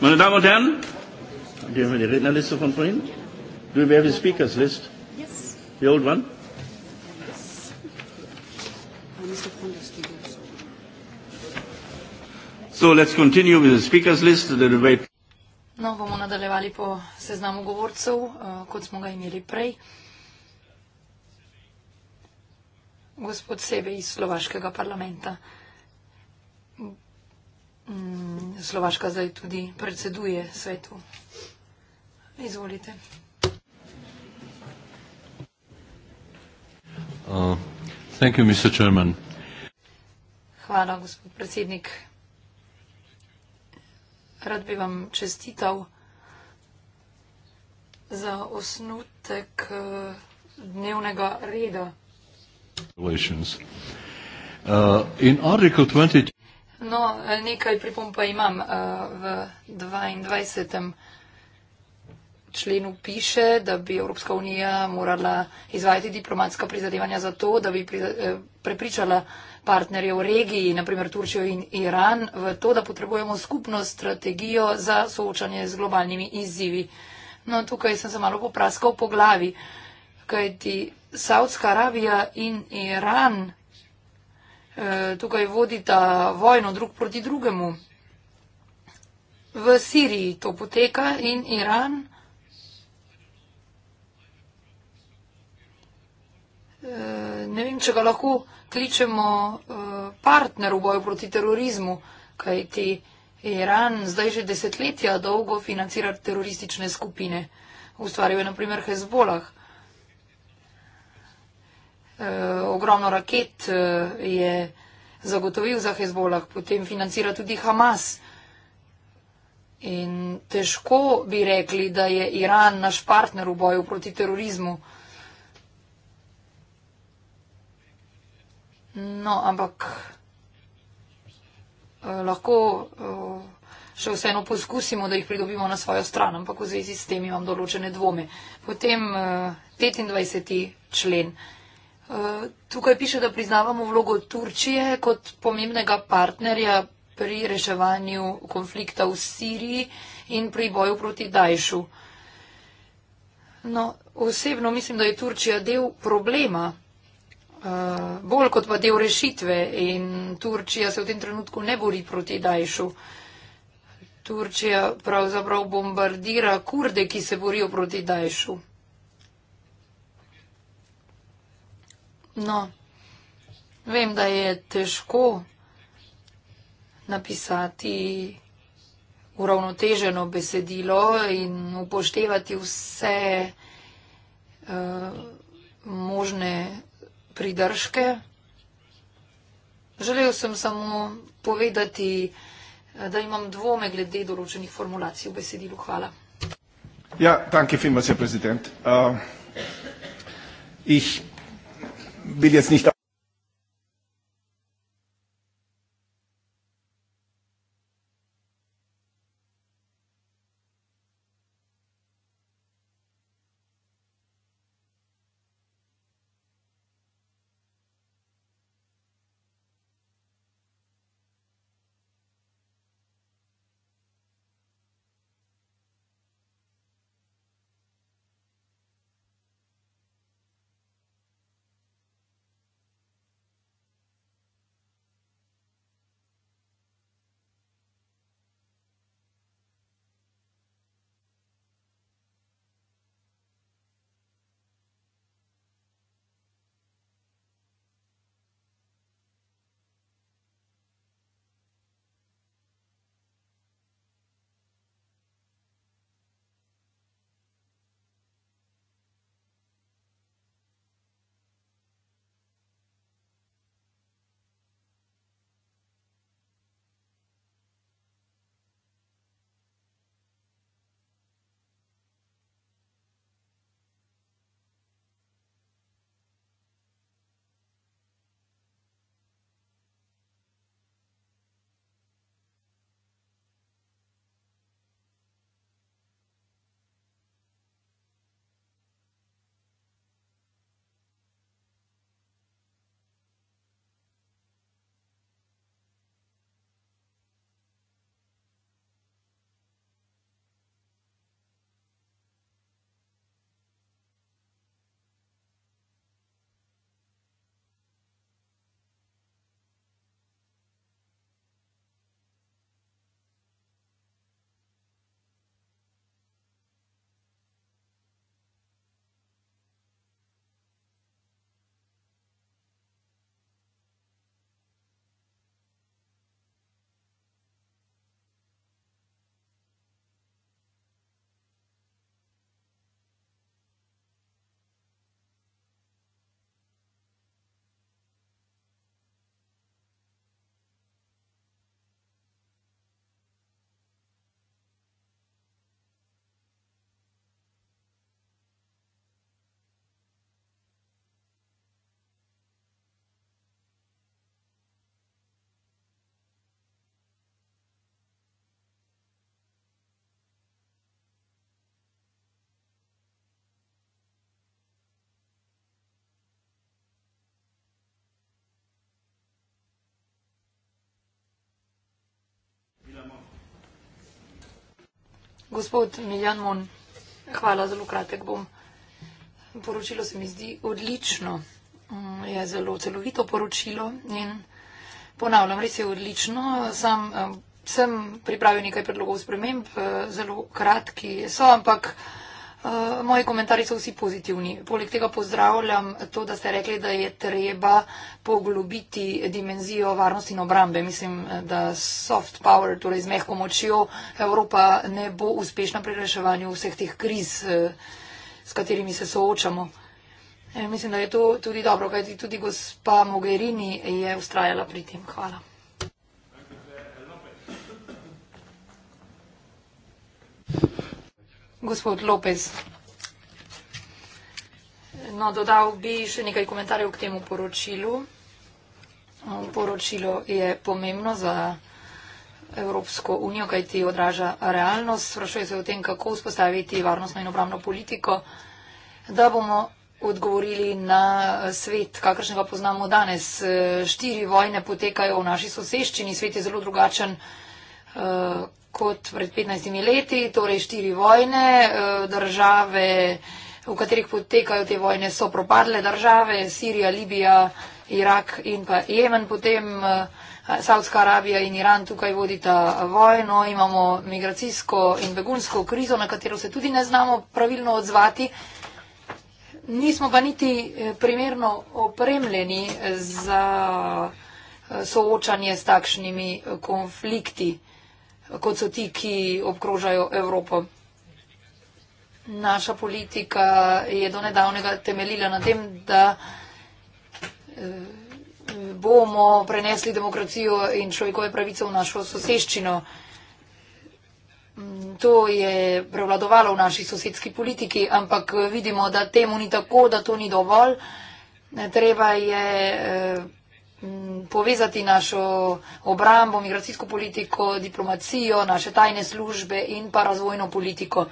Meine Damen und Herren, gehen wir die Rednerliste von vorhin. Do we have the speakers list? Yes. The old one? Yes. So let's continue with the speakers list. The debate. No, bomo nadaljevali po seznamu govorcev, eh, kot smo ga imeli prej. Gospod Sebe iz slovaškega parlamenta. Mm, Slovaška zdaj tudi predseduje svetu. Izvolite. Uh, thank you, Mr. Chairman. Hvala, gospod predsednik. Rad bi vam čestital za osnutek eh, dnevnega reda. Uh, in artikel 20. No, nekaj pripomb pa imam. Eh, v 22. členu piše, da bi Evropska unija morala izvajati diplomatska prizadevanja za to, da bi eh, prepričala partnerje v regiji, naprimer Turčijo in Iran, v to, da potrebujemo skupno strategijo za soočanje z globalnimi izzivi. No, tukaj sem se malo popraskal po glavi, kajti Saudska Arabija in Iran Eh, tukaj vodita vojno drug proti drugemu. V Siriji to poteka in Iran eh, ne vem, če ga lahko kličemo eh, partner v boju proti terorizmu, kajti Iran zdaj že desetletja dolgo financira teroristične skupine. Ustvarjajo na primer Hezbolah. Eh, ogromno raket eh, je zagotovil za Hezbolah, potem financira tudi Hamas. In težko bi rekli, da je Iran naš partner v boju proti terorizmu. No, ampak eh, lahko še vseeno poskusimo, da jih pridobimo na svojo stran, ampak v zvezi s tem imam določene dvome. Potem 25. člen. Tukaj piše, da priznavamo vlogo Turčije kot pomembnega partnerja pri reševanju konflikta v Siriji in pri boju proti Dajšu. No, osebno mislim, da je Turčija del problema, eh, bolj kot pa del rešitve in Turčija se v tem trenutku ne bori proti Dajšu. Turčija pravzaprav bombardira kurde, ki se borijo proti Dajšu. No, vem, da je težko napisati uravnoteženo besedilo in upoštevati vse uh, možne pridržke. Želel sem samo povedati, da imam dvome glede določenih formulacij v besedilu. Hvala. Ja, danke vielmals, Herr Präsident. Uh, ich will jetzt nicht Gospod Miljan Mon, hvala, zelo kratek bom. Poročilo se mi zdi odlično. Mm, je zelo celovito poročilo in ponavljam, res je odlično. Sam eh, sem pripravil nekaj predlogov sprememb, eh, zelo kratki so, ampak. Eh, moji komentarji so vsi pozitivni. Poleg tega pozdravljam to, da ste rekli, da je treba poglobiti dimenzijo varnosti in obrambe. Mislim, da soft power, torej z mehko močjo, Evropa ne bo uspešna pri reševanju vseh teh kriz, eh, s katerimi se soočamo. Eh, mislim, da je to tudi dobro, kajti tudi gospa Mogherini je ustrajala pri tem. Hvala. Gospod Lopez. No, dodal bi še nekaj komentarjev k temu poročilu. Poročilo je pomembno za Evropsko unijo, kaj ti odraža realnost. Sprašuje se o tem, kako vzpostaviti varnostno in obramno politiko, da bomo odgovorili na svet, kakršnega poznamo danes. Štiri vojne potekajo v naši soseščini, svet je zelo drugačen, eh, kot pred 15 leti, torej štiri vojne, eh, države, v katerih potekajo te vojne, so propadle države, Sirija, Libija, Irak in pa Jemen, potem eh, Saudska Arabija in Iran tukaj vodita vojno, imamo migracijsko in begunsko krizo, na katero se tudi ne znamo pravilno odzvati. Nismo pa niti eh, primerno opremljeni za soočanje s takšnimi konflikti kot so ti, ki obkrožajo Evropo. Naša politika je do nedavnega temeljila na tem, da eh, bomo prenesli demokracijo in človekove pravice v našo soseščino. Mm, to je prevladovalo v naši sosedski politiki, ampak vidimo, da temu ni tako, da to ni dovolj. Treba je eh, Mm, povezati našo obrambo, migracijsko politiko, diplomacijo, naše tajne službe in pa razvojno politiko.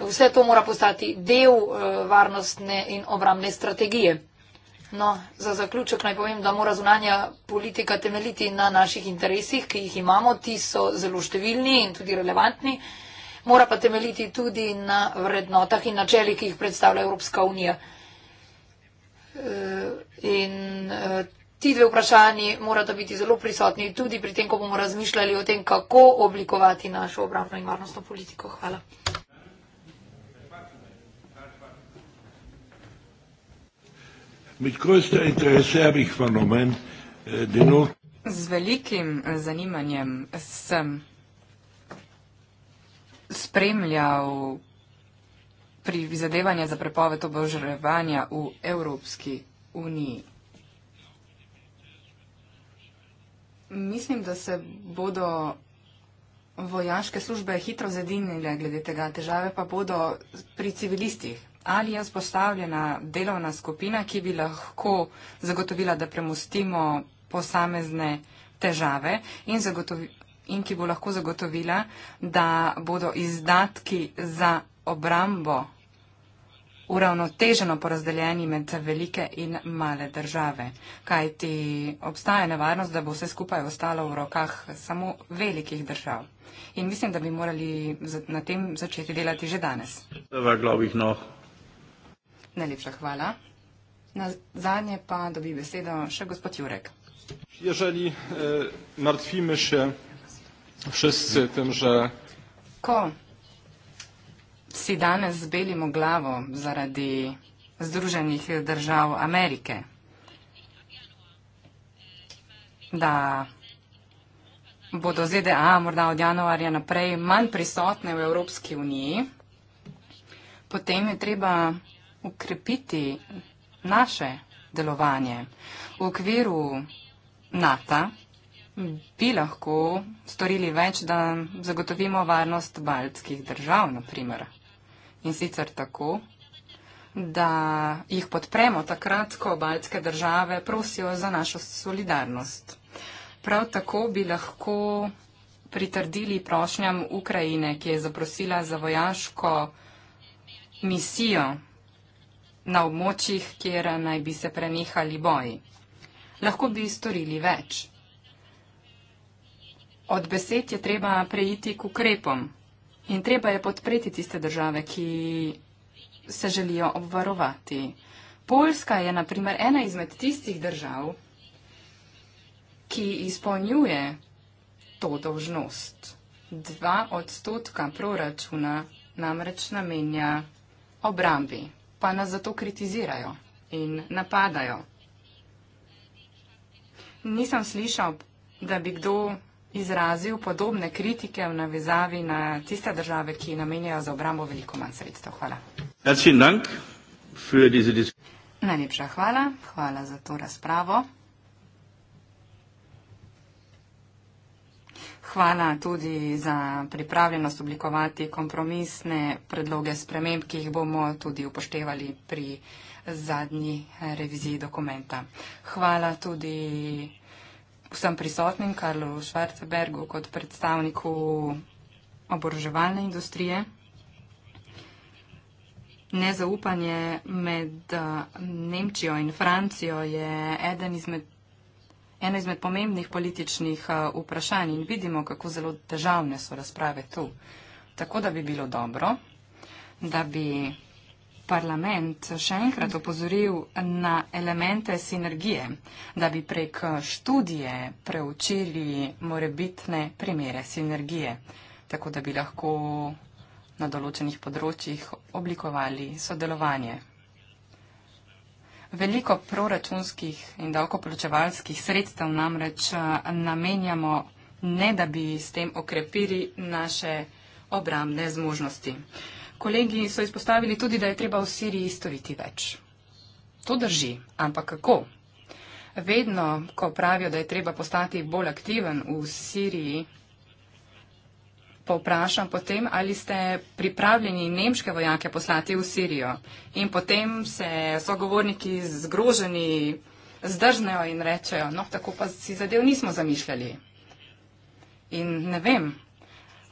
Vse to mora postati del eh, varnostne in obrambne strategije. No, za zaključek naj povem, da mora zunanja politika temeljiti na naših interesih, ki jih imamo, ti so zelo številni in tudi relevantni, mora pa temeljiti tudi na vrednotah in načeli, ki jih predstavlja Evropska unija. In eh, ti dve vprašanji morata biti zelo prisotni tudi pri tem, ko bomo razmišljali o tem, kako oblikovati našo obrambno in varnostno politiko. Hvala. Eh, Z velikim eh, zanimanjem sem spremljal prizadevanja za prepoved oboževanja v Evropski uniji. Mislim, da se bodo vojaške službe hitro zedinile glede tega, težave pa bodo pri civilistih. Ali je vzpostavljena delovna skupina, ki bi lahko zagotovila, da premustimo posamezne težave in, in ki bo lahko zagotovila, da bodo izdatki za obrambo uravnoteženo porazdeljeni med velike in male države. Kaj ti obstaja nevarnost, da bo vse skupaj ostalo v rokah samo velikih držav? In mislim, da bi morali na tem začeti delati že danes. Najlepša hvala. Na zadnje pa dobi besedo še gospod Jurek. Ježeli, eh, še tem, že... Ko si danes zbelimo glavo zaradi Združenih držav Amerike, da bodo ZDA morda od januarja naprej manj prisotne v Evropski uniji, potem je treba ukrepiti naše delovanje. V okviru NATO bi lahko storili več, da zagotovimo varnost baltskih držav, naprimer. In sicer tako, da jih podpremo takrat, ko baljske države prosijo za našo solidarnost. Prav tako bi lahko pritrdili prošnjam Ukrajine, ki je zaprosila za vojaško misijo na območjih, kjer naj bi se prenehali boji. Lahko bi storili več. Od besed je treba preiti k ukrepom. In treba je podpreti tiste države, ki se želijo obvarovati. Poljska je naprimer ena izmed tistih držav, ki izpolnjuje to dolžnost. Dva odstotka proračuna namreč namenja obrambi, pa nas zato kritizirajo in napadajo. Nisem slišal, da bi kdo izrazil podobne kritike v navezavi na tiste države, ki namenjajo za obrambo veliko manj sredstev. Hvala. Ja, Najlepša hvala. Hvala za to razpravo. Hvala tudi za pripravljenost oblikovati kompromisne predloge sprememb, ki jih bomo tudi upoštevali pri zadnji reviziji dokumenta. Hvala tudi vsem prisotnim, Karlu Švarcebergu kot predstavniku oboroževalne industrije. Nezaupanje med eh, Nemčijo in Francijo je eden izmed, eno izmed pomembnih političnih eh, vprašanj in vidimo, kako zelo težavne so razprave tu. Tako da bi bilo dobro, da bi parlament še enkrat opozoril na elemente sinergije, da bi prek študije preučili morebitne primere sinergije, tako da bi lahko na določenih področjih oblikovali sodelovanje. Veliko proračunskih in davkoplačevalskih sredstev namreč eh, namenjamo ne, da bi s tem okrepili naše obrambne zmožnosti. Kolegi so izpostavili tudi, da je treba v Siriji storiti več. To drži, ampak kako? Vedno, ko pravijo, da je treba postati bolj aktiven v Siriji, povprašam potem, ali ste pripravljeni nemške vojake poslati v Sirijo. In potem se sogovorniki zgroženi zdržnejo in rečejo, no tako pa si zadev nismo zamišljali. In ne vem,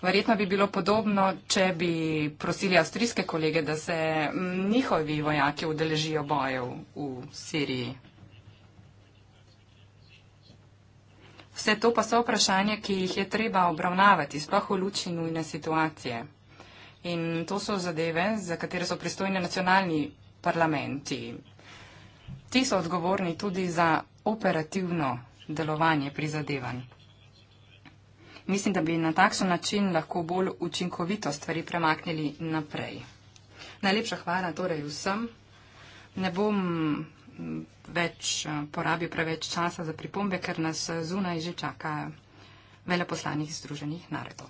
Verjetno bi bilo podobno, če bi prosili avstrijske kolege, da se njihovi vojaki udeležijo bojev v Siriji. Vse to pa so vprašanje, ki jih je treba obravnavati, sploh v luči nujne situacije. In to so zadeve, za katere so pristojni nacionalni parlamenti. Ti so odgovorni tudi za operativno delovanje prizadevanj. Mislim, da bi na takšen način lahko bolj učinkovito stvari premaknili naprej. Najlepša hvala torej vsem. Ne bom več eh, porabil preveč časa za pripombe, ker nas eh, zunaj že čaka veleposlanih Združenih narodov.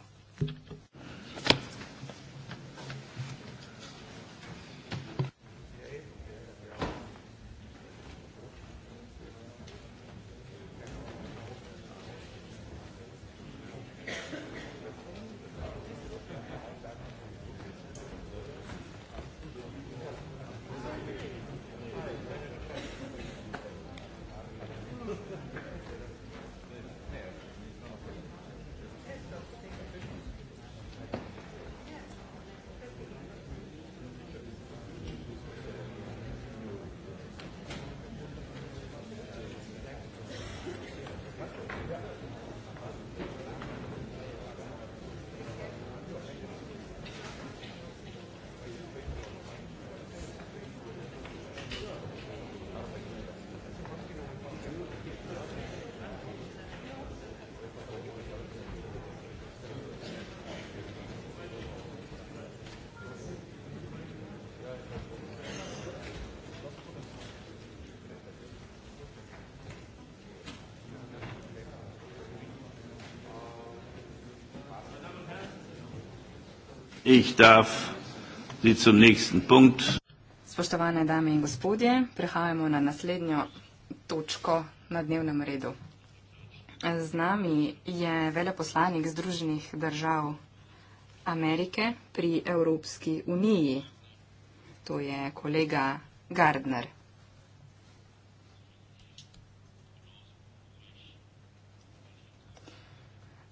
Ich darf Sie zum nächsten Punkt. Spoštovane dame in gospodje, prehajamo na naslednjo točko na dnevnem redu. Z nami je veleposlanik Združenih držav Amerike pri Evropski uniji. To je kolega Gardner.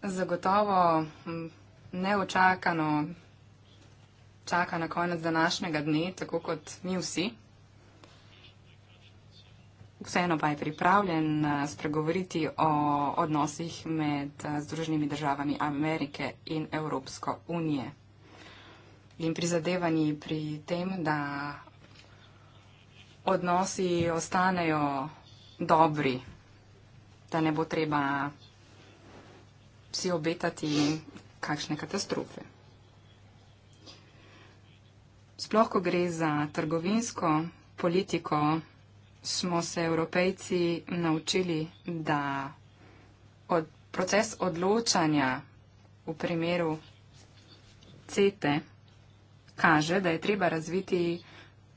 Zagotovo mm, neočakano čaka na konec današnjega dne, tako kot mi vsi. Vseeno pa je pripravljen eh, spregovoriti o odnosih med eh, Združenimi državami Amerike in Evropsko unije. In prizadevanji pri tem, da odnosi ostanejo dobri, da ne bo treba si obetati kakšne katastrofe sploh, ko gre za trgovinsko politiko, smo se evropejci naučili, da od, proces odločanja v primeru CETE kaže, da je treba razviti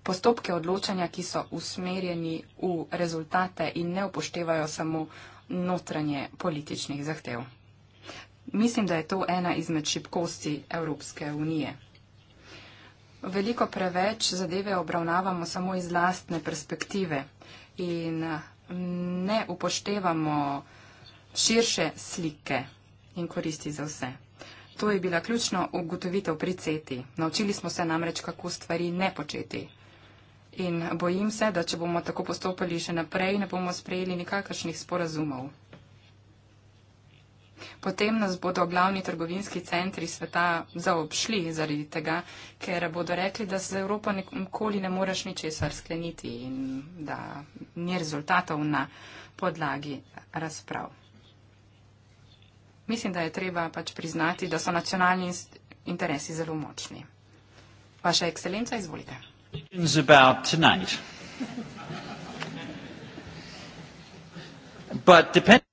postopke odločanja, ki so usmerjeni v rezultate in ne upoštevajo samo notranje političnih zahtev. Mislim, da je to ena izmed šibkosti Evropske unije. Veliko preveč zadeve obravnavamo samo iz lastne perspektive in mm, ne upoštevamo širše slike in koristi za vse. To je bila ključna ugotovitev pri CETI. Naučili smo se namreč, kako stvari ne početi. In bojim se, da če bomo tako postopali še naprej, ne bomo sprejeli nikakršnih sporazumov. Potem nas bodo glavni trgovinski centri sveta zaobšli zaradi tega, ker bodo rekli, da se z Evropo nikoli ne moreš ničesar skleniti in da ni rezultatov na podlagi razprav. Mislim, da je treba pač priznati, da so nacionalni interesi zelo močni. Vaša ekscelenca, izvolite. But depend-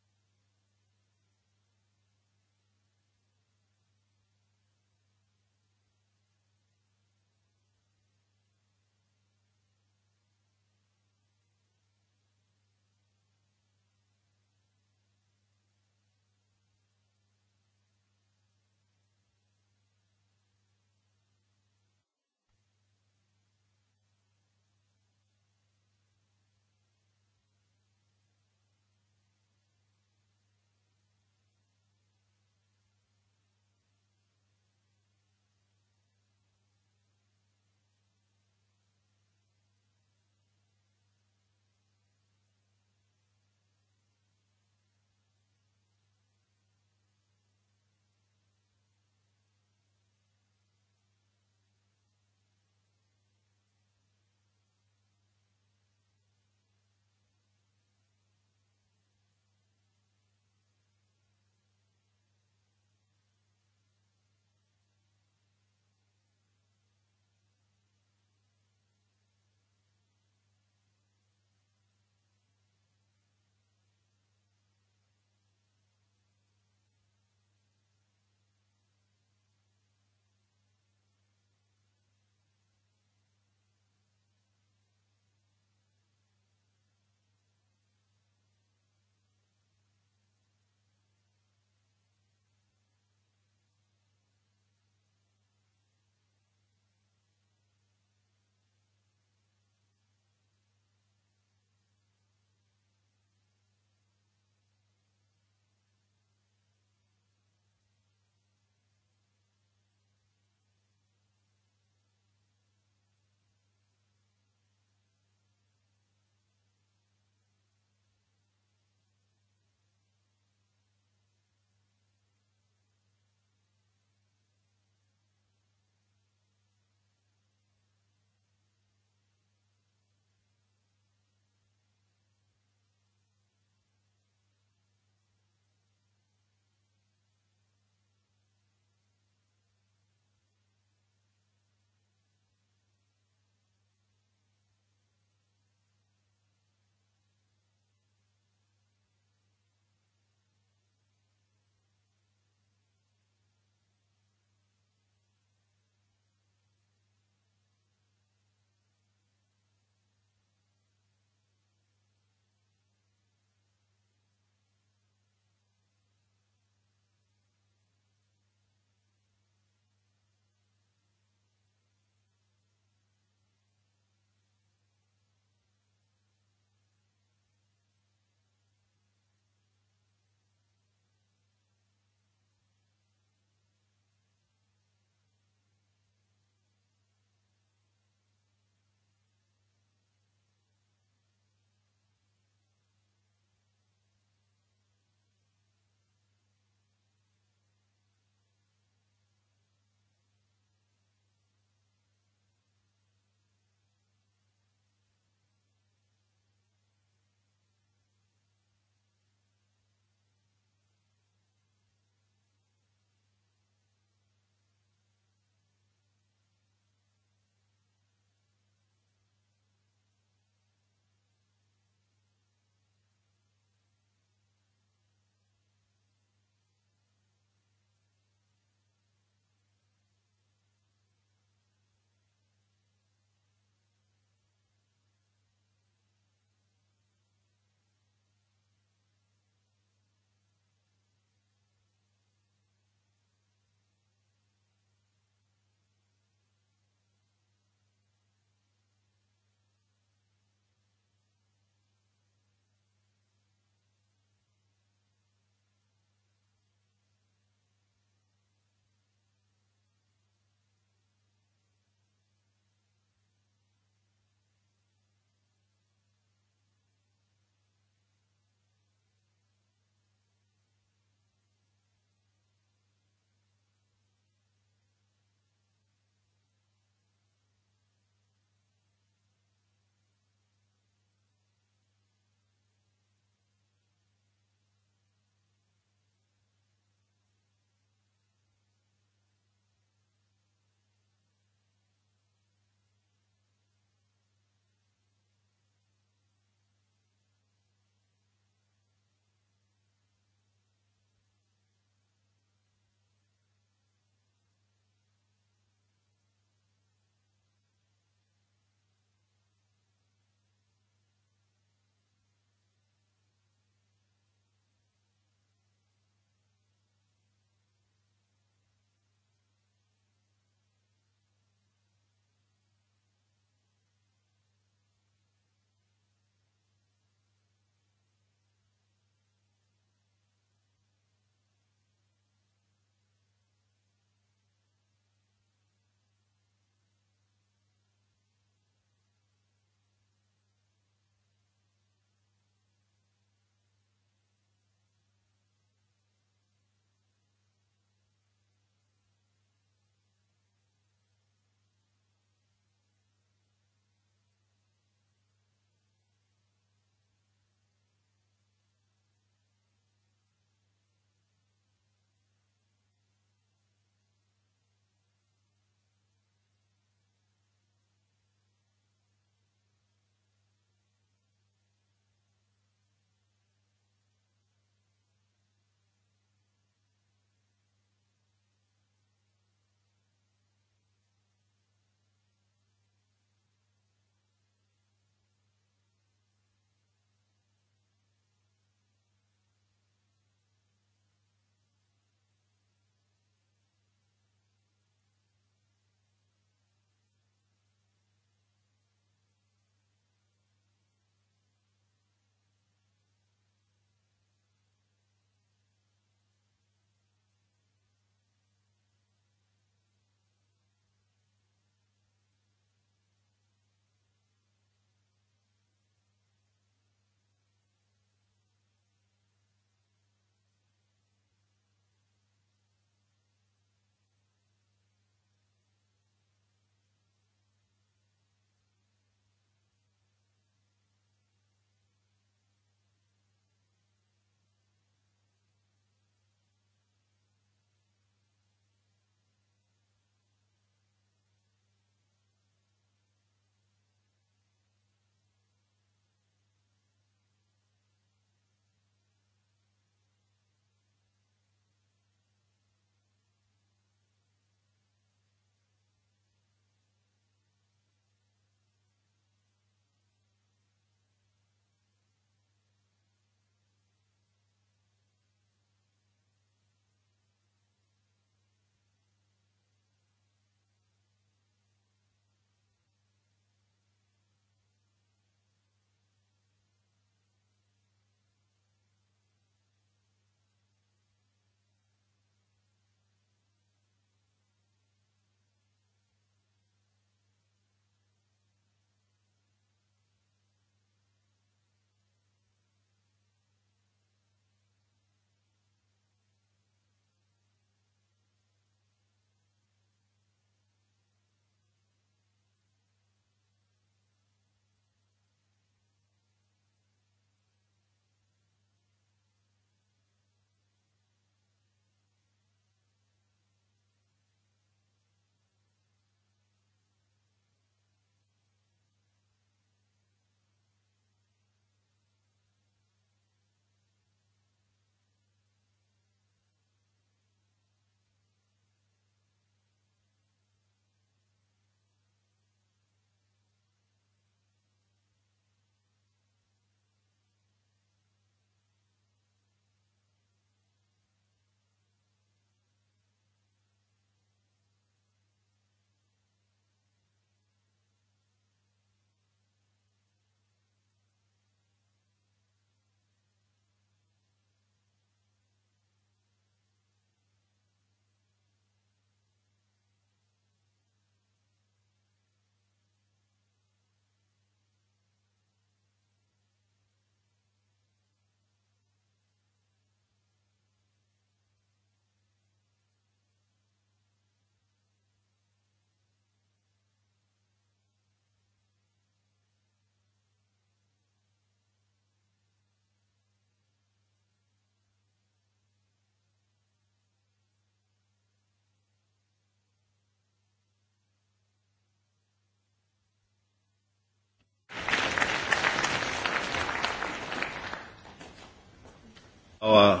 our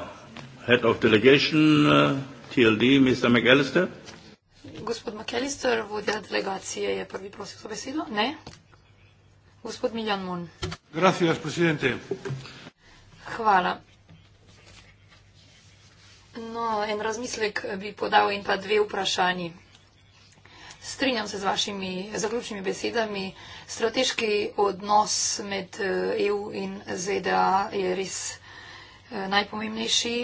head of delegation, uh, TLD, Mr. McAllister. Gospod McAllister, vodja delegacije, je prvi prosil za besedo? Ne. Gospod Miljan Mon. Gracias, presidente. Hvala. No, en razmislek bi podal in pa dve vprašanji. Strinjam se z vašimi zaključnimi besedami. Strateški odnos med EU eh, e in ZDA je res najpomembnejši.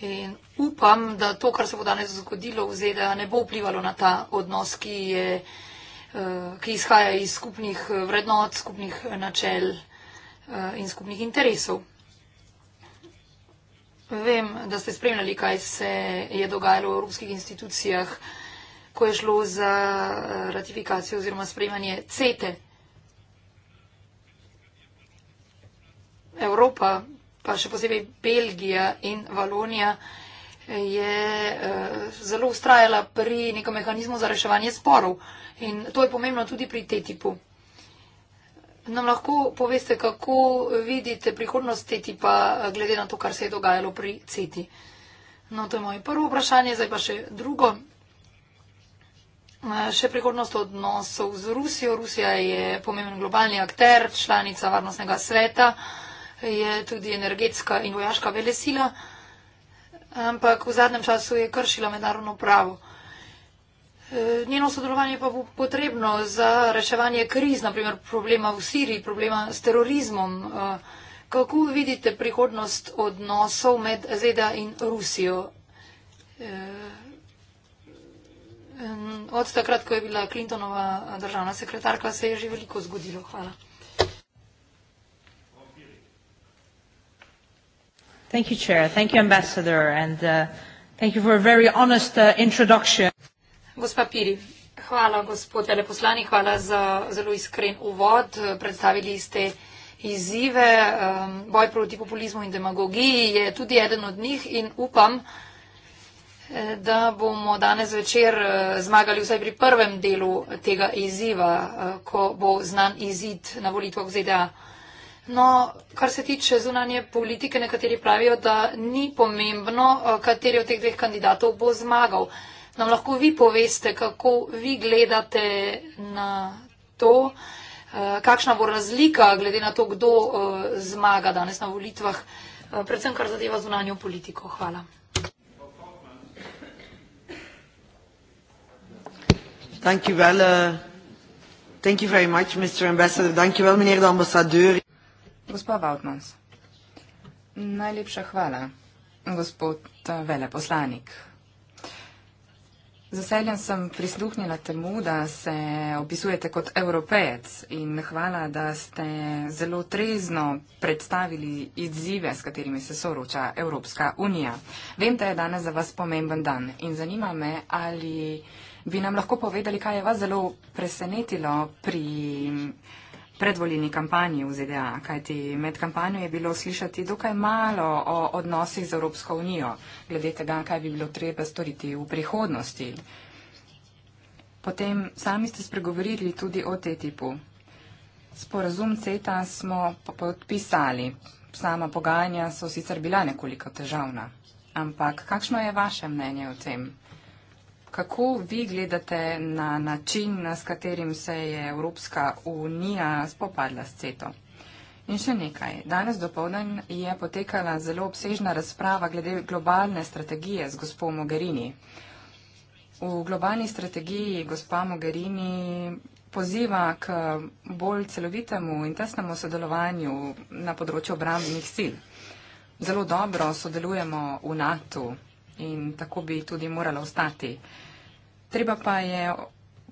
In upam, da to, kar se bo danes zgodilo v ZDA, ne bo vplivalo na ta odnos, ki, je, eh, ki izhaja iz skupnih eh, vrednot, skupnih eh, načel in skupnih interesov. Vem, da ste spremljali, kaj se je dogajalo v evropskih institucijah, ko je šlo za ratifikacijo oziroma sprejmanje CETE. Evropa pa še posebej Belgija in Valonija eh, je eh, zelo ustrajala pri nekem mehanizmu za reševanje sporov. In to je pomembno tudi pri TTIP-u. Nam lahko poveste, kako vidite prihodnost TTIP-a, eh, glede na to, kar se je dogajalo pri CETI? No, to je moje prvo vprašanje, zdaj pa še drugo. Še prihodnost odnosov z Rusijo. Rusija je pomemben globalni akter, članica varnostnega sveta je tudi energetska in vojaška velesila, ampak v zadnjem času je kršila mednarodno pravo. E, njeno sodelovanje pa bo potrebno za reševanje kriz, naprimer problema v Siriji, problema s terorizmom. E, kako vidite prihodnost odnosov med ZDA in Rusijo? E, od takrat, ko je bila Clintonova državna sekretarka, se je že veliko zgodilo. Hvala. Thank you, Chair. Thank you, Ambassador, and uh, thank you for a very honest uh, introduction. Gospa Piri, hvala, gospod veleposlani, hvala za zelo iskren uvod. Predstavili ste izzive, um, boj proti populizmu in demagogiji je tudi eden od njih in upam, eh, da bomo danes večer eh, zmagali vsaj pri prvem delu tega izziva, eh, ko bo znan izid na volitvah ZDA. No, kar se tiče zunanje politike, nekateri pravijo, da ni pomembno, eh, kateri od teh dveh kandidatov bo zmagal. Nam lahko vi poveste, kako vi gledate na to, eh, kakšna bo razlika glede na to, kdo eh, zmaga danes na volitvah, predvsem kar zadeva zunanjo politiko. Hvala. Thank you well, uh, thank you very much, Mr. Ambassador. Thank you well, meneer de ambassadeur. Gospa Vautmans. Najlepša hvala, gospod eh, veleposlanik. Zaseljen sem prisluhnila temu, da se opisujete kot evropejec in hvala, da ste zelo trezno predstavili izzive, s katerimi se soroča Evropska unija. Vem, da je danes za vas pomemben dan in zanima me, ali bi nam lahko povedali, kaj je vas zelo presenetilo pri predvoljeni kampanji v ZDA, kajti med kampanjo je bilo slišati dokaj malo o odnosih z Evropsko unijo, glede tega, kaj bi bilo treba storiti v prihodnosti. Potem sami ste spregovorili tudi o tej tipu. Sporazum CETA smo podpisali. Sama pogajanja so sicer bila nekoliko težavna. Ampak kakšno je vaše mnenje o tem? Kako vi gledate na način, s katerim se je Evropska unija spopadla s CETO? In še nekaj. Danes dopolden je potekala zelo obsežna razprava glede globalne strategije z gospo Mogherini. V globalni strategiji gospa Mogherini poziva k bolj celovitemu in tesnemu sodelovanju na področju obrambnih sil. Zelo dobro sodelujemo v NATO in tako bi tudi moralo ostati. Treba pa je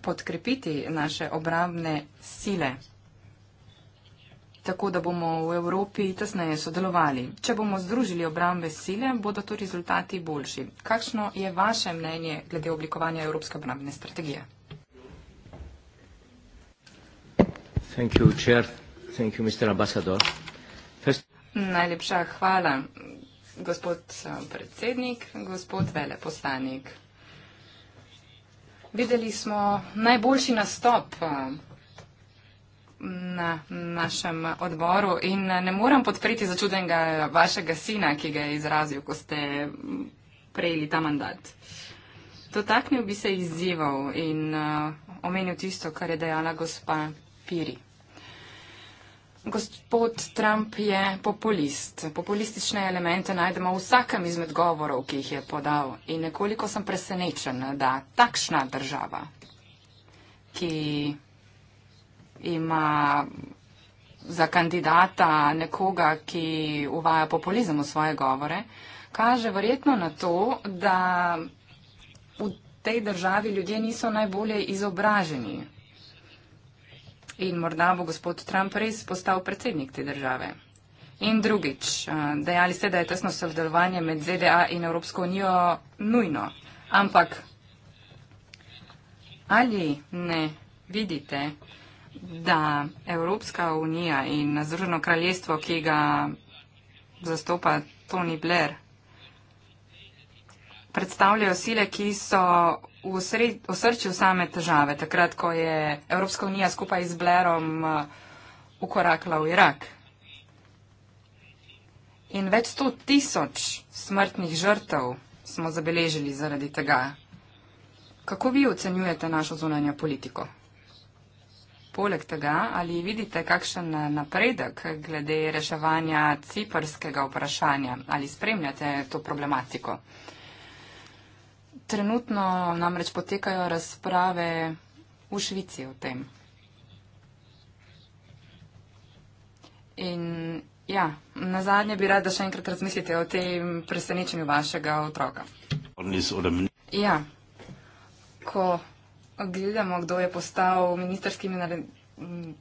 podkrepiti naše obrambne sile, tako da bomo v Evropi tesneje sodelovali. Če bomo združili obrambne sile, bodo tudi rezultati boljši. Kakšno je vaše mnenje glede oblikovanja Evropske obrambne strategije? Thank you, Thank you, First... Najlepša hvala gospod eh, predsednik, gospod veleposlanik. Videli smo najboljši nastop eh, na našem odboru in eh, ne moram podpreti začudenega vašega sina, ki ga je izrazil, ko ste prejeli ta mandat. Dotaknil bi se izzivov in omenil tisto, kar je dejala gospa Piri. Gospod Trump je populist. Populistične elemente najdemo v vsakem izmed govorov, ki jih je podal. In nekoliko sem presenečen, da takšna država, ki ima za kandidata nekoga, ki uvaja populizem v svoje govore, kaže verjetno na to, da v tej državi ljudje niso najbolje izobraženi in morda bo gospod Trump res postal predsednik te države. In drugič, dejali ste, da je tesno sodelovanje med ZDA in Evropsko unijo nujno, ampak ali ne vidite, da Evropska unija in Združeno kraljestvo, ki ga zastopa Tony Blair, predstavljajo sile, ki so v osrčju same težave, takrat, ko je Evropska unija skupaj z Blerom uh, ukorakla v Irak. In več sto tisoč smrtnih žrtev smo zabeležili zaradi tega. Kako vi ocenjujete našo zunanjo politiko? Poleg tega, ali vidite kakšen uh, napredek glede reševanja ciparskega vprašanja, ali spremljate to problematiko? Uh, Trenutno namreč potekajo razprave v Švici o tem. In ja, na zadnje bi rada še enkrat razmislite o tem presenečenju vašega otroka. Ja, ko gledamo, kdo je postal ministerskim naredim,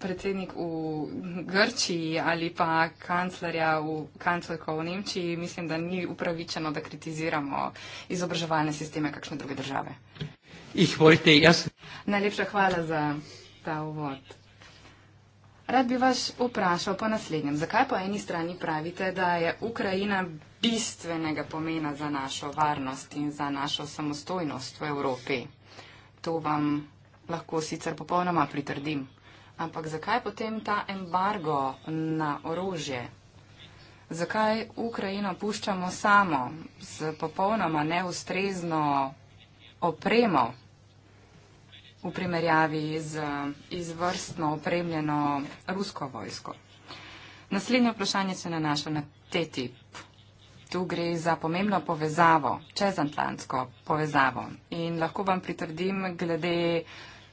predsednik v Grčiji ali pa kanclerja v kanclerko v Nemčiji, mislim, da ni upravičeno, da kritiziramo izobraževalne sisteme kakšne druge države. Ich wollte, yes. Najlepša hvala za ta uvod. Rad bi vas vprašal po naslednjem. Zakaj po eni strani pravite, da je Ukrajina bistvenega pomena za našo varnost in za našo samostojnost v Evropi? To vam lahko sicer popolnoma pritrdim. Ampak zakaj potem ta embargo na orožje? Zakaj Ukrajino puščamo samo z popolnoma neustrezno opremo v primerjavi z izvrstno opremljeno rusko vojsko? Naslednje vprašanje se nanaša na TTIP. Tu gre za pomembno povezavo, čezantlansko povezavo. In lahko vam pritrdim glede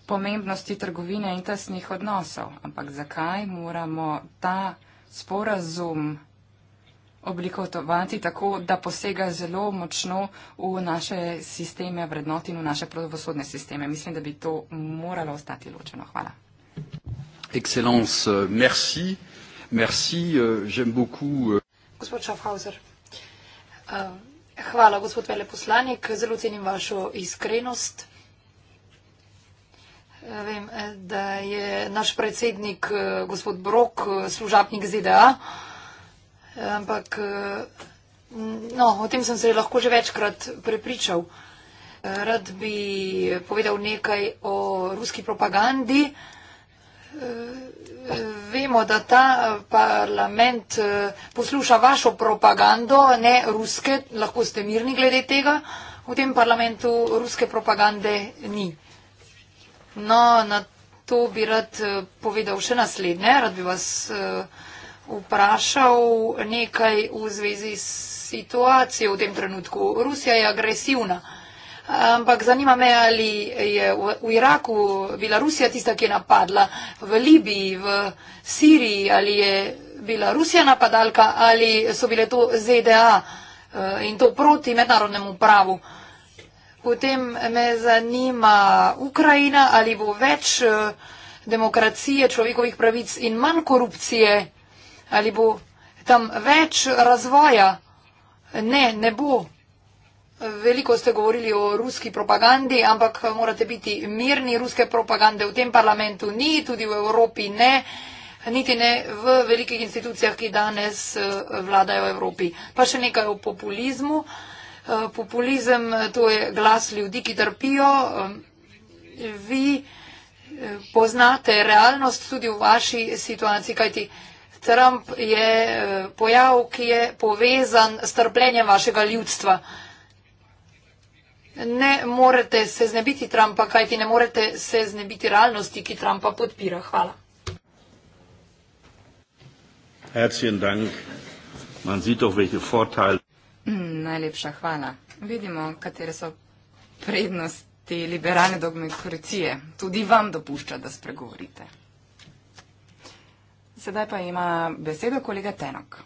pomembnosti trgovine in tesnih odnosov. Ampak zakaj moramo ta sporazum oblikovati tako, da posega zelo močno v naše sisteme vrednot in v naše pravosodne sisteme. Mislim, da bi to moralo ostati ločeno. Hvala. Excellence, euh, merci. Merci, euh, j'aime beaucoup. Euh, gospod Schaffhauser. Hvala, gospod veleposlanik. Zelo cenim vašo iskrenost vem, da je naš predsednik eh, gospod Brok eh, služabnik ZDA, ampak eh, no, o tem sem se lahko že večkrat prepričal. Rad bi povedal nekaj o ruski propagandi. Vemo, da ta parlament posluša vašo propagando, ne ruske, lahko ste mirni glede tega. V tem parlamentu ruske propagande ni. No, na to bi rad eh, povedal še naslednje. Rad bi vas eh, vprašal nekaj v zvezi s situacijo v tem trenutku. Rusija je agresivna. Ampak zanima me, ali je v Iraku bila Rusija tista, ki je napadla, v Libiji, v Siriji, ali je bila Rusija napadalka, ali so bile to ZDA eh, in to proti mednarodnemu pravu. Uh, Potem me zanima Ukrajina, ali bo več eh, demokracije, človekovih pravic in manj korupcije, ali bo tam več razvoja. Ne, ne bo. Veliko ste govorili o ruski propagandi, ampak morate biti mirni. Ruske propagande v tem parlamentu ni, tudi v Evropi ne, niti ne v velikih institucijah, ki danes eh, vladajo Evropi. Pa še nekaj o populizmu. Uh, Eh, populizem eh, to je glas ljudi, ki trpijo. Eh, vi poznate realnost tudi v vaši situaciji, kajti Trump je pojav, ki je povezan s trpljenjem vašega ljudstva. Ne morete se znebiti Trumpa, kajti ne morete se znebiti realnosti, ki Trumpa podpira. Hvala. Herzlichen Dank. Man sieht doch, welche Vorteile. Najlepša hvala. Vidimo, katere so prednosti liberalne dogmatikorecije. Tudi vam dopušča, da spregovorite. Sedaj pa ima besedo kolega Tenok.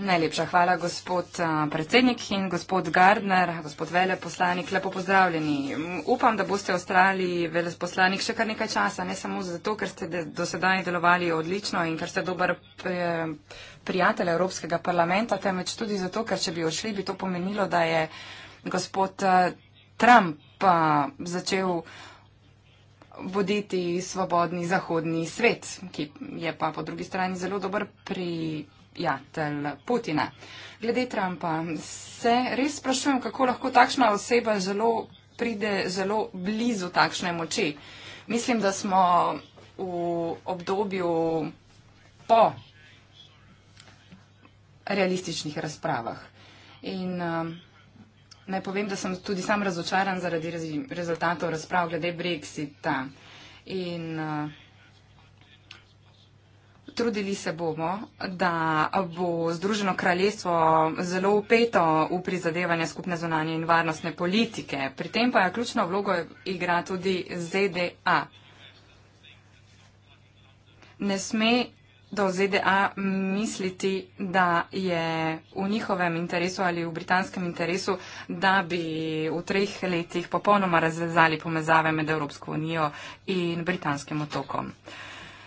Najlepša hvala, gospod predsednik in gospod Gardner, gospod veleposlanik. Lepo pozdravljeni. Upam, da boste ostali veleposlanik še kar nekaj časa, ne samo zato, ker ste do sedaj delovali odlično in ker ste dober prijatelj Evropskega parlamenta, temveč tudi zato, ker če bi odšli, bi to pomenilo, da je gospod Trump začel voditi svobodni zahodni svet, ki je pa po drugi strani zelo dober prijatelj Putina. Glede Trumpa se res sprašujem, kako lahko takšna oseba zelo pride zelo blizu takšne moči. Mislim, da smo v obdobju po realističnih razpravah. In, uh, Naj povem, da sem tudi sam razočaran zaradi rez rezultatov razprav glede Brexita. In uh, trudili se bomo, da bo Združeno kraljestvo zelo upeto v prizadevanje skupne zunanje in varnostne politike. Pri tem pa je ključno vlogo igra tudi ZDA. Ne sme da v ZDA misliti, da je v njihovem interesu ali v britanskem interesu, da bi v treh letih popolnoma razvezali pomezave med Evropsko unijo in britanskim otokom.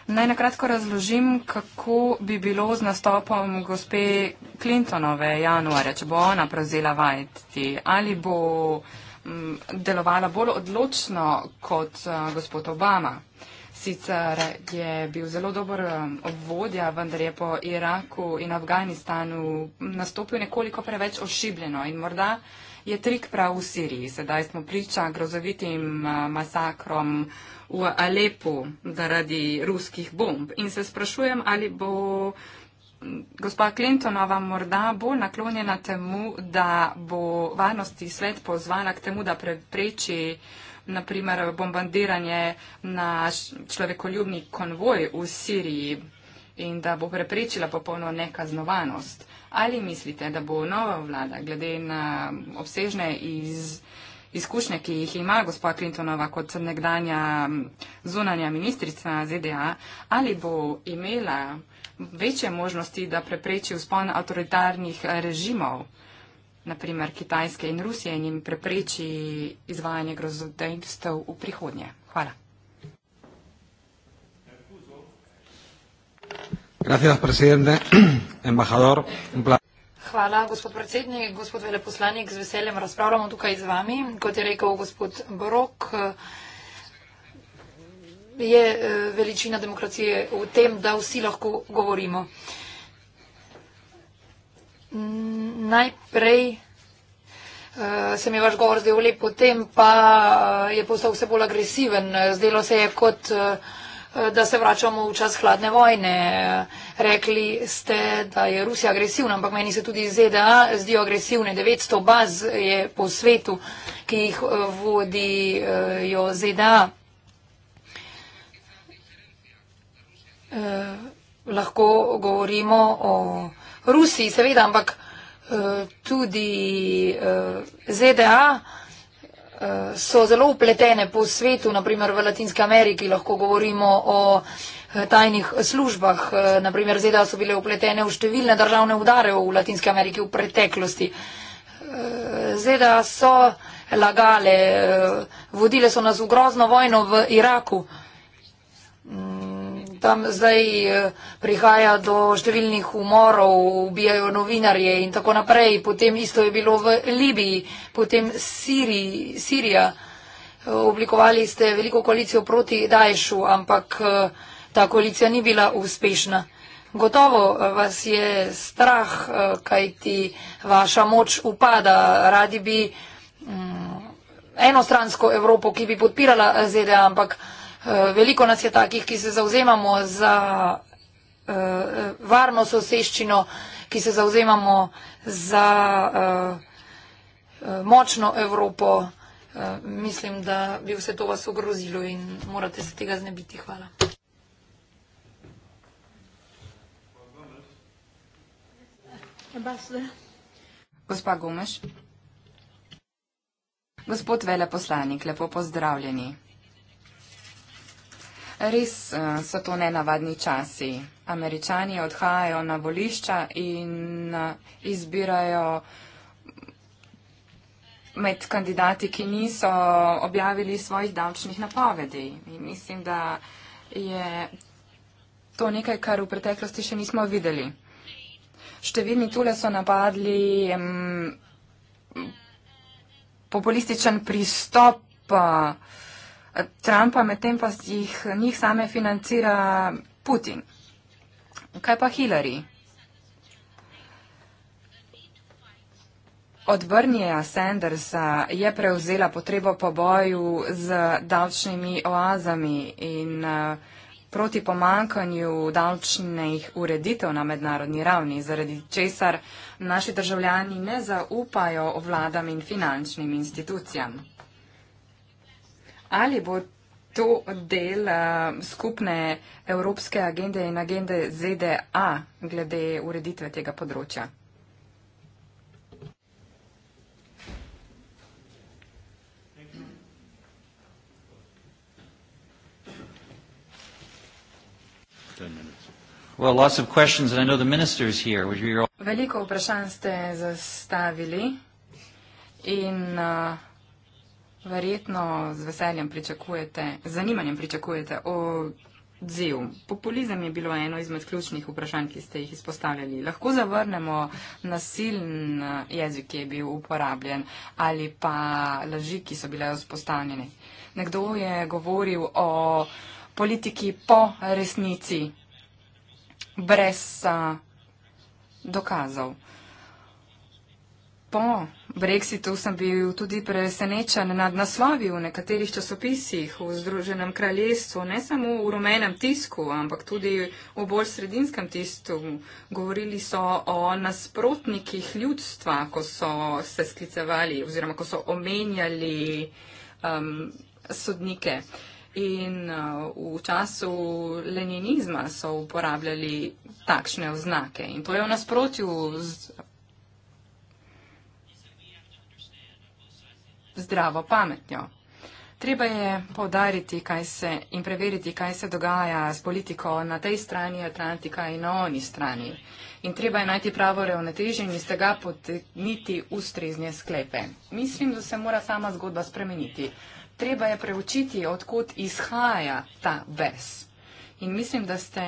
Naj nakratko razložim, kako bi bilo z nastopom gospe Clintonove januarja, če bo ona prevzela vajeti, ali bo mm, delovala bolj odločno kot eh, gospod Obama. Sicer je bil zelo dober obvodja, um, vendar je po Iraku in Afganistanu nastopil nekoliko preveč ošibljeno in morda je trik prav v Siriji. Sedaj smo priča grozovitim uh, masakrom v Alepu zaradi ruskih bomb in se sprašujem, ali bo gospa Clintonova morda bolj naklonjena temu, da bo varnosti svet pozvala k temu, da prepreči naprimer bombardiranje na človekoljubni konvoj v Siriji in da bo preprečila popolno nekaznovanost. Ali mislite, da bo nova vlada, glede na obsežne iz, izkušnje, ki jih ima gospod Clintonova kot nekdanja zunanja ministrica ZDA, ali bo imela večje možnosti, da prepreči vzpon avtoritarnih režimov? naprimer Kitajske in Rusije in jim prepreči izvajanje grozodejstev v prihodnje. Hvala. Hvala, gospod predsednik, gospod veleposlanik, z veseljem razpravljamo tukaj z vami. Kot je rekel gospod Borok, je eh, veličina demokracije v tem, da vsi lahko govorimo najprej uh, se mi je vaš govor zdel lep, potem pa uh, je postal vse bolj agresiven. Zdelo se je kot, uh, da se vračamo v čas hladne vojne. Rekli ste, da je Rusija agresivna, ampak meni se tudi ZDA zdijo agresivne. 900 baz je po svetu, ki jih vodijo uh, ZDA. Uh, lahko govorimo o Rusiji, seveda, ampak uh, tudi eh, ZDA eh, so zelo upletene po svetu, naprimer v Latinski Ameriki lahko govorimo o eh, tajnih službah. Naprimer ZDA so bile upletene v številne državne udare v Latinski Ameriki v preteklosti. ZDA so lagale, vodile so nas v grozno vojno v Iraku. Mm, tam zdaj eh, prihaja do številnih umorov, ubijajo novinarje in tako naprej. Potem isto je bilo v Libiji, potem Siri, Sirija. Eh, oblikovali ste veliko koalicijo proti Daješu, ampak eh, ta koalicija ni bila uspešna. Gotovo vas je strah, kaj ti vaša moč upada. Radi bi mm, enostransko Evropo, ki bi podpirala ZDA, ampak Eh, veliko nas je takih, ki se zauzemamo za eh, varno soseščino, ki se zauzemamo za eh, močno Evropo. Mislim, da bi vse to vas ogrozilo in morate se tega znebiti. Hvala. Gospa Gomeš. Gospod veleposlanik, lepo pozdravljeni. Res eh, so to nenavadni časi. Američani odhajajo na volišča in eh, izbirajo med kandidati, ki niso objavili svojih davčnih napovedi. In mislim, da je to nekaj, kar v preteklosti še nismo videli. Številni tule so napadli populističen pristop. Eh, Trumpa, medtem pa jih njih same financira Putin. Kaj pa Hillary? Odvrnija Sandersa je prevzela potrebo po boju z davčnimi oazami in proti pomankanju davčnih ureditev na mednarodni ravni, zaradi česar naši državljani ne zaupajo vladam in finančnim institucijam. Ali bo to del uh, skupne evropske agende in agende ZDA glede ureditve tega področja? Well, lots of questions, and I know the minister is here. Would you all... Veliko vprašanj ste zastavili in uh, Verjetno z veseljem pričakujete, z zanimanjem pričakujete odziv. Populizem je bilo eno izmed ključnih vprašanj, ki ste jih izpostavljali. Lahko zavrnemo nasiln jezik, ki je bil uporabljen, ali pa laži, ki so bile vzpostavljene. Nekdo je govoril o politiki po resnici, brez uh, dokazov. Po Brexitu sem bil tudi presenečen nad naslovi v nekaterih časopisih v Združenem kraljestvu, ne samo v rumenem tisku, ampak tudi v bolj sredinskem tisku. Govorili so o nasprotnikih ljudstva, ko so se sklicevali oziroma ko so omenjali um, sodnike. In uh, v času leninizma so uporabljali takšne oznake. In to je v nasprotju z zdravo pametjo. Treba je povdariti se, in preveriti, kaj se dogaja z politiko na tej strani Atlantika in na oni strani. In treba je najti pravo ravnotežje in iz tega potegniti ustrezne sklepe. Mislim, da se mora sama zgodba spremeniti. Treba je preučiti, odkot izhaja ta bes. In mislim, da ste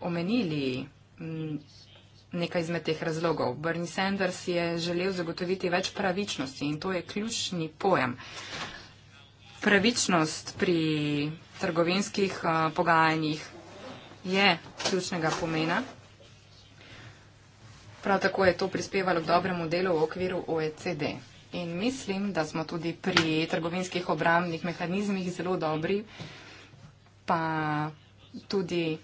omenili mm, nekaj izmed teh razlogov. Bernie Sanders je želel zagotoviti več pravičnosti in to je ključni pojem. Pravičnost pri trgovinskih uh, pogajanjih je ključnega pomena. Prav tako je to prispevalo k dobremu delu v okviru OECD. In mislim, da smo tudi pri trgovinskih obramnih mehanizmih zelo dobri, pa tudi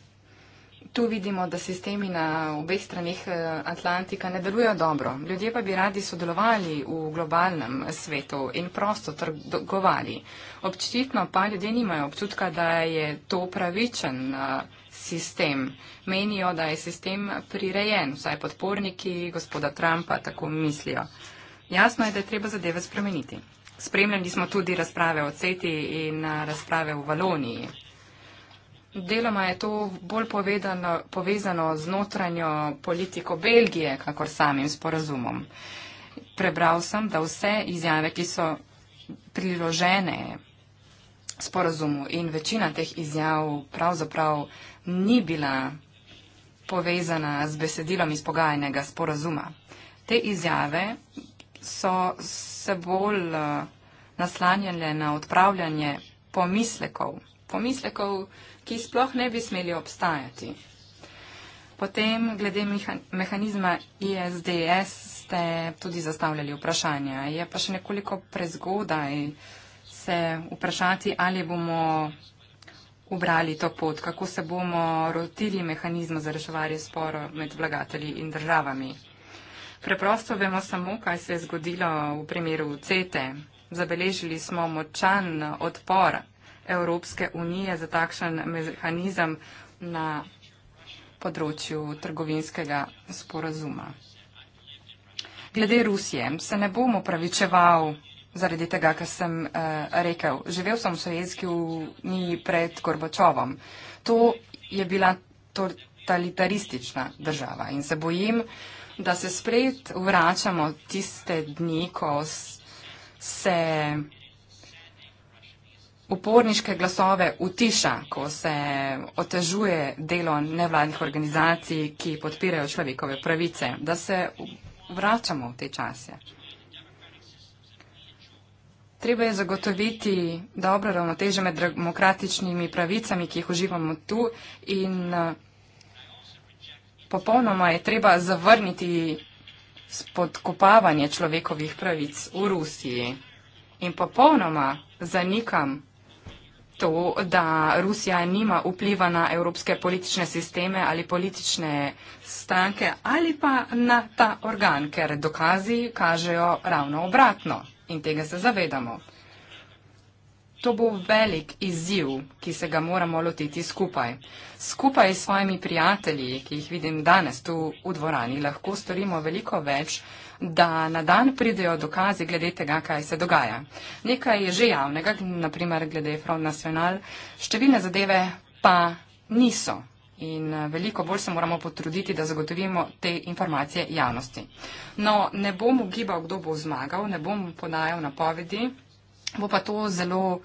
tu vidimo, da sistemi na obeh stranih eh, Atlantika ne delujejo dobro. Ljudje pa bi radi sodelovali v globalnem svetu in prosto trgovali. Občitno pa ljudje nimajo občutka, da je to pravičen eh, sistem. Menijo, da je sistem prirejen, vsaj podporniki gospoda Trumpa tako mislijo. Jasno je, da je treba zadeve spremeniti. Spremljali smo tudi razprave o CETI in eh, razprave v Valoniji. Deloma je to bolj povedano, povezano z notranjo politiko Belgije, kakor samim sporazumom. Prebral sem, da vse izjave, ki so priložene sporazumu in večina teh izjav pravzaprav ni bila povezana z besedilom iz pogajanega sporazuma. Te izjave so se bolj eh, naslanjale na odpravljanje pomislekov. pomislekov ki sploh ne bi smeli obstajati. Potem, glede mehanizma ISDS, ste tudi zastavljali vprašanja. Je pa še nekoliko prezgodaj se vprašati, ali bomo ubrali to pot, kako se bomo rotili mehanizma za reševanje sporo med vlagatelji in državami. Preprosto vemo samo, kaj se je zgodilo v primeru CETE. Zabeležili smo močan odpor Evropske unije za takšen mehanizem na področju trgovinskega sporazuma. Glede Rusije se ne bom opravičeval zaradi tega, kar sem eh, rekel. Živel sem v Sovjetski uniji pred Gorbačovom. To je bila totalitaristična država in se bojim, da se spet vračamo tiste dni, ko se uporniške glasove utiša, ko se otežuje delo nevladnih organizacij, ki podpirajo človekove pravice, da se vračamo v te čase. Treba je zagotoviti dobro ravnoteže med demokratičnimi pravicami, ki jih uživamo tu in popolnoma je treba zavrniti spodkopavanje človekovih pravic v Rusiji. In popolnoma zanikam to, da Rusija nima vpliva na evropske politične sisteme ali politične stranke ali pa na ta organ, ker dokazi kažejo ravno obratno in tega se zavedamo. To bo velik izziv, ki se ga moramo lotiti skupaj. Skupaj s svojimi prijatelji, ki jih vidim danes tu v dvorani, lahko storimo veliko več, da na dan pridejo dokazi glede tega, kaj se dogaja. Nekaj je že javnega, naprimer glede Front National, številne zadeve pa niso. In eh, veliko bolj se moramo potruditi, da zagotovimo te informacije javnosti. No, ne bom ugibal, kdo bo zmagal, ne bom podajal napovedi bo pa to zelo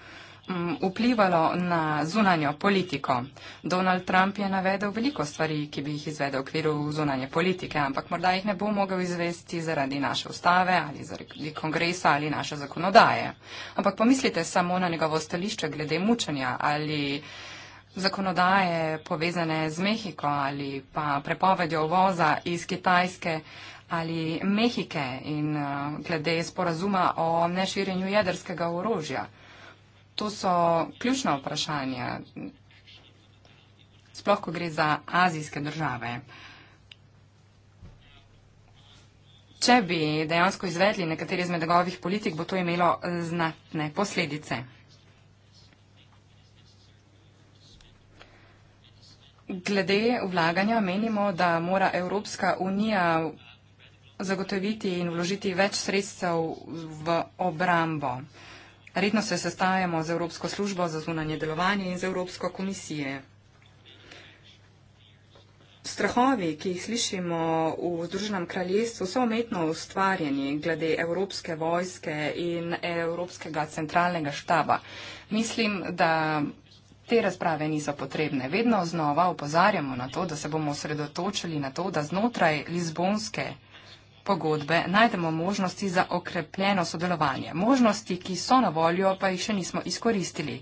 mm, vplivalo na zunanjo politiko. Donald Trump je navedel veliko stvari, ki bi jih izvedel v okviru zunanje politike, ampak morda jih ne bo mogel izvesti zaradi naše ustave ali zaradi kongresa ali naše zakonodaje. Ampak pomislite samo na njegovo stališče glede mučenja ali zakonodaje povezane z Mehiko ali pa prepovedjo voza iz Kitajske ali Mehike in eh, glede sporazuma o neširjenju jedrskega orožja. To so ključna vprašanja, sploh ko gre za azijske države. Če bi dejansko izvedli nekateri izmed njegovih politik, bo to imelo znatne posledice. Glede vlaganja menimo, da mora Evropska unija zagotoviti in vložiti več sredstev v obrambo. Redno se sestajamo z Evropsko službo za zunanje delovanje in z Evropsko komisijo. Strahovi, ki jih slišimo v Združenem kraljestvu, so umetno ustvarjeni glede Evropske vojske in Evropskega centralnega štaba. Mislim, da te razprave niso potrebne. Vedno znova upozarjamo na to, da se bomo osredotočili na to, da znotraj Lizbonske pogodbe najdemo možnosti za okrepljeno sodelovanje. Možnosti, ki so na voljo, pa jih še nismo izkoristili.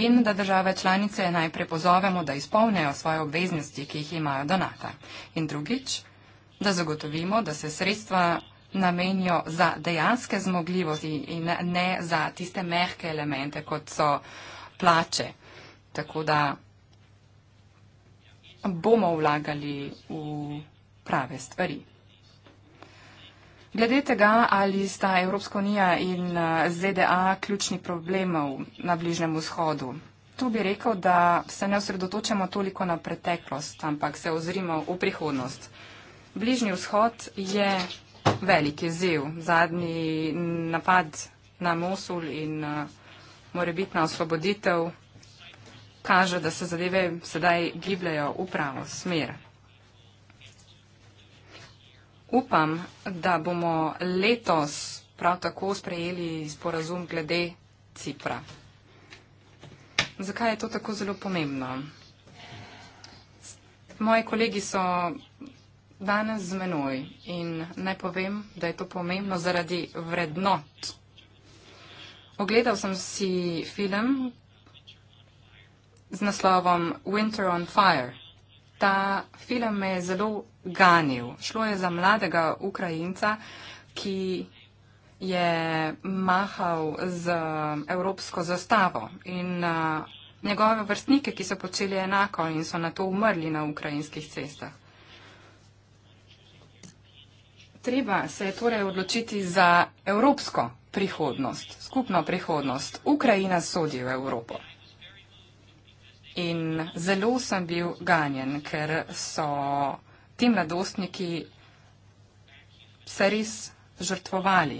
In da države članice najprej pozovemo, da izpolnejo svoje obveznosti, ki jih imajo do NATO. In drugič, da zagotovimo, da se sredstva namenijo za dejanske zmogljivosti in ne za tiste mehke elemente, kot so plače. Tako da bomo vlagali v prave stvari. Glede tega, ali sta Evropska unija in eh, ZDA ključni problemov na Bližnjem vzhodu, tu bi rekel, da se ne osredotočamo toliko na preteklost, ampak se ozrimo v prihodnost. Bližnji vzhod je veliki ziv. Zadnji napad na Mosul in eh, morebitna osvoboditev kaže, da se zadeve sedaj gibljajo v pravo smer. Upam, da bomo letos prav tako sprejeli sporazum glede Cipra. Zakaj je to tako zelo pomembno? Moji kolegi so danes z menoj in naj povem, da je to pomembno zaradi vrednot. Ogledal sem si film z naslovom Winter on Fire Ta film me je zelo ganil. Šlo je za mladega Ukrajinca, ki je mahal z um, evropsko zastavo in uh, njegove vrstnike, ki so počeli enako in so na to umrli na ukrajinskih cestah. Treba se je torej odločiti za evropsko prihodnost, skupno prihodnost. Ukrajina sodi v Evropo. In zelo sem bil ganjen, ker so ti mladostniki se res žrtvovali.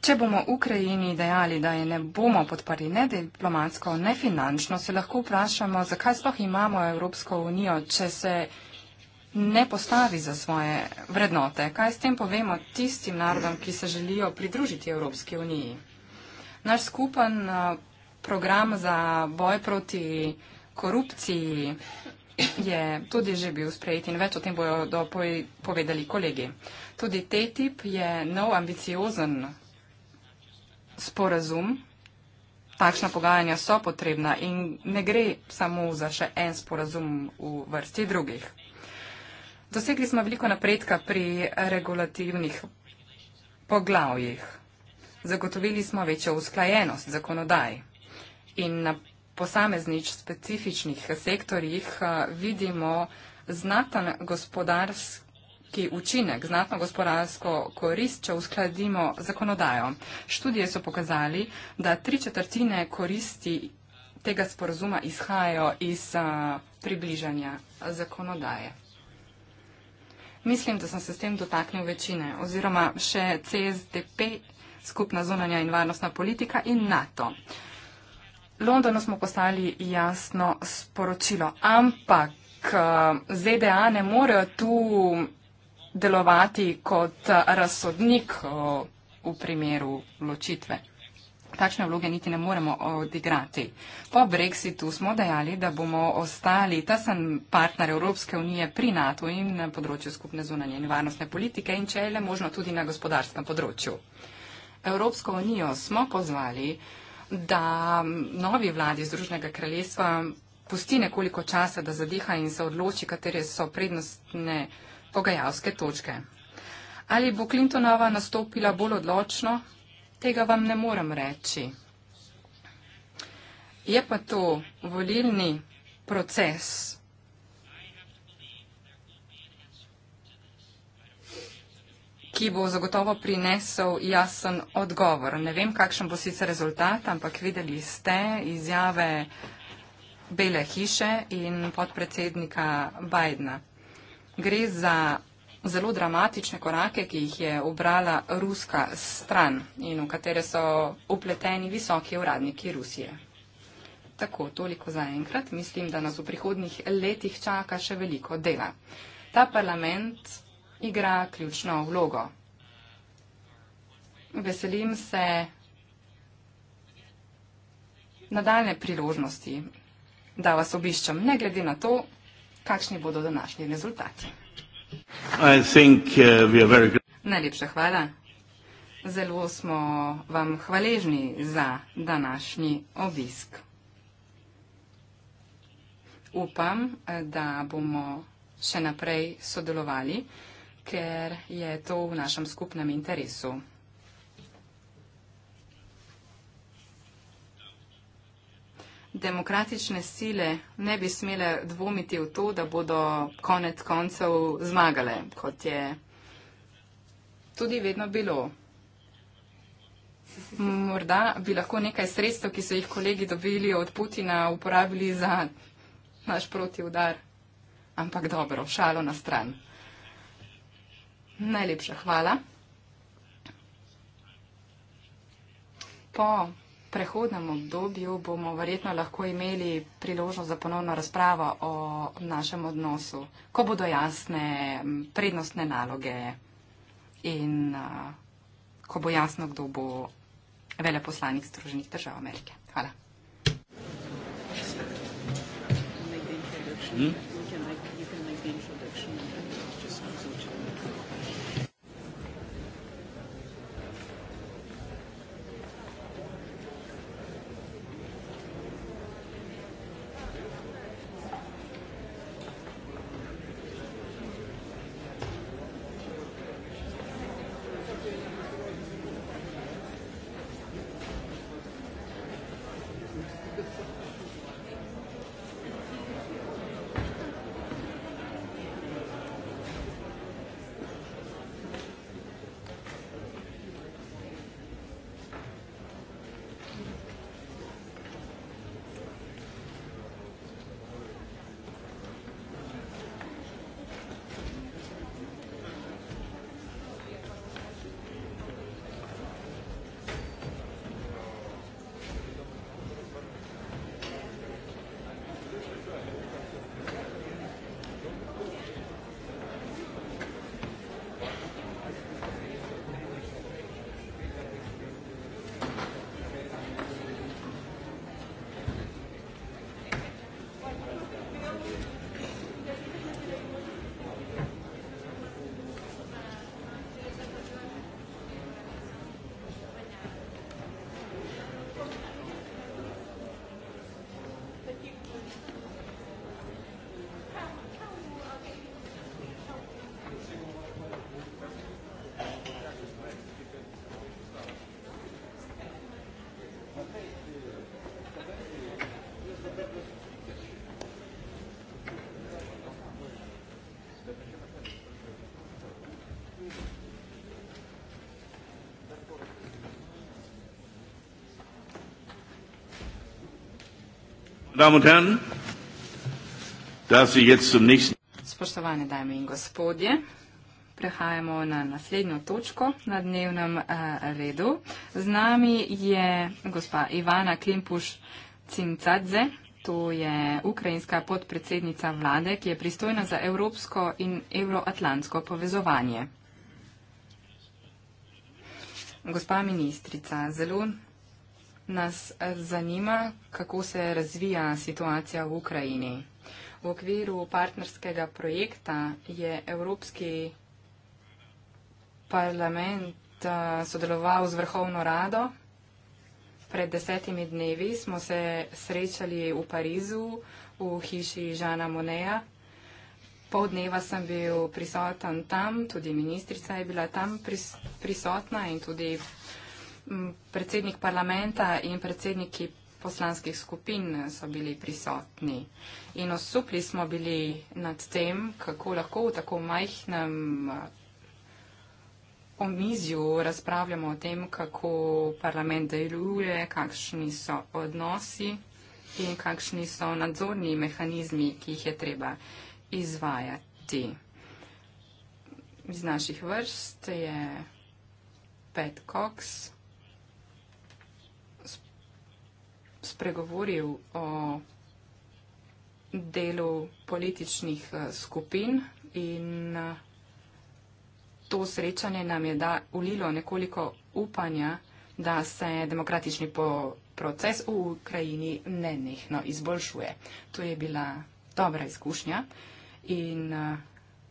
Če bomo Ukrajini dejali, da je ne bomo podparili ne diplomatsko, ne finančno, se lahko vprašamo, zakaj sploh imamo Evropsko unijo, če se ne postavi za svoje vrednote. Kaj s tem povemo tistim narodom, ki se želijo pridružiti Evropski uniji? Naš skupen program za boj proti korupciji je tudi že bil sprejet in več o tem bojo povedali kolegi. Tudi TTIP je nov ambiciozen sporazum. Takšna pogajanja so potrebna in ne gre samo za še en sporazum v vrsti drugih. Dosegli smo veliko napredka pri regulativnih poglavjih. Zagotovili smo večjo usklajenost zakonodaj in na posameznič specifičnih sektorjih eh, vidimo znaten gospodarski ki učinek znatno gospodarsko korist, če uskladimo zakonodajo. Študije so pokazali, da tri četrtine koristi tega sporozuma izhajajo iz a, eh, približanja zakonodaje. Mislim, da sem se s tem dotaknil večine, oziroma še CSDP, skupna zunanja in varnostna politika in NATO. Londonu smo poslali jasno sporočilo, ampak eh, ZDA ne morejo tu delovati kot eh, razsodnik eh, v primeru ločitve. Takšne vloge niti ne moremo odigrati. Po Brexitu smo dejali, da bomo ostali tesen partner Evropske unije pri NATO in na področju skupne zunanje in varnostne politike in če je le možno tudi na gospodarskem področju. Evropsko unijo smo pozvali, da novi vladi Združnega kraljestva pusti nekoliko časa, da zadiha in se odloči, katere so prednostne pogajalske točke. Ali bo Clintonova nastopila bolj odločno, tega vam ne morem reči. Je pa to volilni proces ki bo zagotovo prinesel jasen odgovor. Ne vem, kakšen bo sicer rezultat, ampak videli ste izjave Bele hiše in podpredsednika Bidna. Gre za zelo dramatične korake, ki jih je obrala ruska stran in v katere so upleteni visoki uradniki Rusije. Tako, toliko zaenkrat. Mislim, da nas v prihodnih letih čaka še veliko dela. Ta parlament igra ključno vlogo. Veselim se nadaljne priložnosti, da vas obiščam, ne glede na to, kakšni bodo današnji rezultati. Think, uh, Najlepša hvala. Zelo smo vam hvaležni za današnji obisk. Upam, da bomo še naprej sodelovali ker je to v našem skupnem interesu. Demokratične sile ne bi smele dvomiti v to, da bodo konec koncev zmagale, kot je tudi vedno bilo. Morda bi lahko nekaj sredstev, ki so jih kolegi dobili od Putina, uporabili za naš protiudar. Ampak dobro, šalo na stran. Najlepša hvala. Po prehodnem obdobju bomo verjetno lahko imeli priložnost za ponovno razpravo o našem odnosu, ko bodo jasne prednostne naloge in ko bo jasno, kdo bo veleposlanik Združenih držav Amerike. Hvala. Hmm? Spoštovane dame in gospodje, prehajamo na naslednjo točko na dnevnem eh, redu. Z nami je gospa Ivana Klimpuš-Cincadze, to je ukrajinska podpredsednica vlade, ki je pristojna za evropsko in evroatlantsko povezovanje. Gospa ministrica, zelo nas eh, zanima, kako se razvija situacija v Ukrajini. V okviru partnerskega projekta je Evropski parlament eh, sodeloval z Vrhovno rado. Pred desetimi dnevi smo se srečali v Parizu v hiši Žana Moneja. Pol dneva sem bil prisoten tam, tudi ministrica je bila tam prisotna in tudi predsednik parlamenta in predsedniki poslanskih skupin so bili prisotni. In osupli smo bili nad tem, kako lahko v tako majhnem eh, omizju razpravljamo o tem, kako parlament deluje, kakšni so odnosi in kakšni so nadzorni mehanizmi, ki jih je treba izvajati. Iz naših vrst je Pet Koks. spregovoril o delu političnih eh, skupin in eh, to srečanje nam je da, ulilo nekoliko upanja, da se demokratični po, proces v Ukrajini nenehno izboljšuje. To je bila dobra izkušnja in eh,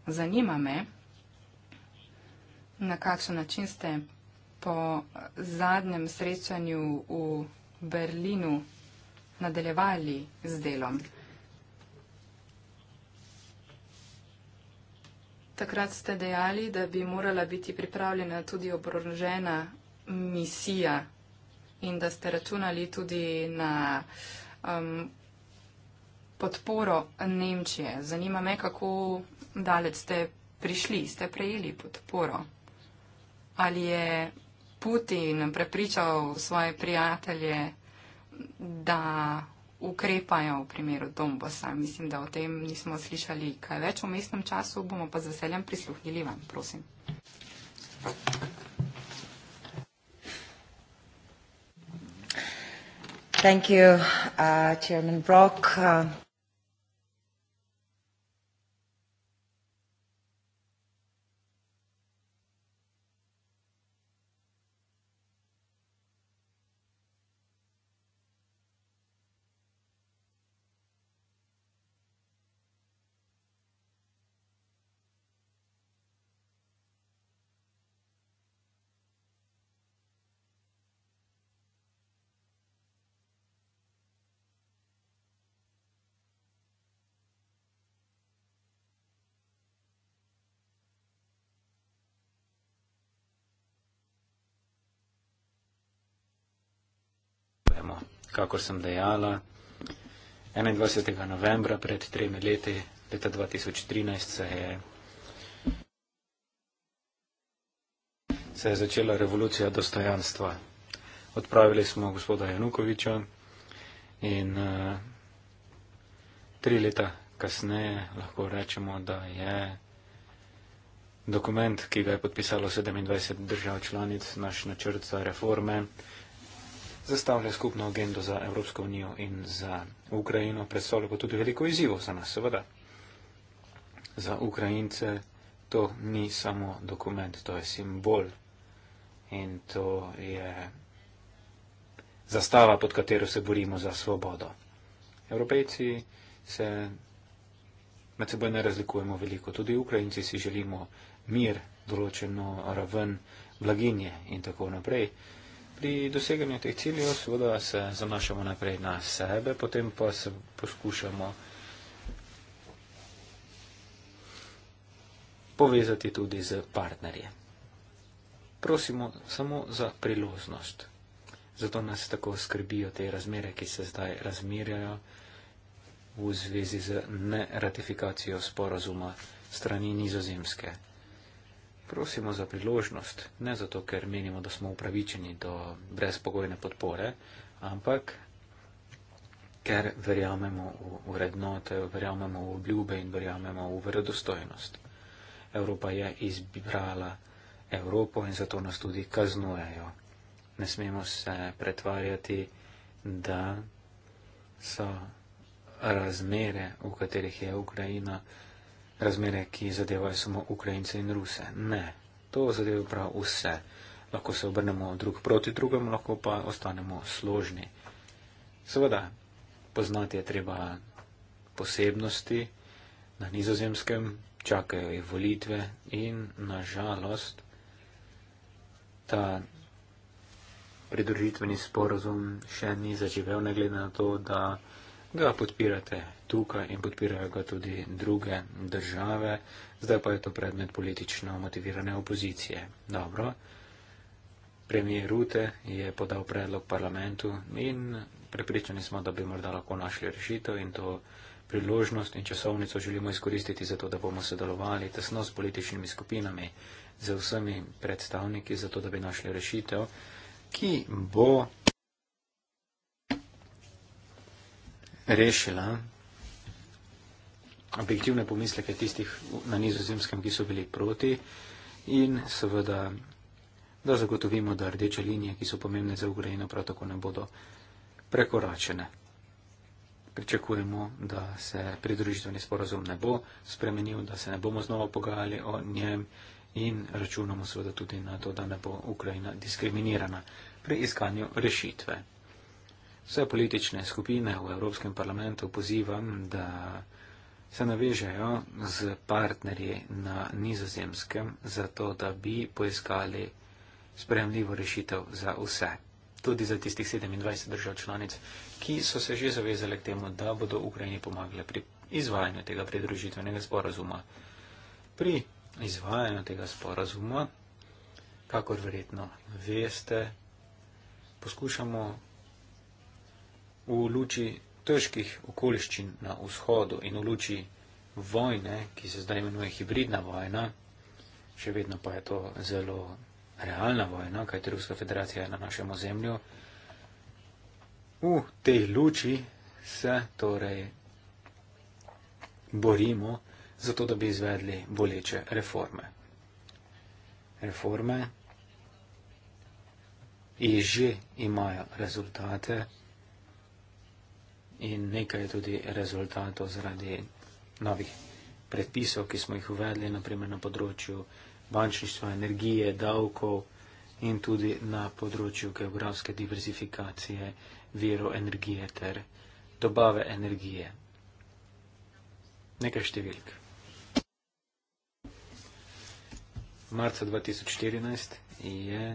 zanima me, na kakšen način ste po zadnjem srečanju v Ukrajini Berlinu nadaljevali z delom. Takrat ste dejali, da bi morala biti pripravljena tudi oborožena misija in da ste računali tudi na um, podporo Nemčije. Zanima me, kako daleč ste prišli, ste prejeli podporo. Ali je Putin prepričal svoje prijatelje, da ukrepajo v primeru Dombosa. Mislim, da o tem nismo slišali kaj več v mestnem času, bomo pa z veseljem prisluhnili vam. Prosim. Thank you, uh, Chairman Brock. Uh... kakor sem dejala, 21. novembra pred tremi leti, leta 2013, se je, se je začela revolucija dostojanstva. Odpravili smo gospoda Janukoviča in uh, tri leta kasneje lahko rečemo, da je dokument, ki ga je podpisalo 27 držav članic, naš načrt za reforme, zastavlja skupno agendo za Evropsko unijo in za Ukrajino, predstavlja pa tudi veliko izzivov za nas, seveda. Za Ukrajince to ni samo dokument, to je simbol in to je zastava, pod katero se borimo za svobodo. Evropejci se med seboj ne razlikujemo veliko, tudi Ukrajinci si želimo mir, določeno raven blaginje in tako naprej pri doseganju teh ciljev seveda se zanašamo najprej na sebe, potem pa se poskušamo povezati tudi z partnerje. Prosimo samo za priložnost. Zato nas tako skrbijo te razmere, ki se zdaj razmerjajo v zvezi z neratifikacijo sporozuma strani nizozemske prosimo za priložnost, ne zato, ker menimo, da smo upravičeni do brezpogojne podpore, ampak ker verjamemo v urednote, verjamemo v obljube in verjamemo v verodostojnost. Evropa je izbrala Evropo in zato nas tudi kaznujejo. Ne smemo se pretvarjati, da so razmere, v katerih je Ukrajina, razmere, ki zadevajo samo Ukrajince in Ruse. Ne, to zadeva prav vse. Lahko se obrnemo drug proti drugem, lahko pa ostanemo složni. Seveda, poznati je treba posebnosti. Na nizozemskem čakajo jih volitve in nažalost ta pridružitveni sporozum še ni zaživel, ne glede na to, da ga podpirate tukaj in podpirajo ga tudi druge države, zdaj pa je to predmet politično motivirane opozicije. Dobro, premijer Rute je podal predlog parlamentu in prepričani smo, da bi morda lahko našli rešitev in to priložnost in časovnico želimo izkoristiti za to, da bomo sodelovali tesno s političnimi skupinami, z vsemi predstavniki, za to, da bi našli rešitev, ki bo rešila objektivne pomisleke tistih na nizozemskem, ki so bili proti in seveda, da zagotovimo, da rdeče linije, ki so pomembne za Ukrajino, prav tako ne bodo prekoračene. Pričakujemo, da se pridružitveni sporozum ne bo spremenil, da se ne bomo znova pogajali o njem in računamo seveda tudi na to, da ne bo Ukrajina diskriminirana pri iskanju rešitve. Vse politične skupine v Evropskem parlamentu pozivam, da se navežejo z partnerji na nizozemskem, zato da bi poiskali spremljivo rešitev za vse. Tudi za tistih 27 držav članic, ki so se že zavezali k temu, da bodo Ukrajini pomagali pri izvajanju tega pridružitvenega sporazuma. Pri izvajanju tega sporazuma, kakor verjetno veste, poskušamo v luči težkih okoliščin na vzhodu in v luči vojne, ki se zdaj imenuje hibridna vojna, še vedno pa je to zelo realna vojna, kajti Ruska federacija je na našem ozemlju, v tej luči se torej borimo za to, da bi izvedli boleče reforme. Reforme, ki že imajo rezultate, in nekaj je tudi rezultatov zaradi novih predpisov, ki smo jih uvedli, naprimer na področju bančništva, energije, davkov in tudi na področju geografske diversifikacije virov energije ter dobave energije. Nekaj številk. Marca 2014 je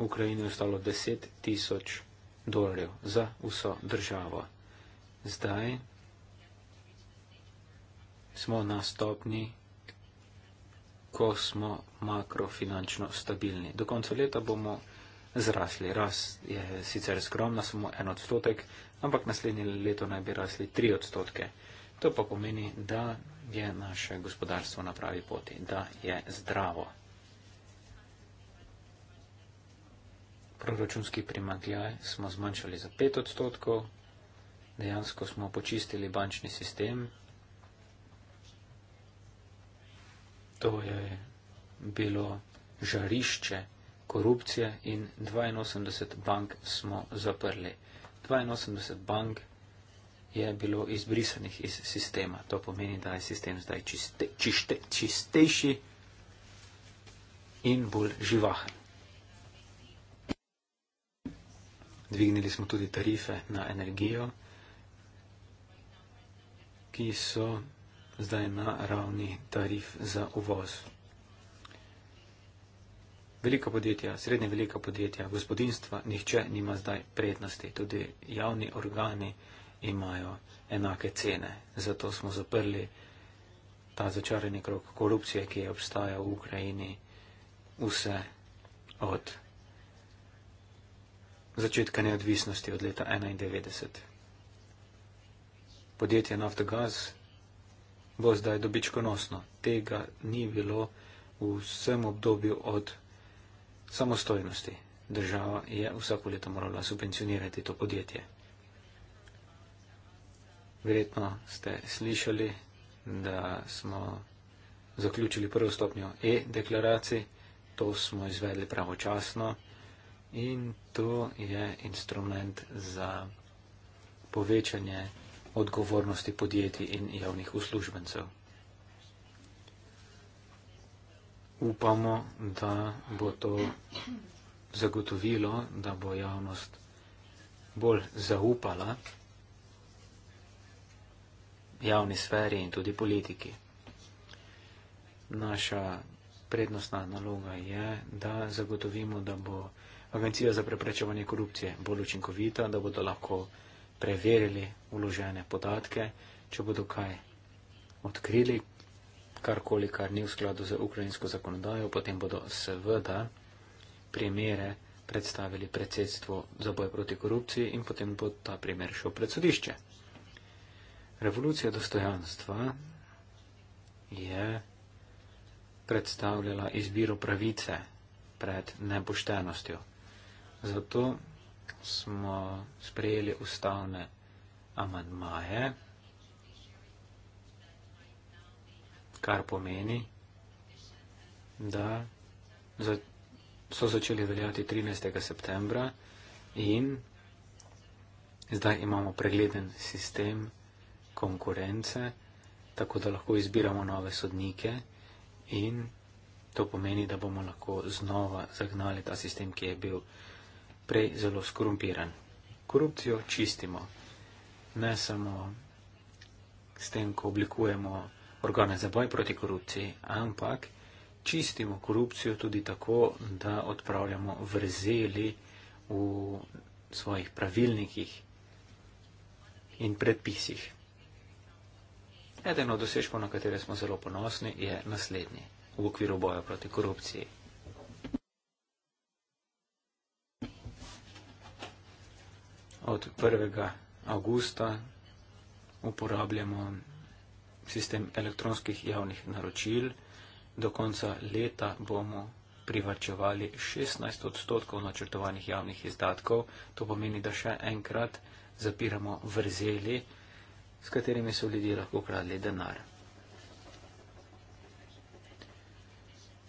Ukrajini ostalo 10 tisoč dolarjev za vso državo zdaj smo na stopni, ko smo makrofinančno stabilni. Do konca leta bomo zrasli. Rast je sicer skromna, samo en odstotek, ampak naslednje leto naj bi rasli tri odstotke. To pa pomeni, da je naše gospodarstvo na pravi poti, da je zdravo. Proračunski primankljaj smo zmanjšali za 5 odstotkov, dejansko smo počistili bančni sistem. To je bilo žarišče korupcije in 82 bank smo zaprli. 82 bank je bilo izbrisanih iz sistema. To pomeni, da je sistem zdaj čiste, čiste, čistejši in bolj živahen. Dvignili smo tudi tarife na energijo ki so zdaj na ravni tarif za uvoz. Velika podjetja, srednje velika podjetja, gospodinstva, nihče nima zdaj prednosti. Tudi javni organi imajo enake cene. Zato smo zaprli ta začarani krok korupcije, ki je obstajal v Ukrajini vse od začetka neodvisnosti od leta 1991 podjetje Naftogaz bo zdaj dobičkonosno. Tega ni bilo v vsem obdobju od samostojnosti. Država je vsako leto morala subvencionirati to podjetje. Verjetno ste slišali, da smo zaključili prvo stopnjo e-deklaracij, to smo izvedli pravočasno in to je instrument za povečanje odgovornosti podjetij in javnih uslužbencev. Upamo, da bo to zagotovilo, da bo javnost bolj zaupala javni sferi in tudi politiki. Naša prednostna naloga je, da zagotovimo, da bo Agencija za preprečevanje korupcije bolj učinkovita, da bodo lahko preverili vložene podatke, če bodo kaj odkrili, karkoli, kar ni v skladu z ukrajinsko zakonodajo, potem bodo seveda primere predstavili predsedstvo za boj proti korupciji in potem bo ta primer šel pred sodišče. Revolucija dostojanstva je predstavljala izbiro pravice pred nepoštenostjo. Zato smo sprejeli ustavne amadmaje, kar pomeni, da so začeli veljati 13. septembra in zdaj imamo pregleden sistem konkurence, tako da lahko izbiramo nove sodnike in to pomeni, da bomo lahko znova zagnali ta sistem, ki je bil vsega prej zelo skorumpiran. Korupcijo čistimo, ne samo s tem, ko oblikujemo organe za boj proti korupciji, ampak čistimo korupcijo tudi tako, da odpravljamo vrzeli v svojih pravilnikih in predpisih. Eden od dosežkov, na katere smo zelo ponosni, je naslednji v okviru boja proti korupciji. od 1. avgusta uporabljamo sistem elektronskih javnih naročil. Do konca leta bomo privarčevali 16 odstotkov načrtovanih javnih izdatkov. To pomeni, da še enkrat zapiramo vrzeli, s katerimi so ljudje lahko ukradli denar.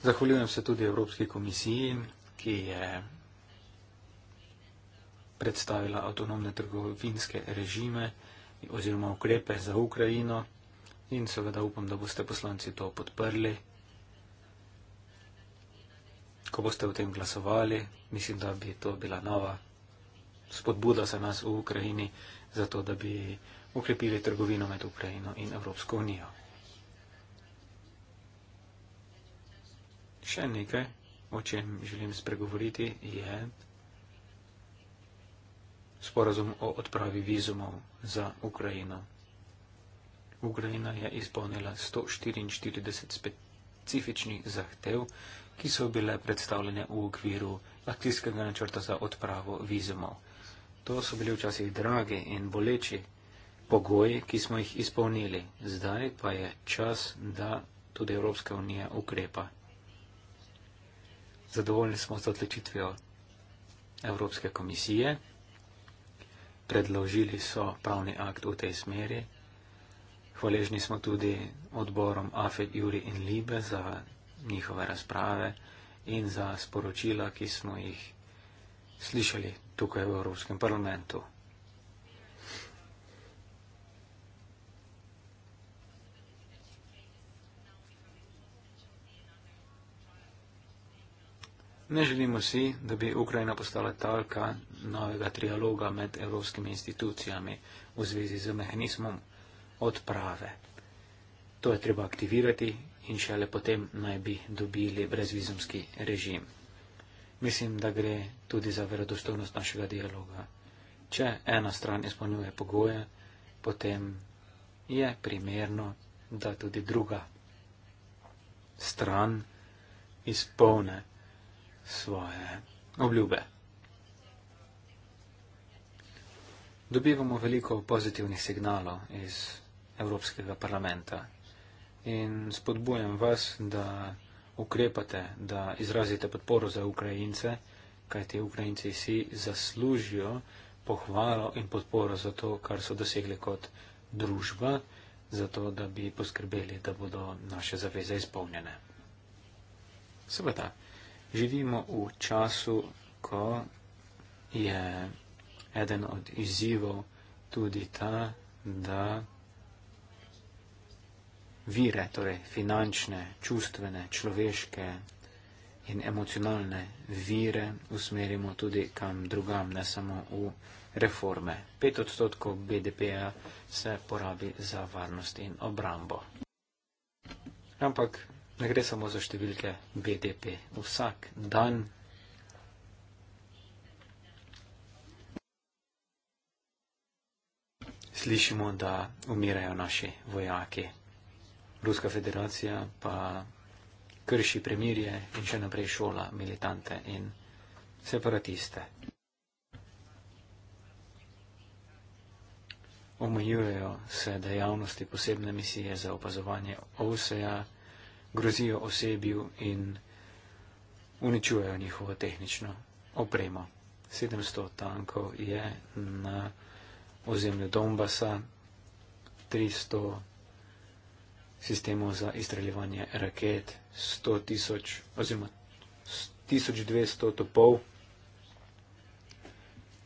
Zahvaljujem se tudi Evropski komisiji, ki je predstavila avtonomne trgovinske režime oziroma ukrepe za Ukrajino in seveda upam, da boste poslanci to podprli. Ko boste o tem glasovali, mislim, da bi to bila nova spodbuda za nas v Ukrajini, zato da bi ukrepili trgovino med Ukrajino in Evropsko unijo. Še nekaj, o čem želim spregovoriti, je sporazum o odpravi vizumov za Ukrajino. Ukrajina je izpolnila 144 specifičnih zahtev, ki so bile predstavljene v okviru akcijskega načrta za odpravo vizumov. To so bili včasih dragi in boleči pogoji, ki smo jih izpolnili. Zdaj pa je čas, da tudi Evropska unija ukrepa. Zadovoljni smo z odločitvijo Evropske komisije predložili so pravni akt v tej smeri. Hvaležni smo tudi odborom AFED, Juri in Libe za njihove razprave in za sporočila, ki smo jih slišali tukaj v Evropskem parlamentu. Ne želimo si, da bi Ukrajina postala talka novega trialoga med evropskimi institucijami v zvezi z mehanizmom odprave. To je treba aktivirati in šele potem naj bi dobili brezvizumski režim. Mislim, da gre tudi za verodostojnost našega dialoga. Če ena stran izpolnjuje pogoje, potem je primerno, da tudi druga stran izpolne svoje obljube. Dobivamo veliko pozitivnih signalov iz Evropskega parlamenta in spodbujam vas, da ukrepate, da izrazite podporo za Ukrajince, kajti Ukrajinci si zaslužijo pohvalo in podporo za to, kar so dosegli kot družba, zato da bi poskrbeli, da bodo naše zaveze izpolnjene. Seveda živimo v času, ko je eden od izzivov tudi ta, da vire, torej finančne, čustvene, človeške in emocionalne vire usmerimo tudi kam drugam, ne samo v reforme. 5 odstotkov BDP-ja se porabi za varnost in obrambo. Ampak ne gre samo za številke BDP. Vsak dan. Slišimo, da umirajo naši vojaki. Ruska federacija pa krši premirje in še naprej šola militante in separatiste. Omejujejo se dejavnosti posebne misije za opazovanje OSEA, grozijo osebju in uničujejo njihovo tehnično opremo. 700 tankov je na ozemlju Donbasa, 300 sistemov za izstreljevanje raket, 100 tisoč oziroma 1200 topov.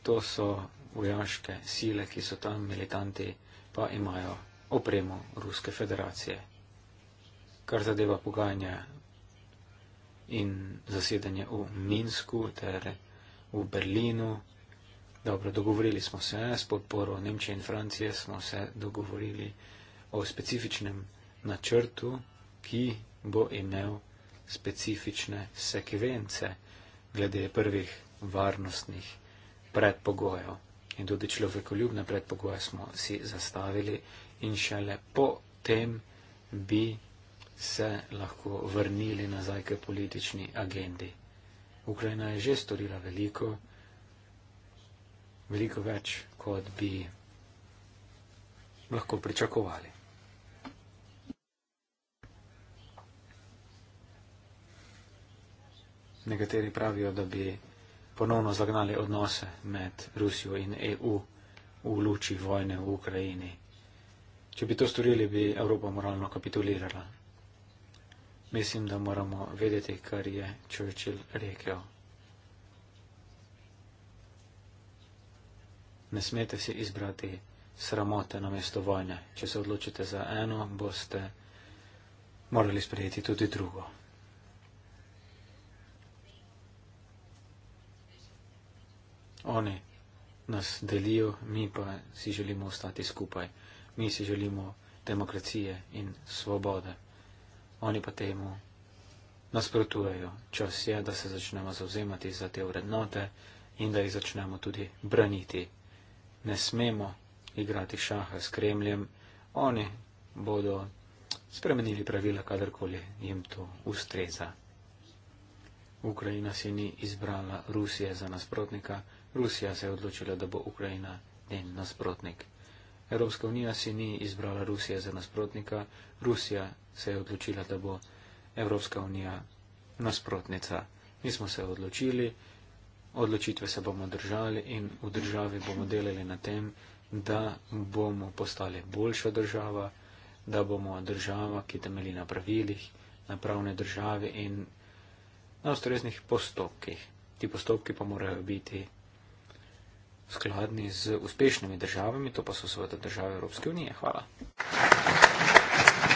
To so vojaške sile, ki so tam militanti, pa imajo opremo Ruske federacije kar zadeva pogajanja in zasedanje v Minsku ter v Berlinu. Dobro, dogovorili smo se s podporo Nemčije in Francije, smo se dogovorili o specifičnem načrtu, ki bo imel specifične sekvence glede prvih varnostnih predpogojev. In tudi človekoljubne predpogoje smo si zastavili in šele po tem bi se lahko vrnili nazaj k politični agendi. Ukrajina je že storila veliko, veliko več, kot bi lahko pričakovali. Nekateri pravijo, da bi ponovno zagnali odnose med Rusijo in EU v luči vojne v Ukrajini. Če bi to storili, bi Evropa moralno kapitulirala. Mislim, da moramo vedeti, kar je Churchill rekel. Ne smete si izbrati sramote na mesto vojne. Če se odločite za eno, boste morali sprejeti tudi drugo. Oni nas delijo, mi pa si želimo ostati skupaj. Mi si želimo demokracije in svobode oni pa temu nasprotujejo. Čas je, da se začnemo zauzemati za te vrednote in da jih začnemo tudi braniti. Ne smemo igrati šaha s Kremljem, oni bodo spremenili pravila, kadarkoli jim to ustreza. Ukrajina si ni izbrala Rusije za nasprotnika, Rusija se je odločila, da bo Ukrajina njen nasprotnik. Evropska unija si ni izbrala Rusije za nasprotnika, Rusija se je odločila, da bo Evropska unija nasprotnica. Mi smo se odločili, odločitve se bomo držali in v državi bomo delali na tem, da bomo postali boljša država, da bomo država, ki temeli na pravilih, na pravne države in na ustreznih postopkih. Ti postopki pa morajo biti skladni z uspešnimi državami, to pa so seveda države Evropske unije. Hvala.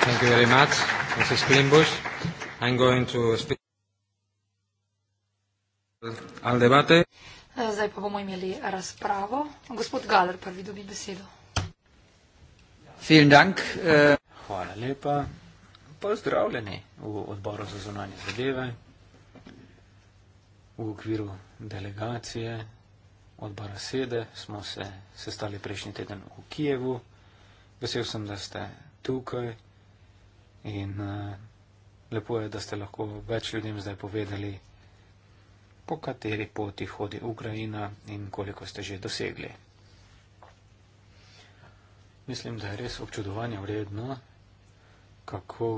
Thank you very much. This is Klimbush. I'm going to speak al debate. Zdaj pa bomo imeli razpravo. Gospod Galer prvi dobi besedo. Vielen Dank. Eh. Hvala lepa. Pozdravljeni v odboru za zunanje zadeve, v okviru delegacije od Barasede, smo se sestali prejšnji teden v Kijevu. Vesel sem, da ste tukaj in uh, lepo je, da ste lahko več ljudem zdaj povedali, po kateri poti hodi Ukrajina in koliko ste že dosegli. Mislim, da je res občudovanje vredno, kako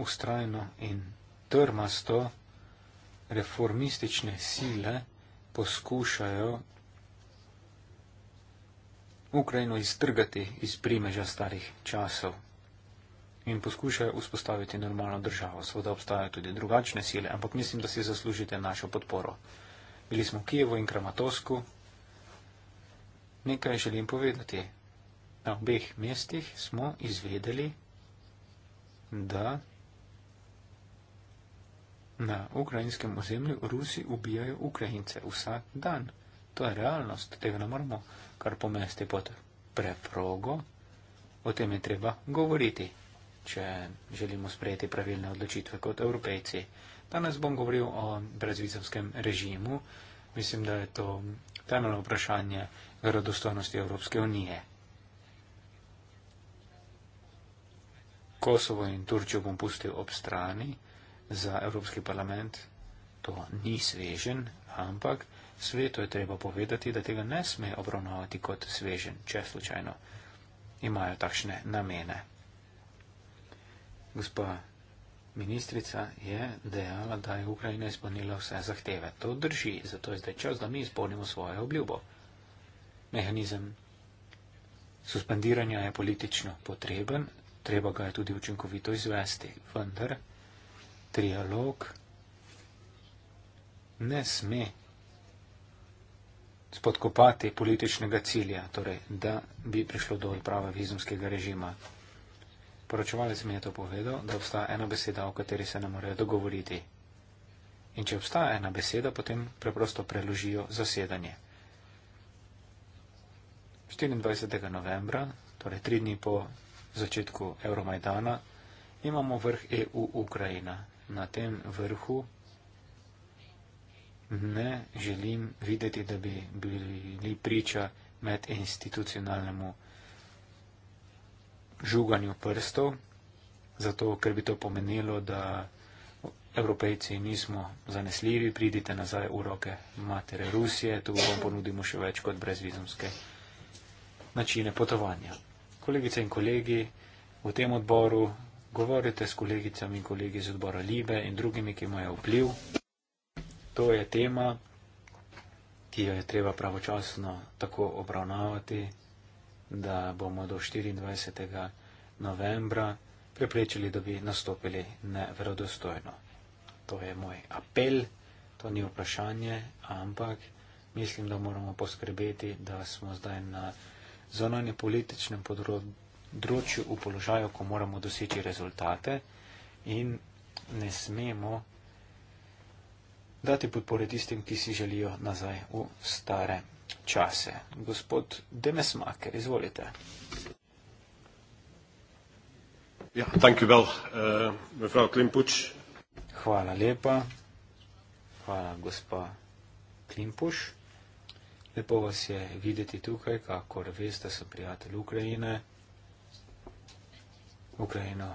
ustrajno in trmasto reformistične sile poskušajo Ukrajino iztrgati iz primeža starih časov in poskušajo vzpostaviti normalno državo. Seveda obstajajo tudi drugačne sile, ampak mislim, da si zaslužite našo podporo. Bili smo v Kijevu in Kramatovsku. Nekaj želim povedati. Na obeh mestih smo izvedeli, da Na ukrajinskem ozemlju Rusi ubijajo Ukrajince vsak dan. To je realnost, tega ne moramo kar pomesti pod preprogo. O tem je treba govoriti, če želimo sprejeti pravilne odločitve kot evropejci. Danes bom govoril o brezvizovskem režimu. Mislim, da je to temeljno vprašanje verodostojnosti Evropske unije. Kosovo in Turčijo bom pustil ob strani za Evropski parlament, to ni svežen, ampak svetu je treba povedati, da tega ne sme obravnavati kot svežen, če slučajno imajo takšne namene. Gospa ministrica je dejala, da je Ukrajina izpolnila vse zahteve. To drži, zato je zdaj čas, da mi izpolnimo svojo obljubo. Mehanizem suspendiranja je politično potreben, treba ga je tudi učinkovito izvesti, vendar trialog ne sme spodkopati političnega cilja, torej, da bi prišlo do odprave vizumskega režima. Poročevalec mi je to povedal, da obstaja ena beseda, o kateri se ne morejo dogovoriti. In če obstaja ena beseda, potem preprosto preložijo zasedanje. 24. novembra, torej tri dni po začetku Euromajdana, imamo vrh EU Ukrajina, na tem vrhu, ne želim videti, da bi bili priča med institucionalnemu žuganju prstov, zato ker bi to pomenilo, da evropejci nismo zanesljivi, pridite nazaj v roke matere Rusije, tu vam ponudimo še več kot brezvizumske načine potovanja. Kolegice in kolegi, v tem odboru govorite s kolegicami in kolegi iz odbora Libe in drugimi, ki imajo vpliv. To je tema, ki jo je treba pravočasno tako obravnavati, da bomo do 24. novembra preprečili, da bi nastopili neverodostojno. To je moj apel, to ni vprašanje, ampak mislim, da moramo poskrbeti, da smo zdaj na zonanje političnem področju področju, v položaju, ko moramo doseči rezultate in ne smemo dati podpore tistim, ki si želijo nazaj v stare čase. Gospod Demesmaker, izvolite. Ja, thank you well, uh, Klimpuč. Hvala lepa. Hvala, gospa Klimpuš. Lepo vas je videti tukaj, kakor veste, sem prijatelj Ukrajine. Ukrajino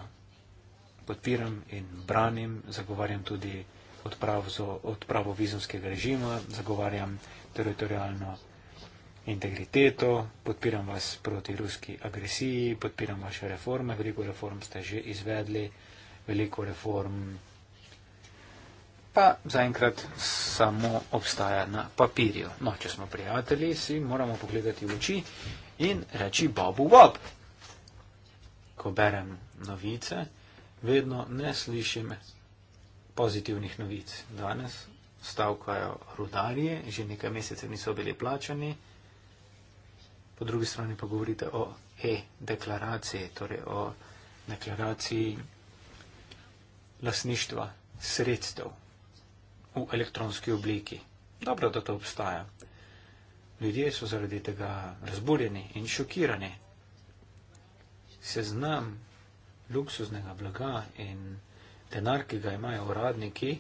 podpiram in branim, zagovarjam tudi odpravo, odpravo vizumskega režima, zagovarjam teritorijalno integriteto, podpiram vas proti ruski agresiji, podpiram vaše reforme, veliko reform ste že izvedli, veliko reform pa zaenkrat samo obstaja na papirju. No, če smo prijatelji, si moramo pogledati v oči in reči babu bab ko berem novice, vedno ne slišim pozitivnih novic. Danes stavkajo rudarje, že nekaj mesecev niso bili plačani, po drugi strani pa govorite o e-deklaraciji, torej o deklaraciji lasništva sredstev v elektronski obliki. Dobro, da to obstaja. Ljudje so zaradi tega razburjeni in šokirani seznam luksuznega blaga in denar, ki ga imajo uradniki,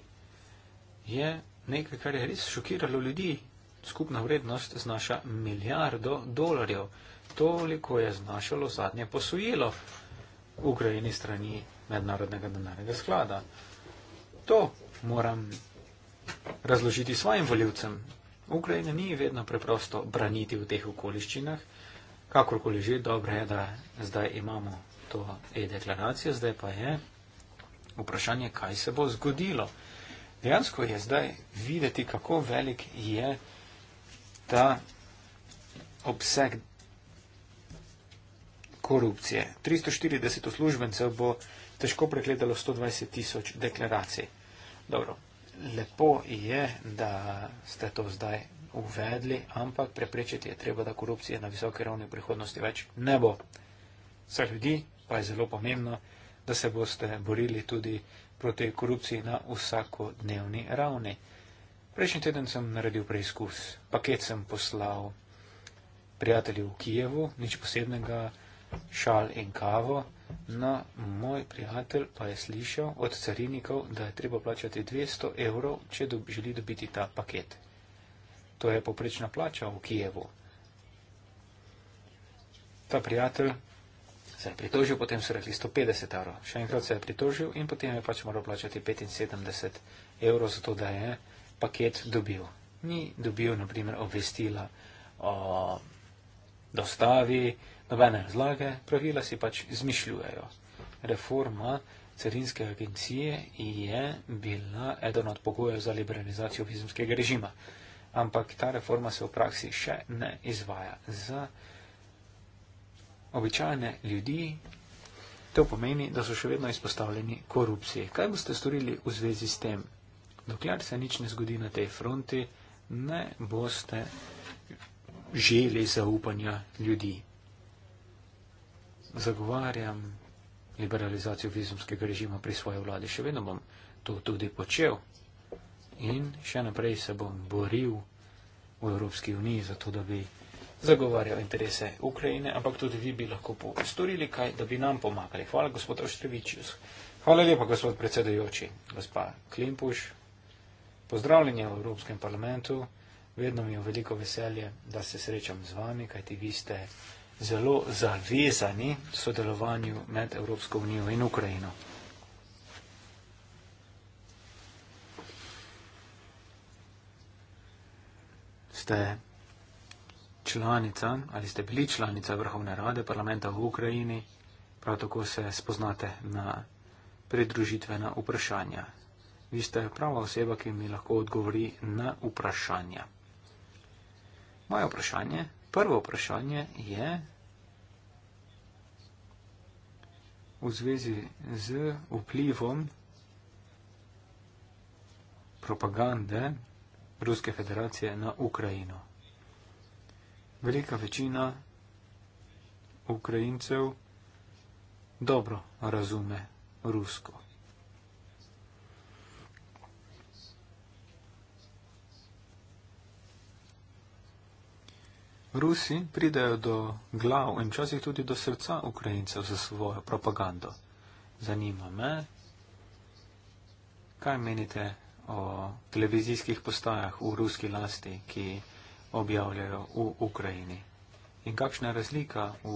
je nekaj, kar je res šokiralo ljudi. Skupna vrednost znaša milijardo dolarjev. Toliko je znašalo zadnje posojilo v Ukrajini strani Mednarodnega denarnega sklada. To moram razložiti svojim voljivcem. Ukrajina ni vedno preprosto braniti v teh okoliščinah, Kakorkoli že, dobro je, da zdaj imamo to e-deklaracijo, zdaj pa je vprašanje, kaj se bo zgodilo. Dejansko je zdaj videti, kako velik je ta obseg korupcije. 340 uslužbencev bo težko pregledalo 120 tisoč deklaracij. Dobro, lepo je, da ste to zdaj uvedli, ampak preprečiti je treba, da korupcije na visoki ravni v prihodnosti več ne bo. Za ljudi pa je zelo pomembno, da se boste borili tudi proti korupciji na vsakodnevni ravni. Prejšnji teden sem naredil preizkus, paket sem poslal prijatelju v Kijevu, nič posebnega, šal in kavo. Na no, moj prijatelj pa je slišal od carinikov, da je treba plačati 200 evrov, če dob, želi dobiti ta paket. To je poprečna plača v Kijevu. Ta prijatelj se je pritožil, potem so rekli 150 evrov. Še enkrat se je pritožil in potem je pač moral plačati 75 evrov za to, da je paket dobil. Ni dobil, na primer, obvestila o dostavi, nobene razlage, pravila si pač izmišljujejo. Reforma carinske agencije je bila eden od pogojev za liberalizacijo vizumskega režima ampak ta reforma se v praksi še ne izvaja. Za običajne ljudi to pomeni, da so še vedno izpostavljeni korupciji. Kaj boste storili v zvezi s tem? Dokler se nič ne zgodi na tej fronti, ne boste želi zaupanja ljudi. Zagovarjam liberalizacijo vizumskega režima pri svoji vladi. Še vedno bom to tudi počel in še naprej se bom boril v Evropski uniji za to, da bi zagovarjal interese Ukrajine, ampak tudi vi bi lahko storili kaj, da bi nam pomagali. Hvala, gospod Oštrevičius. Hvala lepa, gospod predsedujoči, gospa Klimpuš. Pozdravljenje v Evropskem parlamentu. Vedno mi je veliko veselje, da se srečam z vami, kajti vi ste zelo zavezani sodelovanju med Evropsko unijo in Ukrajino. ste članica ali ste bili članica Vrhovne rade parlamenta v Ukrajini, prav tako se spoznate na pridružitvena vprašanja. Vi ste prava oseba, ki mi lahko odgovori na vprašanja. Moje vprašanje, prvo vprašanje je v zvezi z vplivom propagande Ruske federacije na Ukrajino. Velika večina Ukrajincev dobro razume rusko. Rusi pridejo do glav in včasih tudi do srca Ukrajincev za svojo propagando. Zanima me, kaj menite o televizijskih postajah v ruski lasti, ki objavljajo v Ukrajini. In kakšna je razlika v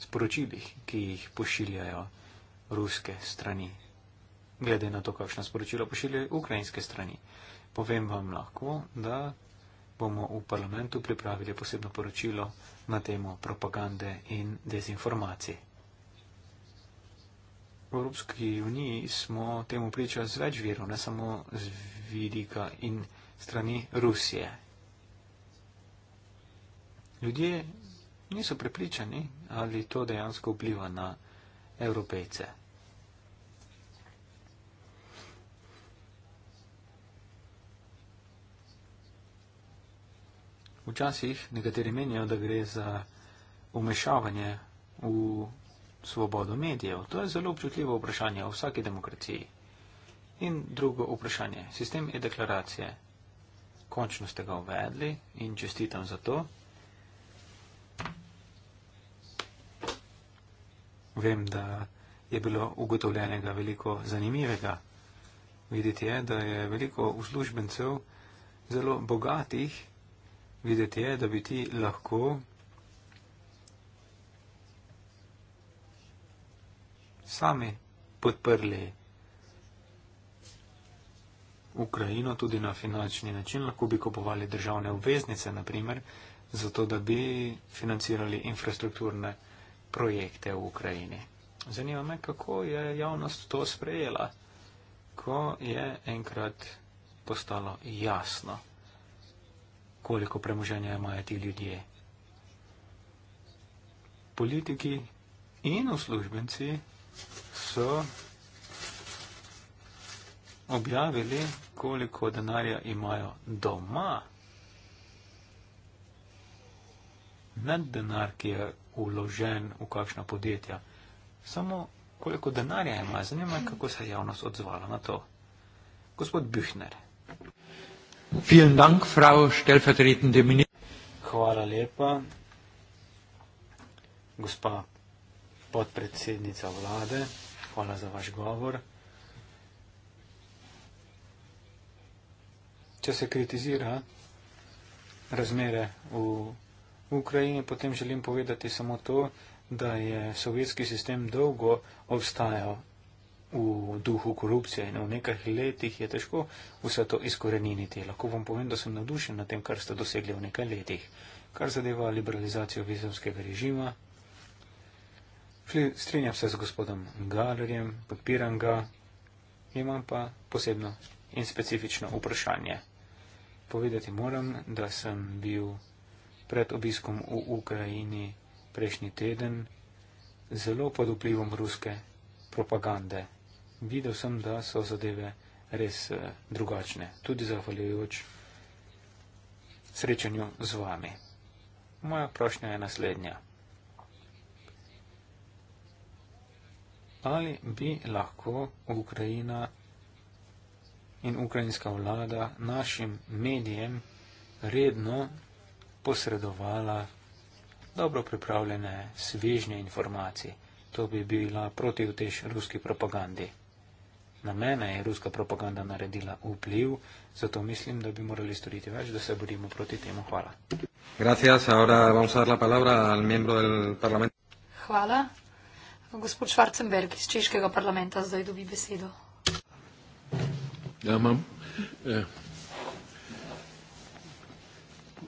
sporočilih, ki jih pošiljajo ruske strani, glede na to, kakšna sporočila pošiljajo ukrajinske strani. Povem vam lahko, da bomo v parlamentu pripravili posebno poročilo na temo propagande in dezinformacije. V Evropski uniji smo temu priča z več virov, ne samo z vidika in strani Rusije. Ljudje niso prepričani, ali to dejansko vpliva na evropejce. Včasih nekateri menijo, da gre za umešavanje v svobodo medijev. To je zelo občutljivo vprašanje o vsaki demokraciji. In drugo vprašanje. Sistem e-deklaracije. Končno ste ga uvedli in čestitam za to. Vem, da je bilo ugotovljenega veliko zanimivega. Videti je, da je veliko uslužbencev zelo bogatih. Videti je, da bi ti lahko sami podprli Ukrajino tudi na finančni način, lahko bi kupovali državne obveznice, naprimer, zato da bi financirali infrastrukturne projekte v Ukrajini. Zanima me, kako je javnost to sprejela, ko je enkrat postalo jasno, koliko premoženja imajo ti ljudje. Politiki in uslužbenci so objavili, koliko denarja imajo doma. Ne denar, ki je uložen v kakšna podjetja, samo koliko denarja ima. Zanima me, kako se je javnost odzvala na to. Gospod Büchner. Dank, frau Hvala lepa, gospa podpredsednica vlade, hvala za vaš govor. Če se kritizira razmere v Ukrajini, potem želim povedati samo to, da je sovjetski sistem dolgo obstajal v duhu korupcije in v nekaj letih je težko vse to izkoreniniti. Lahko vam povem, da sem navdušen na tem, kar ste dosegli v nekaj letih, kar zadeva liberalizacijo vizumskega režima, strinjam se z gospodom Galerjem, podpiram ga, imam pa posebno in specifično vprašanje. Povedati moram, da sem bil pred obiskom v Ukrajini prejšnji teden zelo pod vplivom ruske propagande. Videl sem, da so zadeve res eh, drugačne, tudi zahvaljujoč srečanju z vami. Moja prošnja je naslednja. ali bi lahko Ukrajina in ukrajinska vlada našim medijem redno posredovala dobro pripravljene svežnje informacije. To bi bila protivtež ruski propagandi. Na mene je ruska propaganda naredila vpliv, zato mislim, da bi morali storiti več, da se borimo proti temu. Hvala. Gracias, ahora vamos a dar la palabra al miembro del Parlamento. Hvala. Gospod Švarcenberg iz Češkega parlamenta zdaj dobi besedo. Ja, imam. Eh,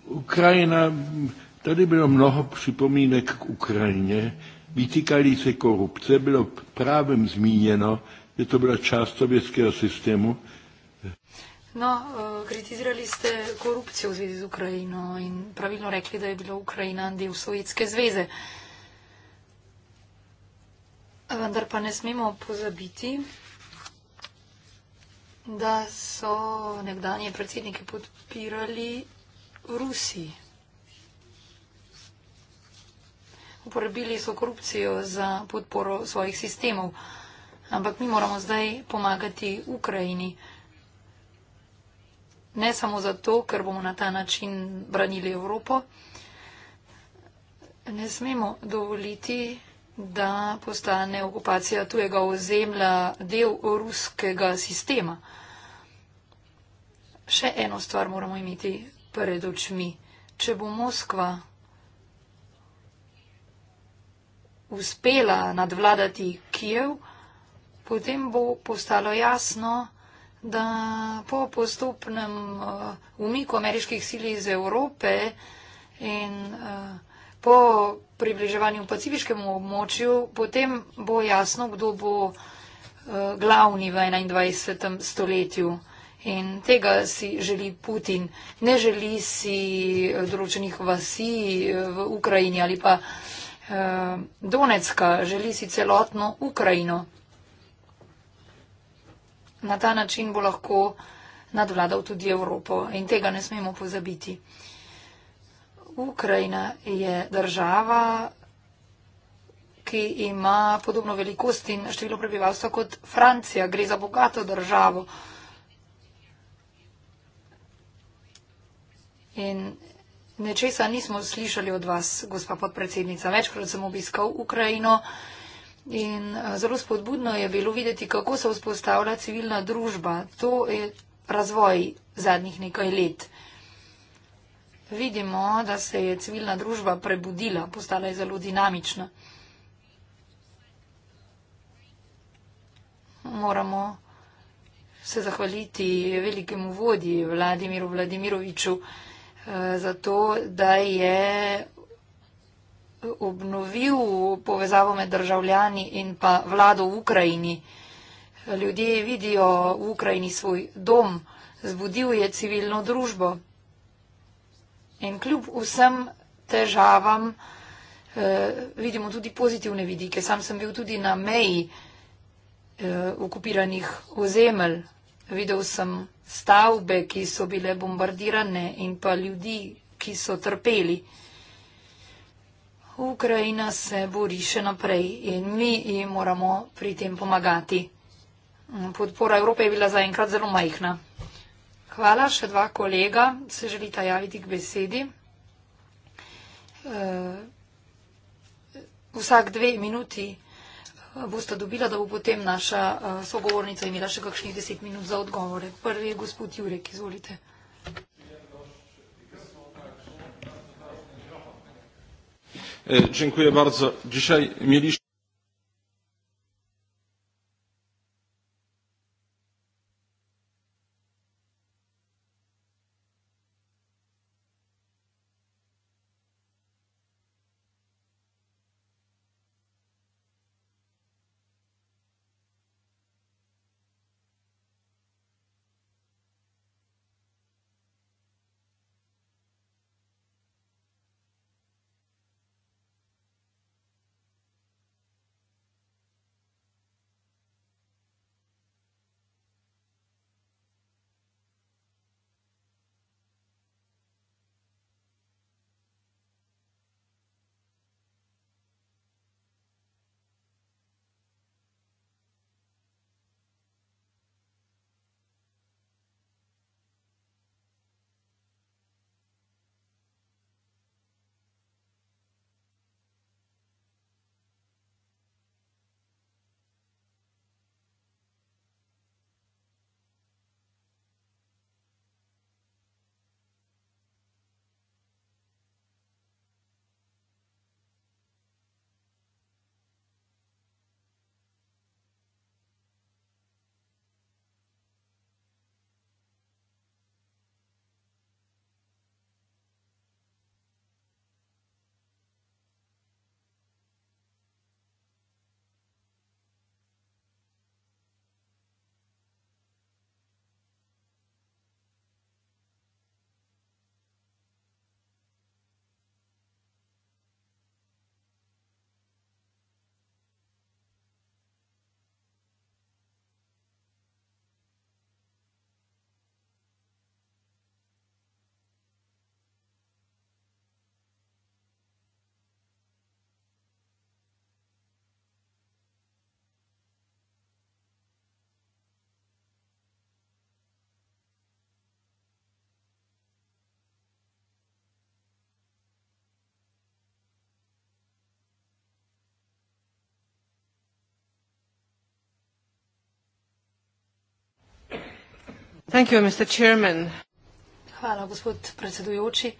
Ukrajina, tady bylo mnoho připomínek k Ukrajině, vytýkali se korupce, bylo právem zmíněno, že to byla část sovětského systému. No, eh, kritizirali ste korupcijo v zvezi z Ukrajino in pravilno rekli, da je bila Ukrajina del Sovjetske zveze. Vendar pa ne smemo pozabiti, da so nekdanje predsednike podpirali Rusi. Uporabili so korupcijo za podporo svojih sistemov. Ampak mi moramo zdaj pomagati Ukrajini. Ne samo zato, ker bomo na ta način branili Evropo. Ne smemo dovoliti da postane okupacija tujega ozemlja del ruskega sistema. Še eno stvar moramo imeti pred očmi. Če bo Moskva uspela nadvladati Kijev, potem bo postalo jasno, da po postopnem uh, umiku ameriških sil iz Evrope in uh, po približevanju pacifiškemu območju, potem bo jasno, kdo bo eh, glavni v 21. stoletju. In tega si želi Putin. Ne želi si eh, določenih vasi eh, v Ukrajini ali pa Donetska, želi si celotno Ukrajino. Na ta način bo lahko nadvladal tudi Evropo in tega ne smemo pozabiti. Ukrajina je država, ki ima podobno velikost in število prebivalstva kot Francija. Gre za bogato državo. In nečesa nismo slišali od vas, gospa podpredsednica. Večkrat sem obiskal Ukrajino in eh, zelo spodbudno je bilo videti, kako se vzpostavlja civilna družba. To je razvoj zadnjih nekaj let vidimo, da se je civilna družba prebudila, postala je zelo dinamična. Moramo se zahvaliti velikemu vodji Vladimiru Vladimiroviču eh, za to, da je obnovil povezavo med državljani in pa vlado v Ukrajini. Ljudje vidijo v Ukrajini svoj dom, zbudil je civilno družbo. In kljub vsem težavam eh, vidimo tudi pozitivne vidike. Sam sem bil tudi na meji eh, okupiranih ozemelj. Videl sem stavbe, ki so bile bombardirane in pa ljudi, ki so trpeli. Ukrajina se bori še naprej in mi ji moramo pri tem pomagati. Podpora Evrope je bila zaenkrat zelo majhna. Hvala. Še dva kolega se želita javiti k besedi. Eh, vsak dve minuti eh, boste dobila, da bo potem naša eh, sogovornica imela še kakšnih deset minut za odgovore. Prvi je gospod Jurek, izvolite. Dziękuję bardzo. Dzisiaj mieliśmy. Hvala, gospod predsedujoči.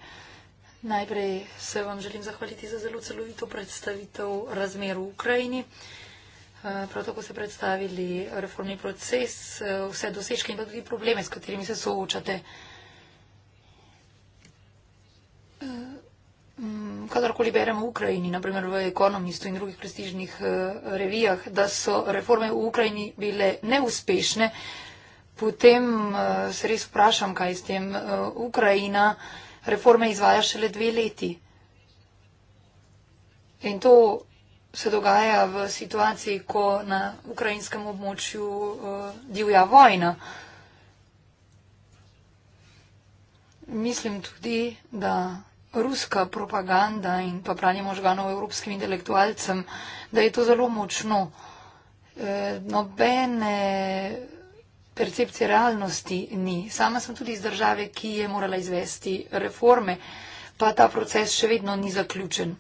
Najprej se vam želim zahvaliti za zelo celovito predstavitev razmer v Ukrajini. Eh, prav tako ste predstavili reformni proces, eh, vse dosežke in pa tudi probleme, s katerimi se soočate. Eh, mm, kadarkoli beremo v Ukrajini, naprimer v Economistu in drugih prestižnih revijah, da so reforme v Ukrajini bile neuspešne, potem uh, se res vprašam, kaj s tem. Uh, Ukrajina reforme izvaja šele dve leti. In to se dogaja v situaciji, ko na ukrajinskem območju uh, divja vojna. Mislim tudi, da ruska propaganda in pa pranje možganov evropskim intelektualcem, da je to zelo močno. E, nobene percepcije realnosti ni. Sama sem tudi iz države, ki je morala izvesti reforme, pa ta proces še vedno ni zaključen.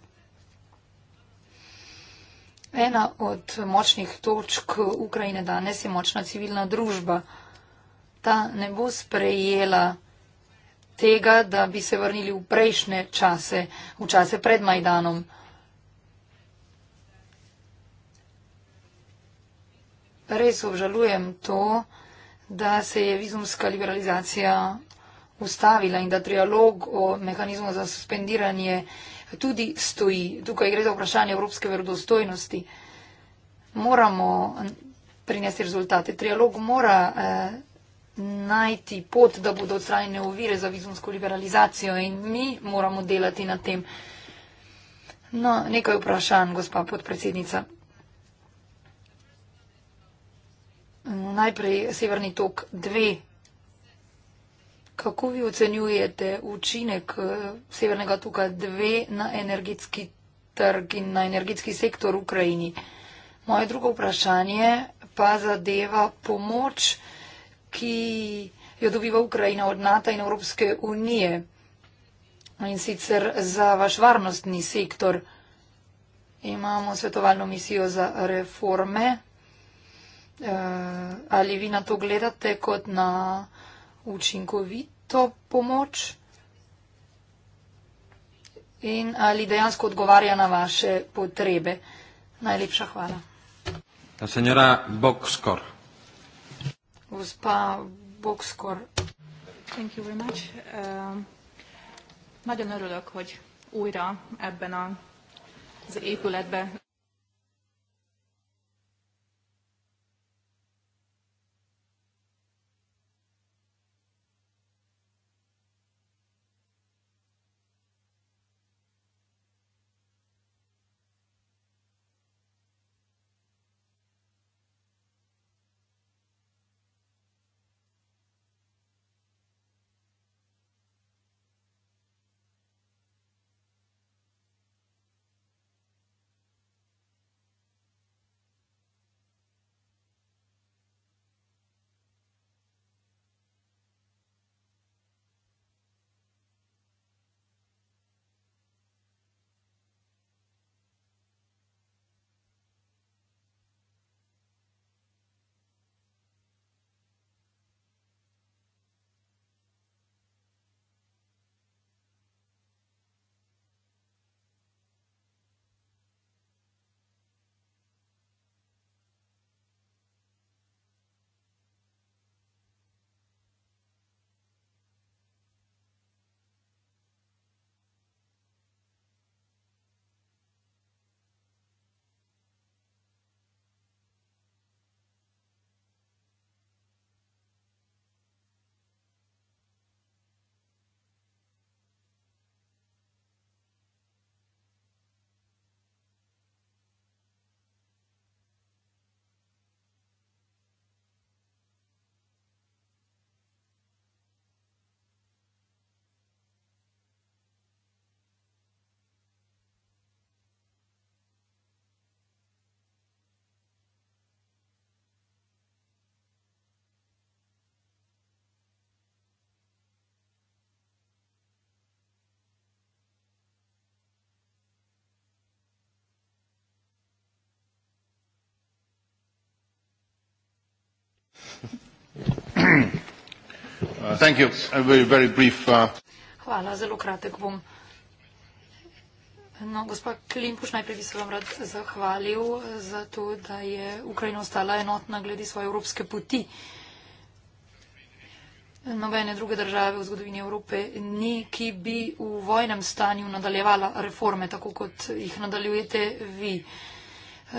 Ena od močnih točk Ukrajine danes je močna civilna družba. Ta ne bo sprejela tega, da bi se vrnili v prejšnje čase, v čase pred Majdanom. Res obžalujem to, da se je vizumska liberalizacija ustavila in da trialog o mehanizmu za suspendiranje tudi stoji. Tukaj gre za vprašanje evropske verodostojnosti. Moramo prinesti rezultate. Trialog mora eh, najti pot, da bodo odstranjene ovire za vizumsko liberalizacijo in mi moramo delati na tem. No, nekaj vprašanj, gospa podpredsednica. Najprej severni tok 2. Kako vi ocenjujete učinek eh, severnega toka 2 na energetski trg in na energetski sektor v Ukrajini? Moje drugo vprašanje pa zadeva pomoč, ki jo dobiva Ukrajina od NATO in Evropske unije in sicer za vaš varnostni sektor. Imamo svetovalno misijo za reforme. Eh, ali vi na to gledate kot na učinkovito pomoč in ali dejansko odgovarja na vaše potrebe. Najlepša hvala. La señora Boxcor. Gospa Boxcor. Thank you very much. Uh, nagyon örülök, hogy újra ebben a, az épületben Uh, uh, Hvala, zelo kratek bom. No, gospa Klimpuš, najprej bi se vam rad zahvalil za to, da je Ukrajina ostala enotna glede svoje evropske poti. Nobene druge države v zgodovini Evrope ni, ki bi v vojnem stanju nadaljevala reforme, tako kot jih nadaljujete vi.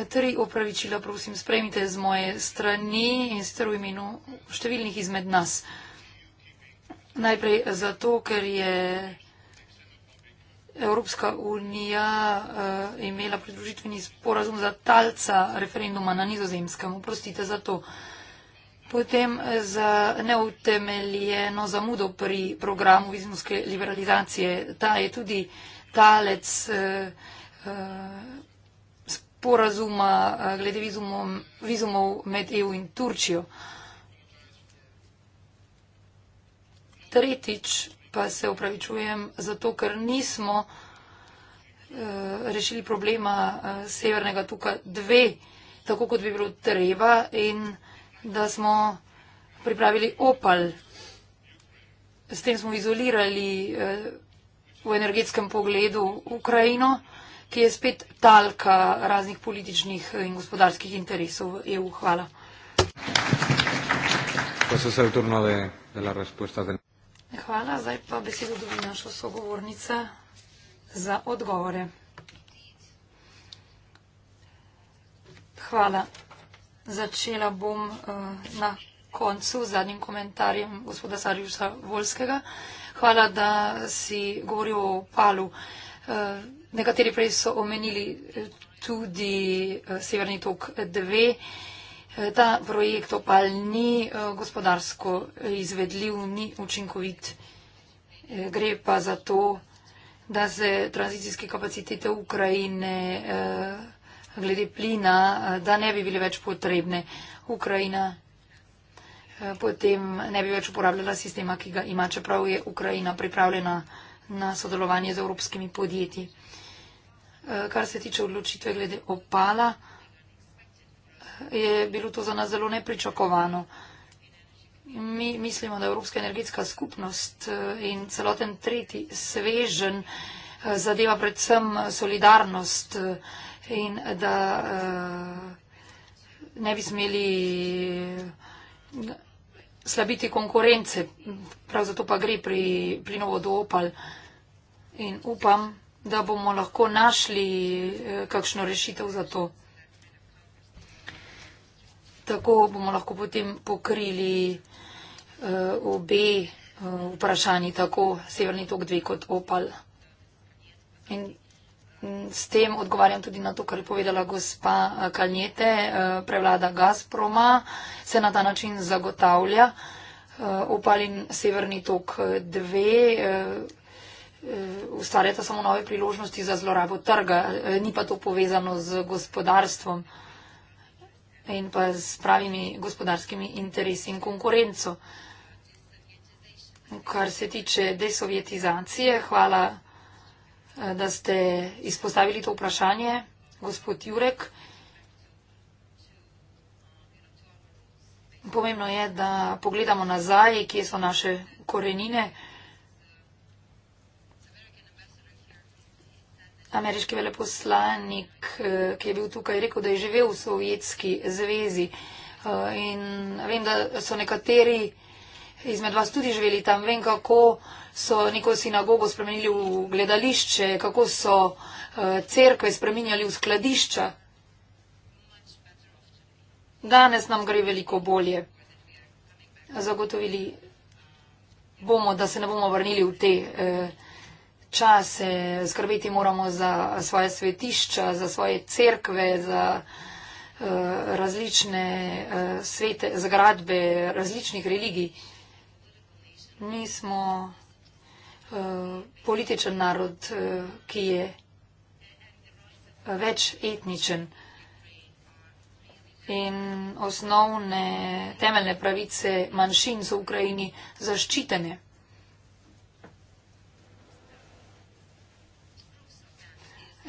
Tri opravičila prosim, sprejmite z moje strani in sicer v imenu številnih izmed nas. Najprej zato, ker je Evropska unija uh, imela pridružitveni sporazum za talca referenduma na nizozemskem. Oprostite za to. Potem eh, za neutemeljeno zamudo pri programu vizumske liberalizacije. Ta je tudi talec. Uh, sporazuma eh, glede vizumom, vizumov med EU in Turčijo. Tretjič pa se upravičujem zato, ker nismo eh, rešili problema eh, severnega tuka dve, tako kot bi bilo treba in da smo pripravili opal. S tem smo izolirali v energetskem pogledu Ukrajino ki je spet talka raznih političnih in gospodarskih interesov v EU. Hvala. Hvala, zdaj pa besedo dobi naša sogovornica za odgovore. Hvala. Začela bom uh, na koncu z zadnjim komentarjem gospoda Sarjusa Volskega. Hvala, da si govoril o palu. Uh, eh, Nekateri prej so omenili eh, tudi eh, Severni tok 2. Eh, ta projekt opal ni gospodarsko izvedljiv, ni učinkovit. Gre pa za to, da se tranzicijske kapacitete Ukrajine glede plina, da ne bi bile več potrebne. Ukrajina potem ne bi več uporabljala sistema, ki ga ima, čeprav je Ukrajina pripravljena na sodelovanje z evropskimi podjetji. Eh, kar se tiče odločitve glede opala, eh, je bilo to za nas zelo nepričakovano. Mi mislimo, da Evropska energetska skupnost eh, in celoten tretji svežen zadeva predvsem solidarnost in da ne bi smeli slabiti konkurence. Prav zato pa gre pri, pri novo do opal in upam, da bomo lahko našli eh, kakšno rešitev za to. Tako bomo lahko potem pokrili uh, obe uh, vprašanji, tako Severni tok 2 kot Opal. In mm, s tem odgovarjam tudi na to, kar je povedala gospa Kaljete, uh, prevlada Gazproma se na ta način zagotavlja. Uh, Opal in Severni tok 2. Uh, Eh, ustvarjata samo nove priložnosti za zlorabo trga, eh, ni pa to povezano z gospodarstvom in pa z pravimi gospodarskimi interesi in konkurenco. Kar se tiče desovjetizacije, hvala, eh, da ste izpostavili to vprašanje, gospod Jurek. Pomembno je, da pogledamo nazaj, kje so naše korenine. ameriški veleposlanik, eh, ki je bil tukaj, rekel, da je živel v Sovjetski zvezi. Eh, in vem, da so nekateri izmed vas tudi živeli tam. Vem, kako so neko sinagogo spremenili v gledališče, kako so eh, cerkve spremenjali v skladišča. Danes nam gre veliko bolje. Zagotovili bomo, da se ne bomo vrnili v te. Eh, čase, skrbeti moramo za svoje svetišča, za svoje cerkve, za uh, različne uh, svete, zgradbe različnih religij. Mi smo uh, eh, političen narod, uh, ki je več etničen. In osnovne temeljne pravice manjšin so v Ukrajini zaščitene.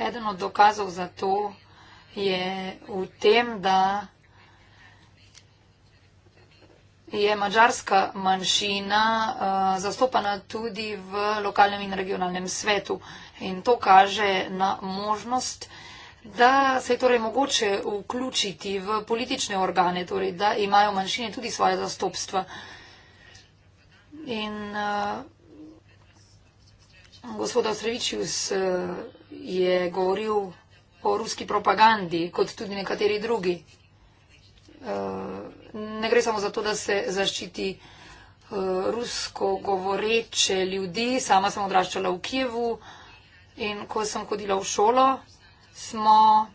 Eden od dokazov za to je v tem, da je mađarska manjšina uh, zastopana tudi v lokalnem in regionalnem svetu. In to kaže na možnost, da se je torej mogoče vključiti v politične organe, torej da imajo manjšine tudi svoje zastopstva. In uh, eh, gospod Ostrevičius uh, eh, je govoril o ruski propagandi, kot tudi nekateri drugi. Eh, ne gre samo za to, da se zaščiti eh, rusko govoreče ljudi. Sama sem odraščala v Kijevu in ko sem hodila v šolo, smo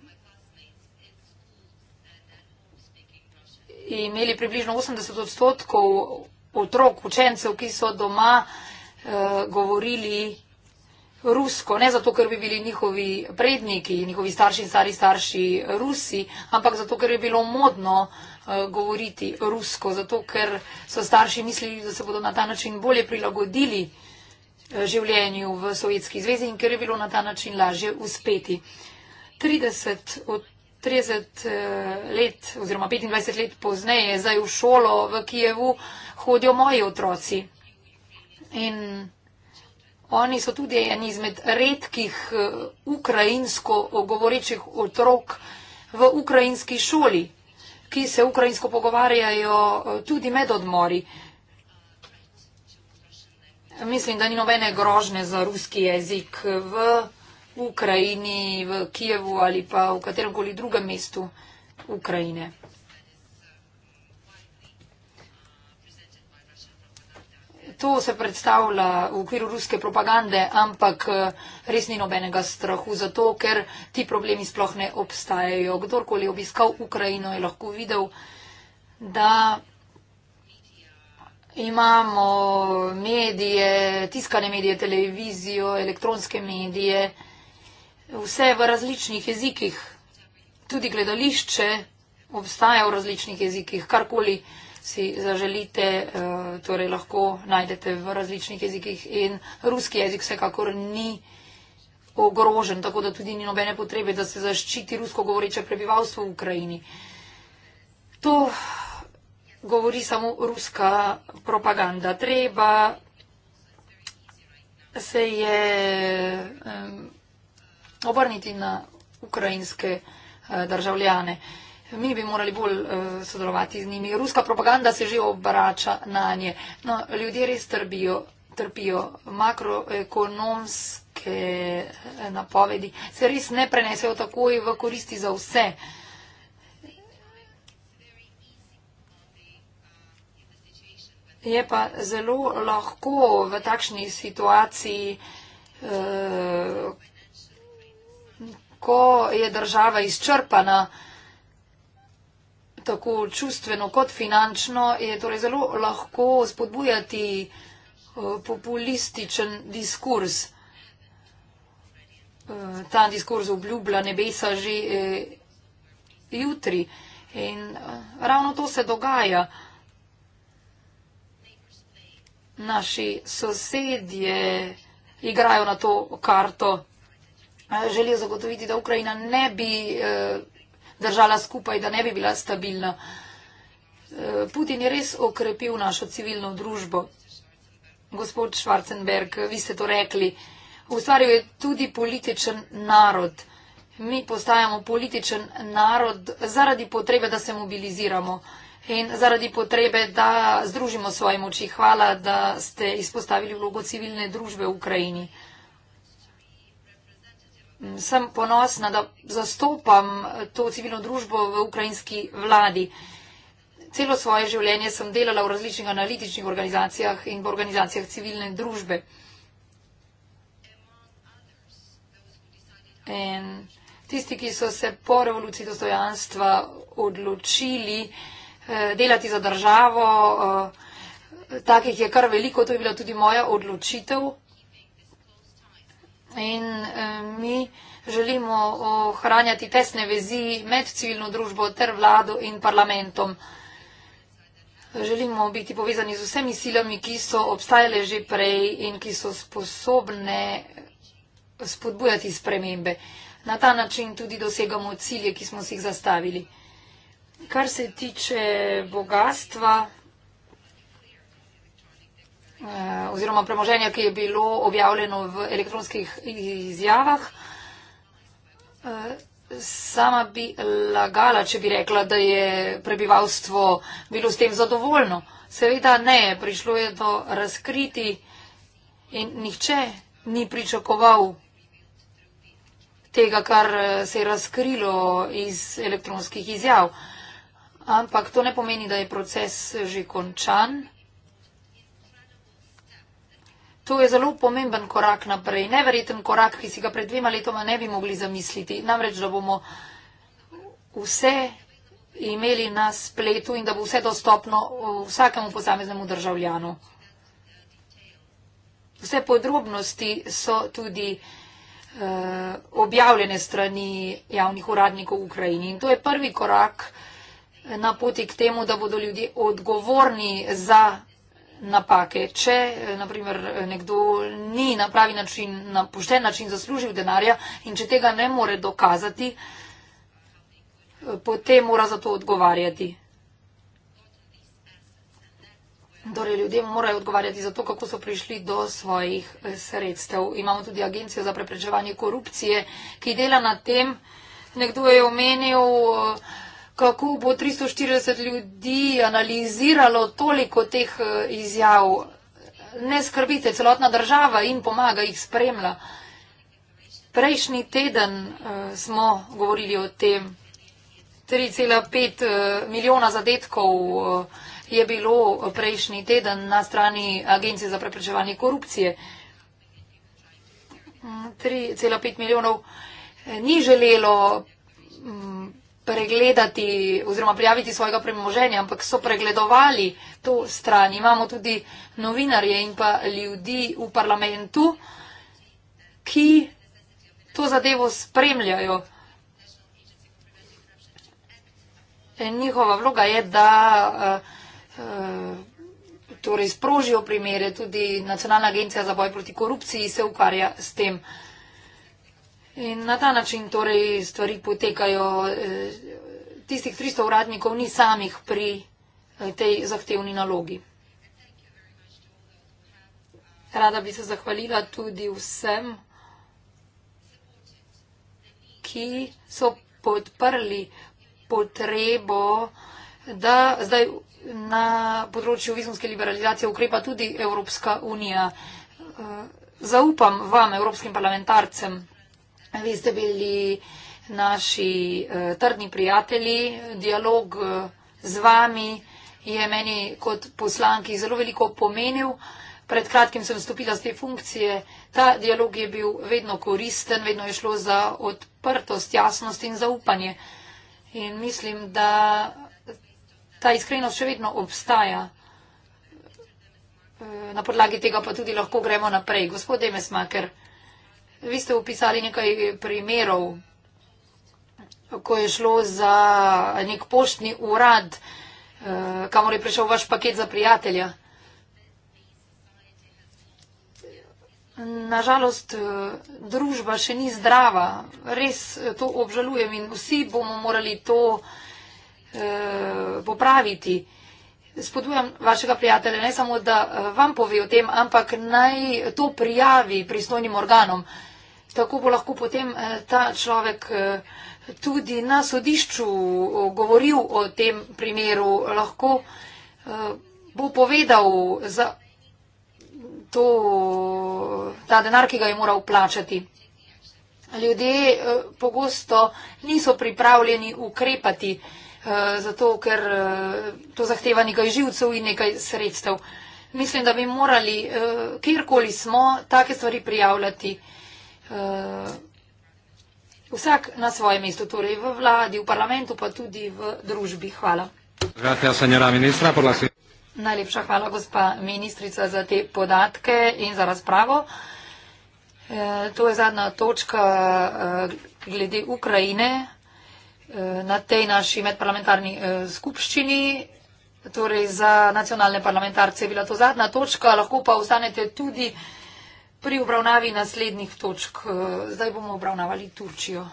imeli približno 80 odstotkov otrok, učencev, ki so doma eh, govorili rusko, ne zato, ker bi bili njihovi predniki, njihovi starši in stari starši Rusi, ampak zato, ker je bilo modno eh, govoriti rusko, zato, ker so starši mislili, da se bodo na ta način bolje prilagodili eh, življenju v Sovjetski zvezi in ker je bilo na ta način lažje uspeti. 30 od 30 eh, let oziroma 25 let pozneje, zdaj v šolo v Kijevu, hodijo moji otroci. In Oni so tudi en izmed redkih eh, ukrajinsko govorečih otrok v ukrajinski šoli, ki se ukrajinsko pogovarjajo eh, tudi med odmori. Mislim, da ni nobene grožne za ruski jezik v Ukrajini, v Kijevu ali pa v kateremkoli drugem mestu Ukrajine. to se predstavlja v okviru ruske propagande, ampak eh, res ni nobenega strahu za to, ker ti problemi sploh ne obstajajo. Kdorkoli je obiskal Ukrajino, je lahko videl, da imamo medije, tiskane medije, televizijo, elektronske medije, vse v različnih jezikih. Tudi gledališče obstaja v različnih jezikih, karkoli si zaželite, eh, torej lahko najdete v različnih jezikih in ruski jezik vsekakor ni ogrožen, tako da tudi ni nobene potrebe, da se zaščiti rusko govoreče prebivalstvo v Ukrajini. To govori samo ruska propaganda. Treba se je obrniti na ukrajinske eh, državljane. Mi bi morali bolj uh, sodelovati z njimi. Ruska propaganda se že obrača na nje. No, ljudje res trpijo, trpijo. Makroekonomske eh, napovedi se res ne prenesejo takoj v koristi za vse. Je pa zelo lahko v takšni situaciji, uh, ko je država izčrpana, uh, tako čustveno kot finančno, je torej zelo lahko spodbujati eh, populističen diskurs. Eh, ta diskurs obljublja nebesa že eh, jutri. In ravno to se dogaja. Naši sosedje igrajo na to karto. Želijo zagotoviti, da Ukrajina ne bi držala skupaj, da ne bi bila stabilna. Eh, Putin je res okrepil našo civilno družbo. Gospod Schwarzenberg, vi ste to rekli. Ustvaril je tudi političen narod. Mi postajamo političen narod zaradi potrebe, da se mobiliziramo in zaradi potrebe, da združimo svoje moči. Hvala, da ste izpostavili vlogo civilne družbe v Ukrajini. Mm, sem ponosna, da zastopam eh, to civilno družbo v ukrajinski vladi. Celo svoje življenje sem delala v različnih analitičnih organizacijah in v organizacijah civilne družbe. In tisti, ki so se po revoluciji dostojanstva odločili eh, delati za državo, eh, takih je kar veliko, to je bila tudi moja odločitev. In eh, mi želimo ohranjati tesne vezi med civilno družbo ter vlado in parlamentom. Želimo biti povezani z vsemi silami, ki so obstajale že prej in ki so sposobne spodbujati spremembe. Na ta način tudi dosegamo cilje, ki smo si jih zastavili. Kar se tiče bogatstva, Eh, oziroma premoženja, ki je bilo objavljeno v elektronskih izjavah. Eh, sama bi lagala, če bi rekla, da je prebivalstvo bilo s tem zadovoljno. Seveda ne, prišlo je do razkriti in nihče ni pričakoval tega, kar eh, se je razkrilo iz elektronskih izjav. Ampak to ne pomeni, da je proces že končan. To je zelo pomemben korak naprej, neverjeten korak, ki si ga pred dvema letoma ne bi mogli zamisliti. Namreč, da bomo vse imeli na spletu in da bo vse dostopno uh, vsakemu posameznemu državljanu. Vse podrobnosti so tudi uh, objavljene strani javnih uradnikov v Ukrajini. In to je prvi korak na poti k temu, da bodo ljudje odgovorni za napake. Če eh, naprimer nekdo ni na pravi način, na pošten način zaslužil denarja in če tega ne more dokazati, eh, potem mora za to odgovarjati. Torej, ljudje morajo odgovarjati za to, kako so prišli do svojih eh, sredstev. Imamo tudi agencijo za preprečevanje korupcije, ki dela na tem. Nekdo je omenil uh, kako bo 340 ljudi analiziralo toliko teh eh, izjav. Ne skrbite, celotna država jim pomaga, jih spremlja. Prejšnji teden uh, smo govorili o tem. 3,5 eh, milijona zadetkov uh, je bilo prejšnji teden na strani Agencije za preprečevanje korupcije. 3,5 mm, milijonov ni želelo. Um, pregledati oziroma prijaviti svojega premoženja, ampak so pregledovali to stran. Imamo tudi novinarje in pa ljudi v parlamentu, ki to zadevo spremljajo. Njihova vloga je, da eh, eh, torej sprožijo primere. Tudi Nacionalna agencija za boj proti korupciji se ukvarja s tem. In na ta način torej stvari potekajo. Eh, tistih 300 uradnikov ni samih pri eh, tej zahtevni nalogi. Rada bi se zahvalila tudi vsem, ki so podprli potrebo, da zdaj na področju vizumske liberalizacije ukrepa tudi Evropska unija. Eh, zaupam vam, evropskim parlamentarcem, Vi ste bili naši eh, trdni prijatelji, dialog eh, z vami je meni kot poslanki zelo veliko pomenil. Pred kratkim sem stopila z te funkcije. Ta dialog je bil vedno koristen, vedno je šlo za odprtost, jasnost in zaupanje. In mislim, da ta iskrenost še vedno obstaja. Eh, na podlagi tega pa tudi lahko gremo naprej. Gospod Demesmaker. Vi ste opisali nekaj primerov, ko je šlo za nek poštni urad, eh, kamor je prišel vaš paket za prijatelja. Nažalost, eh, družba še ni zdrava. Res eh, to obžalujem in vsi bomo morali to popraviti. Spodujem vašega prijatelja ne samo, da vam pove o tem, ampak naj to prijavi pristojnim organom tako bo lahko potem eh, ta človek eh, tudi na sodišču eh, govoril o tem primeru, lahko bo povedal za to, ta denar, ki ga je moral plačati. Ljudje pogosto niso pripravljeni ukrepati, zato ker to zahteva nekaj živcev in nekaj sredstev. Mislim, da bi morali, kjerkoli smo, take stvari prijavljati uh, vsak na svoje mesto, torej v vladi, v parlamentu, pa tudi v družbi. Hvala. Najlepša hvala, gospa ministrica, za te podatke in za razpravo. E, to je zadnja točka e, glede Ukrajine e, na tej naši medparlamentarni e, skupščini. Torej, za nacionalne parlamentarce je bila to zadnja točka, lahko pa ostanete tudi pri obravnavi naslednjih točk. Eh, zdaj bomo obravnavali Turčijo.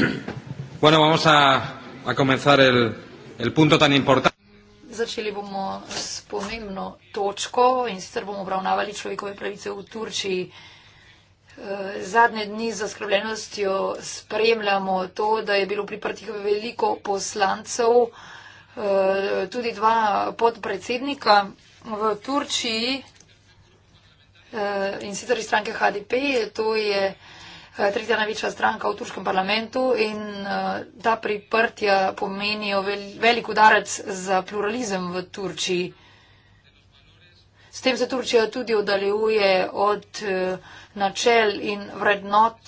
Bueno, vamos a, a comenzar el, el punto tan importante. Začeli bomo s pomembno točko in sicer bomo obravnavali človekove pravice v Turčiji. Eh, zadnje dni z zaskrbljenostjo spremljamo to, da je bilo priprtih veliko poslancev, eh, tudi dva podpredsednika v Turčiji eh, in sicer iz stranke HDP. To je Eh, tretja največja stranka v turškem parlamentu in eh, ta priprtja pomenijo velik udarec za pluralizem v Turčiji. S tem se Turčija tudi oddaljuje od eh, načel in vrednot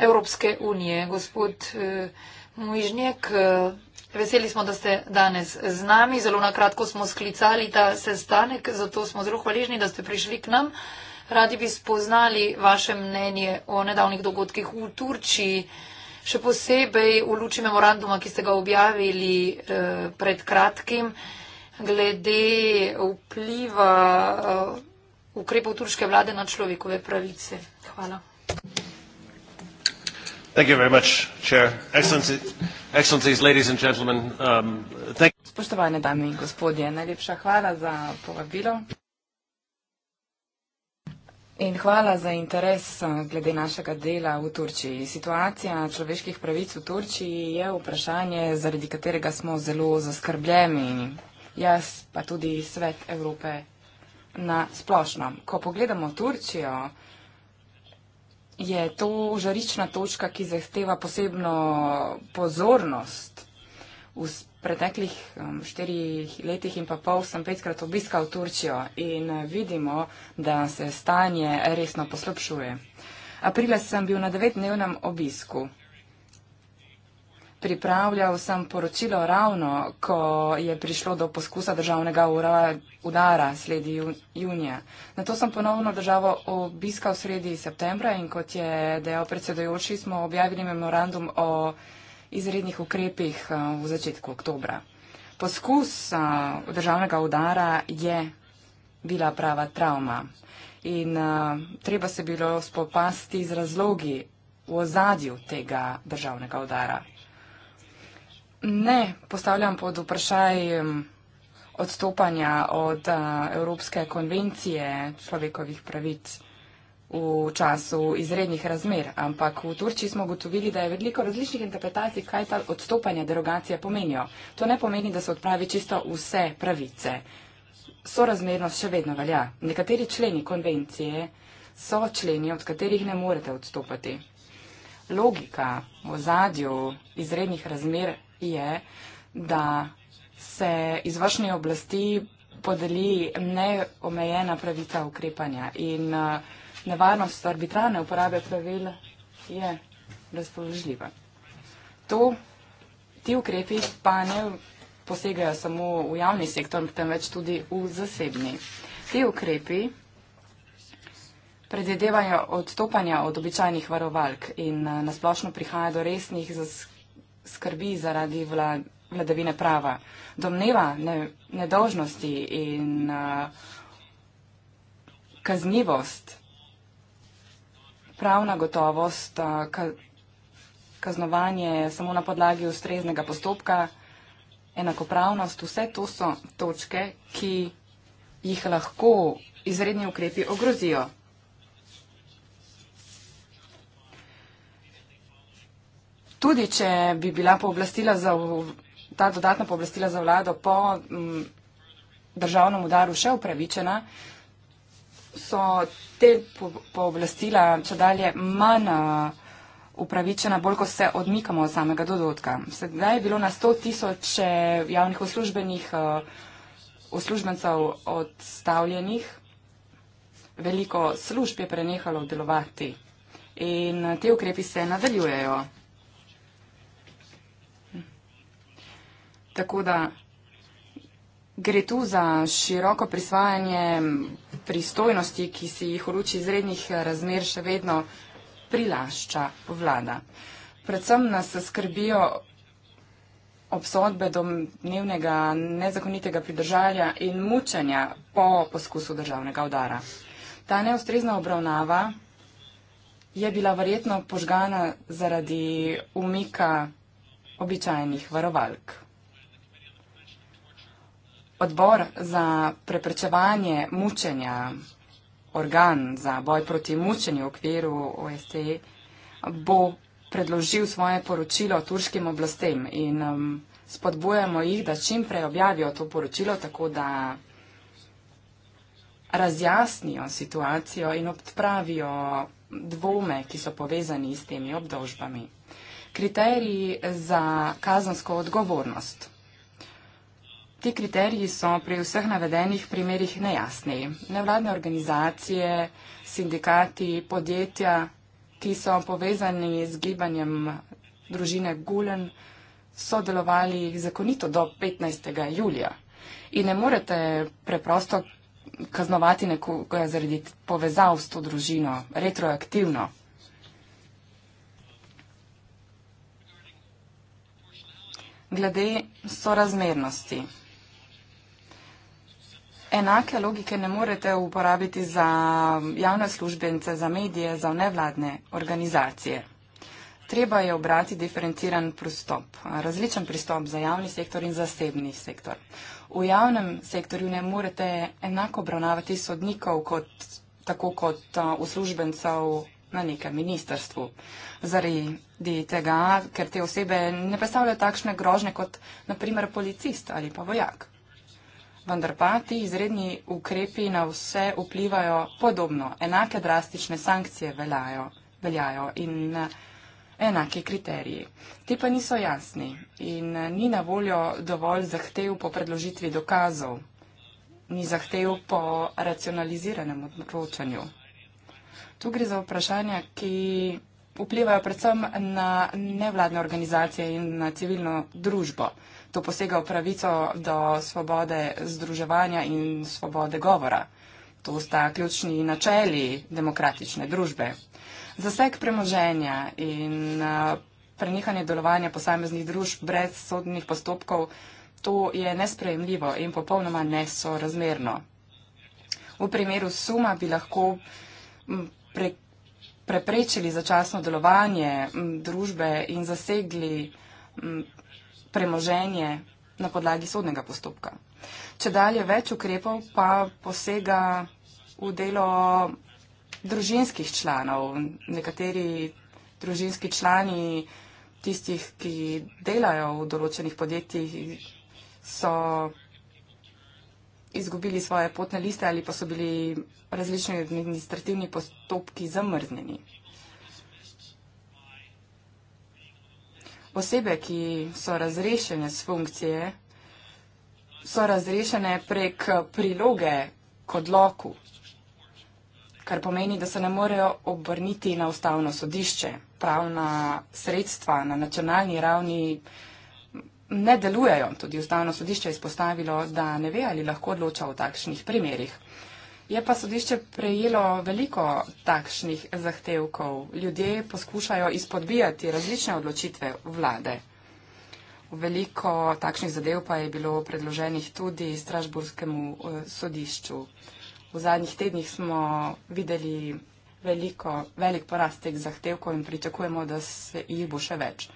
Evropske unije. Gospod Mujžnjek, veseli smo, da ste danes z nami. Zelo nakratko smo sklicali ta sestanek, zato smo zelo hvaležni, da ste prišli k nam. Radi bi spoznali vaše mnenje o nedavnih dogodkih v Turčiji, še posebej v luči memoranduma, ki ste ga objavili eh, pred kratkim, glede vpliva eh, ukrepov turške vlade na človekove pravice. Hvala. Um, Spoštovane dame in gospodje, najlepša hvala za povabilo. In hvala za interes eh, glede našega dela v Turčiji. Situacija človeških pravic v Turčiji je vprašanje, zaradi katerega smo zelo zaskrbljeni. Jaz pa tudi svet Evrope na splošno. Ko pogledamo Turčijo, je to žarična točka, ki zahteva posebno pozornost preteklih um, štirih letih in pa pol sem petkrat obiskal Turčijo in eh, vidimo, da se stanje resno poslopšuje. Aprila sem bil na devetdnevnem obisku. Pripravljal sem poročilo ravno, ko je prišlo do poskusa državnega udara sredi junija. Na to sem ponovno državo obiskal sredi septembra in kot je dejal predsedojoči, smo objavili memorandum o izrednih ukrepih eh, v začetku oktobra. Poskus eh, državnega udara je bila prava travma in eh, treba se bilo spopasti z razlogi v ozadju tega državnega udara. Ne postavljam pod vprašaj odstopanja od Evropske konvencije človekovih pravic v času izrednih razmer, ampak v Turčiji smo gotovili, da je veliko različnih interpretacij, kaj ta odstopanja derogacije pomenijo. To ne pomeni, da se odpravi čisto vse pravice. Sorazmernost še vedno velja. Nekateri členi konvencije so členi, od katerih ne morete odstopati. Logika v ozadju izrednih razmer je, da se izvršni oblasti podeli neomejena pravica ukrepanja in uh, nevarnost arbitrarne uporabe pravil je razpoložljiva. To, ti ukrepi pa ne posegajo samo v javni sektor, temveč tudi v zasebni. Ti ukrepi predvidevajo odstopanja od običajnih varovalk in eh, nasplošno prihaja do resnih skrbi zaradi vlad vladavine prava. Domneva ne, nedožnosti in uh, kaznivost pravna gotovost, kaznovanje samo na podlagi ustreznega postopka, enakopravnost, vse to so točke, ki jih lahko izredni ukrepi ogrozijo. Tudi, če bi bila pooblastila za, ta dodatna pooblastila za vlado po državnem udaru še upravičena, so te pooblastila če dalje manj upravičena, bolj ko se odmikamo od samega dogodka. Sedaj je bilo na 100 tisoč javnih uslužbenih uslužbencev odstavljenih, veliko služb je prenehalo delovati in te ukrepi se nadaljujejo. Tako da Gre tu za široko prisvajanje pristojnosti, ki si jih v luči izrednih razmer še vedno prilašča vlada. Predvsem nas skrbijo obsodbe domnevnega nezakonitega pridržanja in mučenja po poskusu državnega udara. Ta neustrezna obravnava je bila verjetno požgana zaradi umika običajnih varovalk. Odbor za preprečevanje mučenja, organ za boj proti mučenju v okviru OSCE, bo predložil svoje poročilo turškim oblastem in um, spodbujamo jih, da čim prej objavijo to poročilo, tako da razjasnijo situacijo in odpravijo dvome, ki so povezani s temi obdolžbami. Kriteriji za kazansko odgovornost. Ti kriteriji so pri vseh navedenih primerjih nejasni. Nevladne organizacije, sindikati, podjetja, ki so povezani z gibanjem družine Gulen, so delovali zakonito do 15. julija. In ne morete preprosto kaznovati nekoga zaradi povezav s to družino retroaktivno. Glede sorazmernosti. Enake logike ne morete uporabiti za javne službence, za medije, za nevladne organizacije. Treba je obrati diferenciran pristop, različen pristop za javni sektor in zasebni sektor. V javnem sektorju ne morete enako obravnavati sodnikov, kot, tako kot uslužbencev na nekem ministerstvu. Zaradi tega, ker te osebe ne predstavljajo takšne grožne kot naprimer policist ali pa vojak vendar pa ti izredni ukrepi na vse vplivajo podobno. Enake drastične sankcije veljajo, veljajo in eh, enake kriteriji. Ti pa niso jasni in eh, ni na voljo dovolj zahtev po predložitvi dokazov, ni zahtev po racionaliziranem odločanju. Tu gre za vprašanja, ki vplivajo predvsem na nevladne organizacije in na civilno družbo to posega v pravico do svobode združevanja in svobode govora. To sta ključni načeli demokratične družbe. Zaseg premoženja in uh, prenehanje delovanja posameznih družb brez sodnih postopkov, to je nesprejemljivo in popolnoma nesorazmerno. V primeru suma bi lahko pre, preprečili začasno delovanje družbe in zasegli premoženje na podlagi sodnega postopka. Če dalje več ukrepov pa posega v delo družinskih članov, nekateri družinski člani tistih, ki delajo v določenih podjetjih, so izgubili svoje potne liste ali pa so bili različni administrativni postopki zamrznjeni. osebe, ki so razrešene z funkcije, so razrešene prek priloge k odloku, kar pomeni, da se ne morejo obrniti na ustavno sodišče. Pravna sredstva na nacionalni ravni ne delujejo. Tudi ustavno sodišče je izpostavilo, da ne ve, ali lahko odloča v takšnih primerjih. Je pa sodišče prejelo veliko takšnih zahtevkov. Ljudje poskušajo izpodbijati različne odločitve vlade. Veliko takšnih zadev pa je bilo predloženih tudi Strasburskemu eh, sodišču. V zadnjih tednih smo videli veliko, velik porast teh zahtevkov in pričakujemo, da se jih bo še več.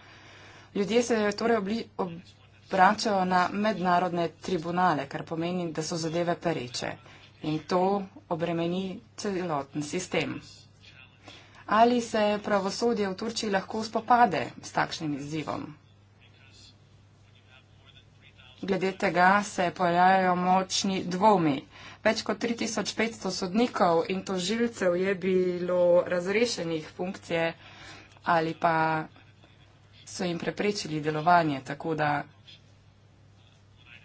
Ljudje se torej obli, obračajo na mednarodne tribunale, kar pomeni, da so zadeve pereče in to obremeni celoten sistem. Ali se pravosodje v Turčiji lahko spopade s takšnim izzivom? Glede tega se pojavljajo močni dvomi. Več kot 3500 sodnikov in tožilcev je bilo razrešenih funkcije ali pa so jim preprečili delovanje, tako da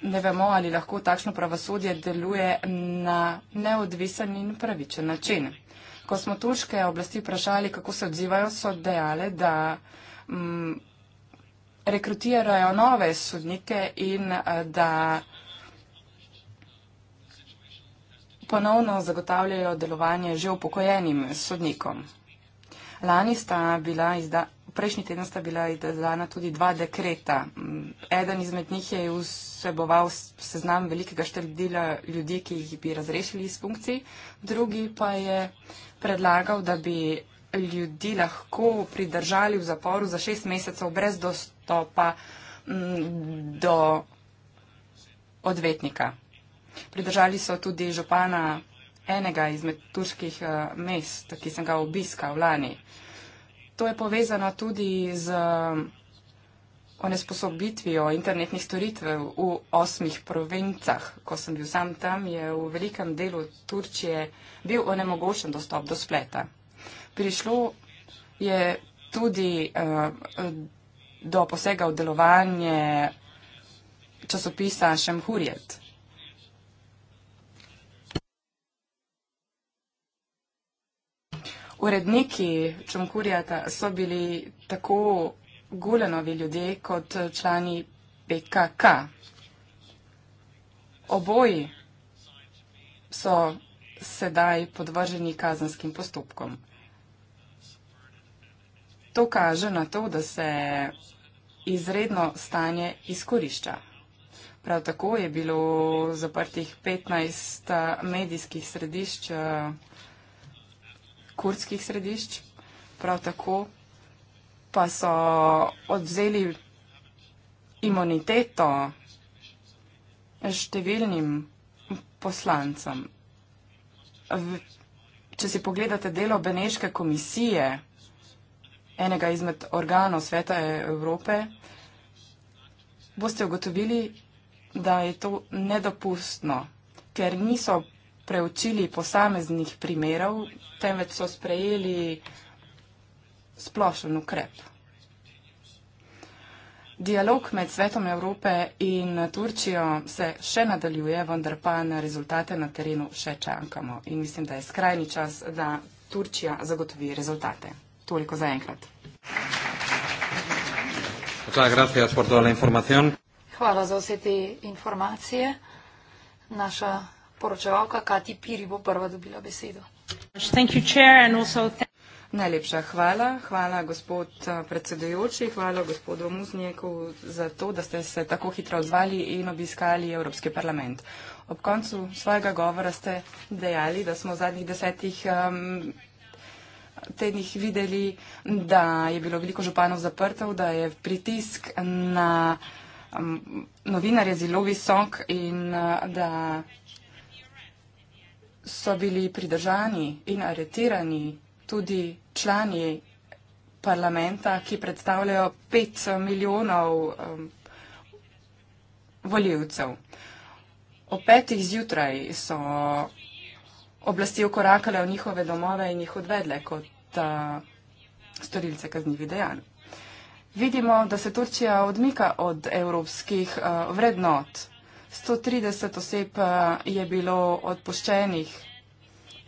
ne vemo, ali lahko takšno pravosodje deluje na neodvisen in pravičen način. Ko smo turške oblasti vprašali, kako se odzivajo, so dejale, da m, mm, rekrutirajo nove sodnike in eh, da ponovno zagotavljajo delovanje že upokojenim sodnikom. Lani sta bila izda, prejšnji teden sta bila izdana tudi dva dekreta. Eden izmed njih je vseboval seznam velikega števila ljudi, ki jih bi razrešili iz funkcij, drugi pa je predlagal, da bi ljudi lahko pridržali v zaporu za šest mesecev brez dostopa mm, do odvetnika. Pridržali so tudi župana enega izmed turških eh, mest, ki sem ga obiskal lani. To je povezano tudi z onesposobitvijo internetnih storitev v osmih provincah. Ko sem bil sam tam, je v velikem delu Turčije bil onemogočen dostop do spleta. Prišlo je tudi uh, do posega v delovanje časopisa Šemhurjet. uredniki Čomkurjata so bili tako guljenovi ljudje kot člani PKK. Oboji so sedaj podvrženi kazanskim postopkom. To kaže na to, da se izredno stanje izkorišča. Prav tako je bilo zaprtih 15 eh, medijskih središč. Eh, kurdskih središč. Prav tako pa so odzeli imuniteto številnim poslancem. Če si pogledate delo Beneške komisije, enega izmed organov Sveta Evrope, boste ugotovili, da je to nedopustno, ker niso preučili posameznih primerov, temveč so sprejeli splošen ukrep. Dialog med Svetom Evrope in Turčijo se še nadaljuje, vendar pa na rezultate na terenu še čakamo. In mislim, da je skrajni čas, da Turčija zagotovi rezultate. Toliko za enkrat. Hvala za vse te informacije. Naša Poročevalka Kati Piri bo prva dobila besedo. You, chair, Najlepša hvala. Hvala gospod eh, predsedujoči, hvala gospodu Muzniku za to, da ste se tako hitro odzvali in obiskali Evropski parlament. Ob koncu svojega govora ste dejali, da smo v zadnjih desetih. Um, tednih videli, da je bilo veliko županov zaprtov, da je pritisk na um, novinarje zelo visok in uh, da so bili pridržani in aretirani tudi člani parlamenta, ki predstavljajo 5 milijonov um, voljivcev. O petih zjutraj so oblasti okorakale v njihove domove in jih odvedle kot uh, storilce kaznjivih dejanj. Vidimo, da se Turčija odmika od evropskih uh, vrednot. 130 oseb eh, je bilo odpuščenih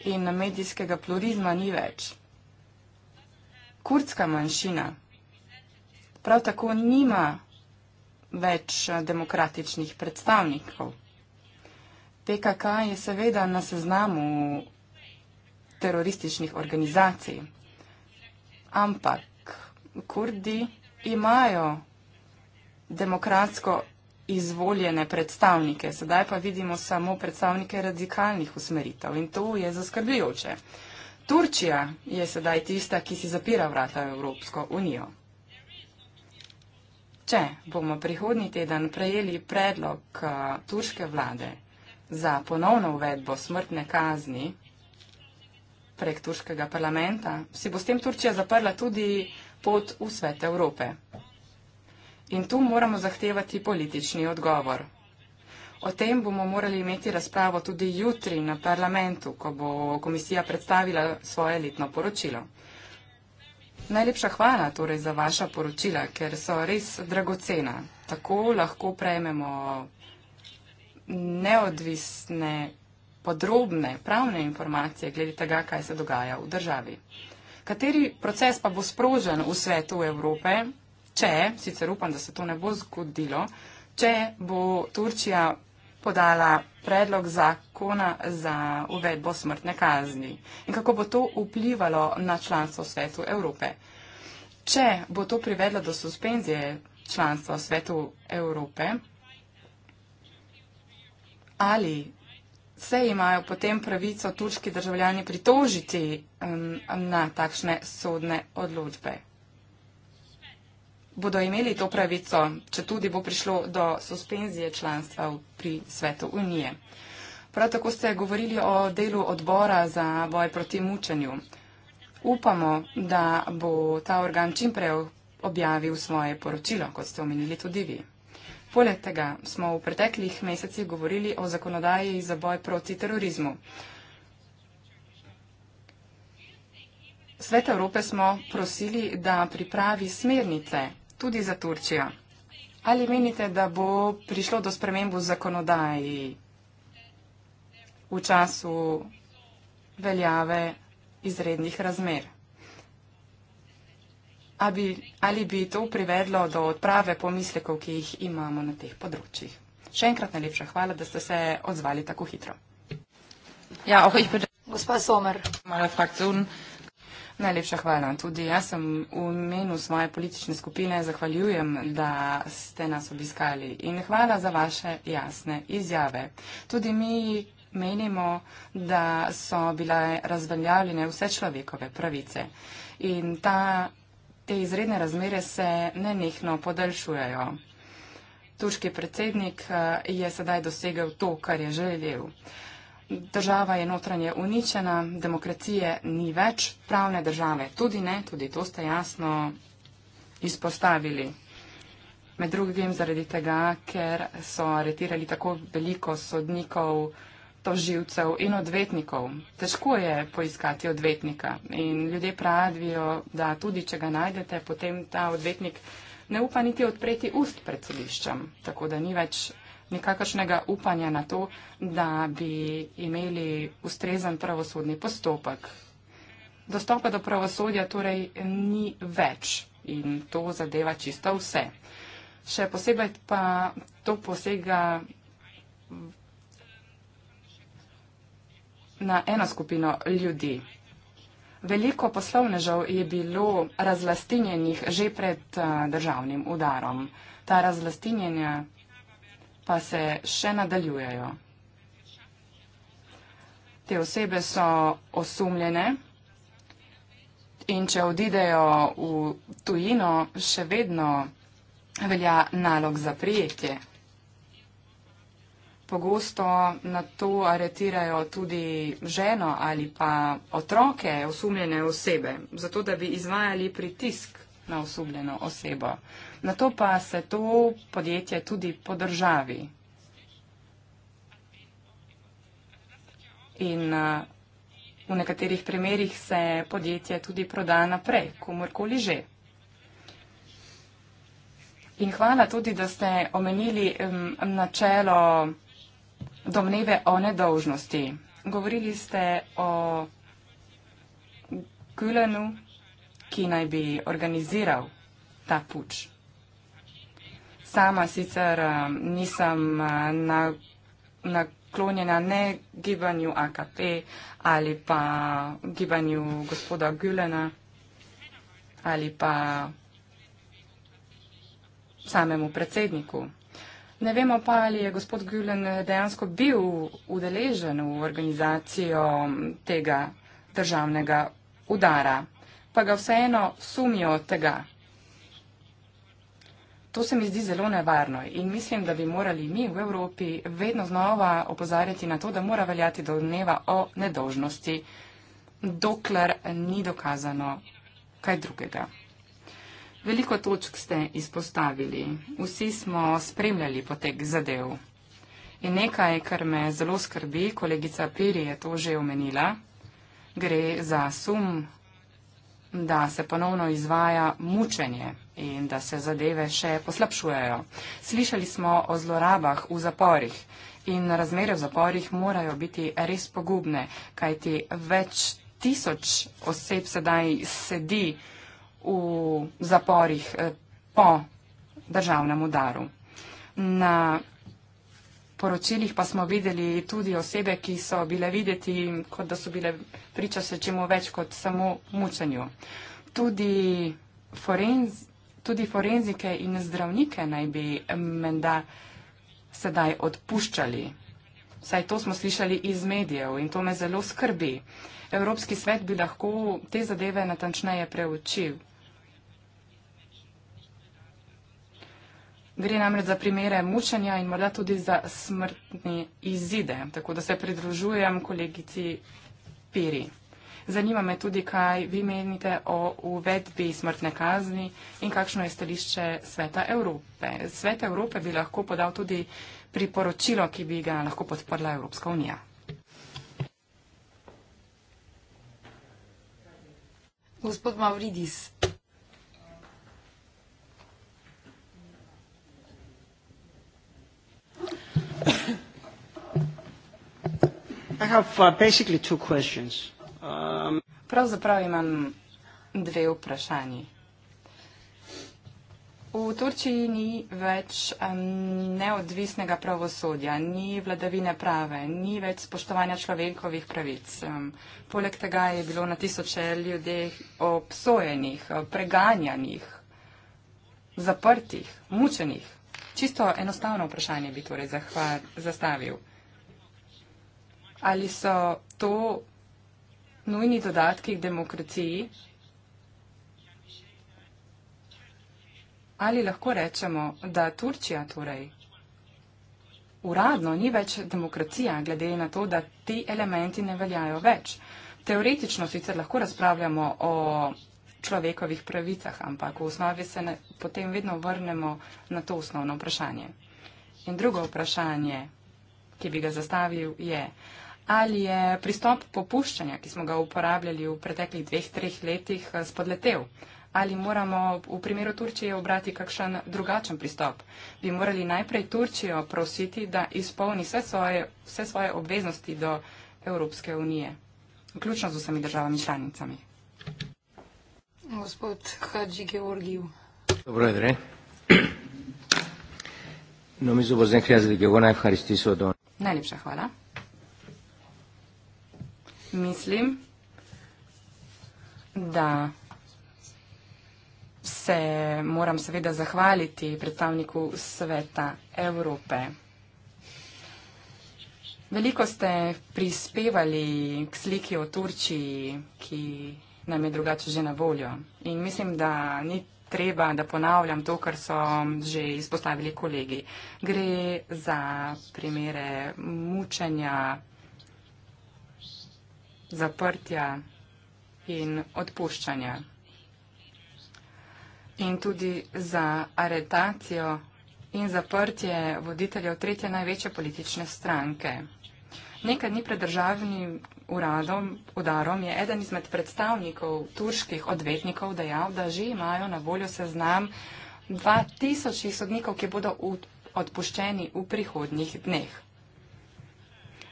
in medijskega plurizma ni več. Kurdska manjšina prav tako nima več eh, demokratičnih predstavnikov. PKK je seveda na seznamu terorističnih organizacij, ampak Kurdi imajo demokratsko izvoljene predstavnike, sedaj pa vidimo samo predstavnike radikalnih usmeritev in to je zaskrbljujoče. Turčija je sedaj tista, ki si zapira vrata v Evropsko unijo. Če bomo prihodni teden prejeli predlog eh, turške vlade za ponovno uvedbo smrtne kazni prek turškega parlamenta, si bo s tem Turčija zaprla tudi pot v svet Evrope in tu moramo zahtevati politični odgovor. O tem bomo morali imeti razpravo tudi jutri na parlamentu, ko bo komisija predstavila svoje letno poročilo. Najlepša hvala torej za vaša poročila, ker so res dragocena. Tako lahko prejmemo neodvisne, podrobne pravne informacije glede tega, kaj se dogaja v državi. Kateri proces pa bo sprožen v svetu Evrope? če, sicer upam, da se to ne bo zgodilo, če bo Turčija podala predlog zakona za uvedbo smrtne kazni in kako bo to vplivalo na članstvo svetu Evrope. Če bo to privedlo do suspenzije članstva svetu Evrope, ali se imajo potem pravico turški državljani pritožiti um, na takšne sodne odločbe bodo imeli to pravico, če tudi bo prišlo do suspenzije članstva pri svetu Unije. Prav tako ste govorili o delu odbora za boj proti mučenju. Upamo, da bo ta organ čimprej objavil svoje poročilo, kot ste omenili tudi vi. Poleg tega smo v preteklih mesecih govorili o zakonodaji za boj proti terorizmu. Svet Evrope smo prosili, da pripravi smernice tudi za Turčijo. Ali menite, da bo prišlo do spremembu zakonodaji v času veljave izrednih razmer? Bi, ali bi to privedlo do odprave pomislekov, ki jih imamo na teh področjih? Še enkrat najlepša hvala, da ste se odzvali tako hitro. Ja, oh, Gospa Somer. Mala frakcija. Najlepša hvala. Tudi jaz sem v imenu svoje politične skupine zahvaljujem, da ste nas obiskali in hvala za vaše jasne izjave. Tudi mi menimo, da so bile razveljavljene vse človekove pravice in ta, te izredne razmere se nenehno podaljšujejo. Turški predsednik eh, je sedaj dosegel to, kar je želel. Država je notranje uničena, demokracije ni več, pravne države tudi ne, tudi to ste jasno izpostavili. Med drugim zaradi tega, ker so aretirali tako veliko sodnikov, toživcev in odvetnikov. Težko je poiskati odvetnika in ljudje pravijo, da tudi če ga najdete, potem ta odvetnik ne upa niti odpreti ust pred sodiščem, tako da ni več nikakršnega upanja na to, da bi imeli ustrezen pravosodni postopek. Dostopa do pravosodja torej ni več in to zadeva čisto vse. Še posebej pa to posega na eno skupino ljudi. Veliko poslovnežev je bilo razlastinjenih že pred eh, državnim udarom. Ta razlastinjenja pa se še nadaljujejo. Te osebe so osumljene in če odidejo v tujino, še vedno velja nalog za prijetje. Pogosto na to aretirajo tudi ženo ali pa otroke osumljene osebe, zato da bi izvajali pritisk na osumljeno osebo na to pa se to podjetje tudi podržavi. In uh, v nekaterih primerjih se podjetje tudi proda naprej, komorkoli že. In hvala tudi, da ste omenili um, načelo domneve o nedolžnosti. Govorili ste o Gülenu, ki naj bi organiziral ta puč. Sama sicer uh, nisem uh, na, naklonjena ne gibanju AKP ali pa gibanju gospoda Gülena ali pa samemu predsedniku. Ne vemo pa, ali je gospod Gülen dejansko bil udeležen v organizacijo um, tega državnega udara, pa ga vseeno sumijo tega. To se mi zdi zelo nevarno in mislim, da bi morali mi v Evropi vedno znova opozarjati na to, da mora veljati do dneva o nedožnosti, dokler ni dokazano kaj drugega. Veliko točk ste izpostavili. Vsi smo spremljali potek zadev. In nekaj, kar me zelo skrbi, kolegica Piri je to že omenila, gre za sum da se ponovno izvaja mučenje in da se zadeve še poslabšujejo. Slišali smo o zlorabah v zaporih in razmere v zaporih morajo biti res pogubne, kajti več tisoč oseb sedaj sedi v zaporih eh, po državnem udaru. Na poročilih pa smo videli tudi osebe, ki so bile videti, kot da so bile priča se čemu več kot samo mučenju. Tudi, forenz, tudi forenzike in zdravnike naj bi menda sedaj odpuščali. Saj to smo slišali iz medijev in to me zelo skrbi. Evropski svet bi lahko te zadeve natančneje preučil. Gre namreč za primere mučenja in morda tudi za smrtne izide. Tako da se pridružujem kolegici Piri. Zanima me tudi, kaj vi menite o uvedbi smrtne kazni in kakšno je stališče Sveta Evrope. Svet Evrope bi lahko podal tudi priporočilo, ki bi ga lahko podprla Evropska unija. Gospod Mavridis, I have uh, basically two questions. Um... Pravzaprav imam dve vprašanji. V Turčiji ni več um, neodvisnega pravosodja, ni vladavine prave, ni več spoštovanja človekovih pravic. Um, poleg tega je bilo na tisoče ljudi obsojenih, preganjanih, zaprtih, mučenih. Čisto enostavno vprašanje bi torej zastavil. Ali so to nujni dodatki k demokraciji? Ali lahko rečemo, da Turčija torej uradno ni več demokracija, glede na to, da ti elementi ne veljajo več? Teoretično sicer lahko razpravljamo o človekovih pravicah, ampak v osnovi se ne, potem vedno vrnemo na to osnovno vprašanje. In drugo vprašanje, ki bi ga zastavil, je, ali je pristop popuščanja, ki smo ga uporabljali v preteklih dveh, treh letih, eh, spodletev? Ali moramo v primeru Turčije obrati kakšen drugačen pristop? Bi morali najprej Turčijo prositi, da izpolni vse svoje, vse svoje obveznosti do Evropske unije, vključno z vsemi državami članicami? gospod Hadži Georgiju. Dobro jutro. Nomizu Bozen Hrjazdi Gevona je Haristi Sodon. Najlepša hvala. Mislim, da se moram seveda zahvaliti predstavniku Sveta Evrope. Veliko ste prispevali k sliki o Turčiji, ki nam je drugače že na voljo. In mislim, da ni treba, da ponavljam to, kar so že izpostavili kolegi. Gre za primere mučenja, zaprtja in odpuščanja. In tudi za aretacijo in zaprtje voditeljev tretje največje politične stranke. Nekaj dni pred državnim uradom, udarom je eden izmed predstavnikov turških odvetnikov dejal, da že imajo na voljo seznam 2000 sodnikov, ki bodo odpuščeni v prihodnjih dneh.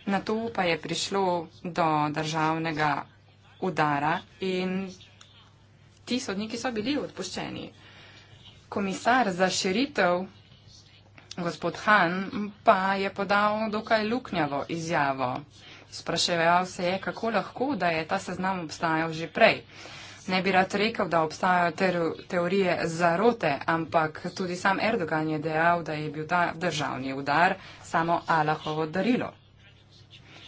Na to pa je prišlo do državnega udara in ti sodniki so bili odpuščeni. Komisar za širitev, gospod Han, pa je podal dokaj luknjavo izjavo. Spraševal se je, kako lahko, da je ta seznam obstajal že prej. Ne bi rad rekel, da obstajajo teorije zarote, ampak tudi sam Erdogan je dejal, da je bil ta državni udar samo Allahovo darilo.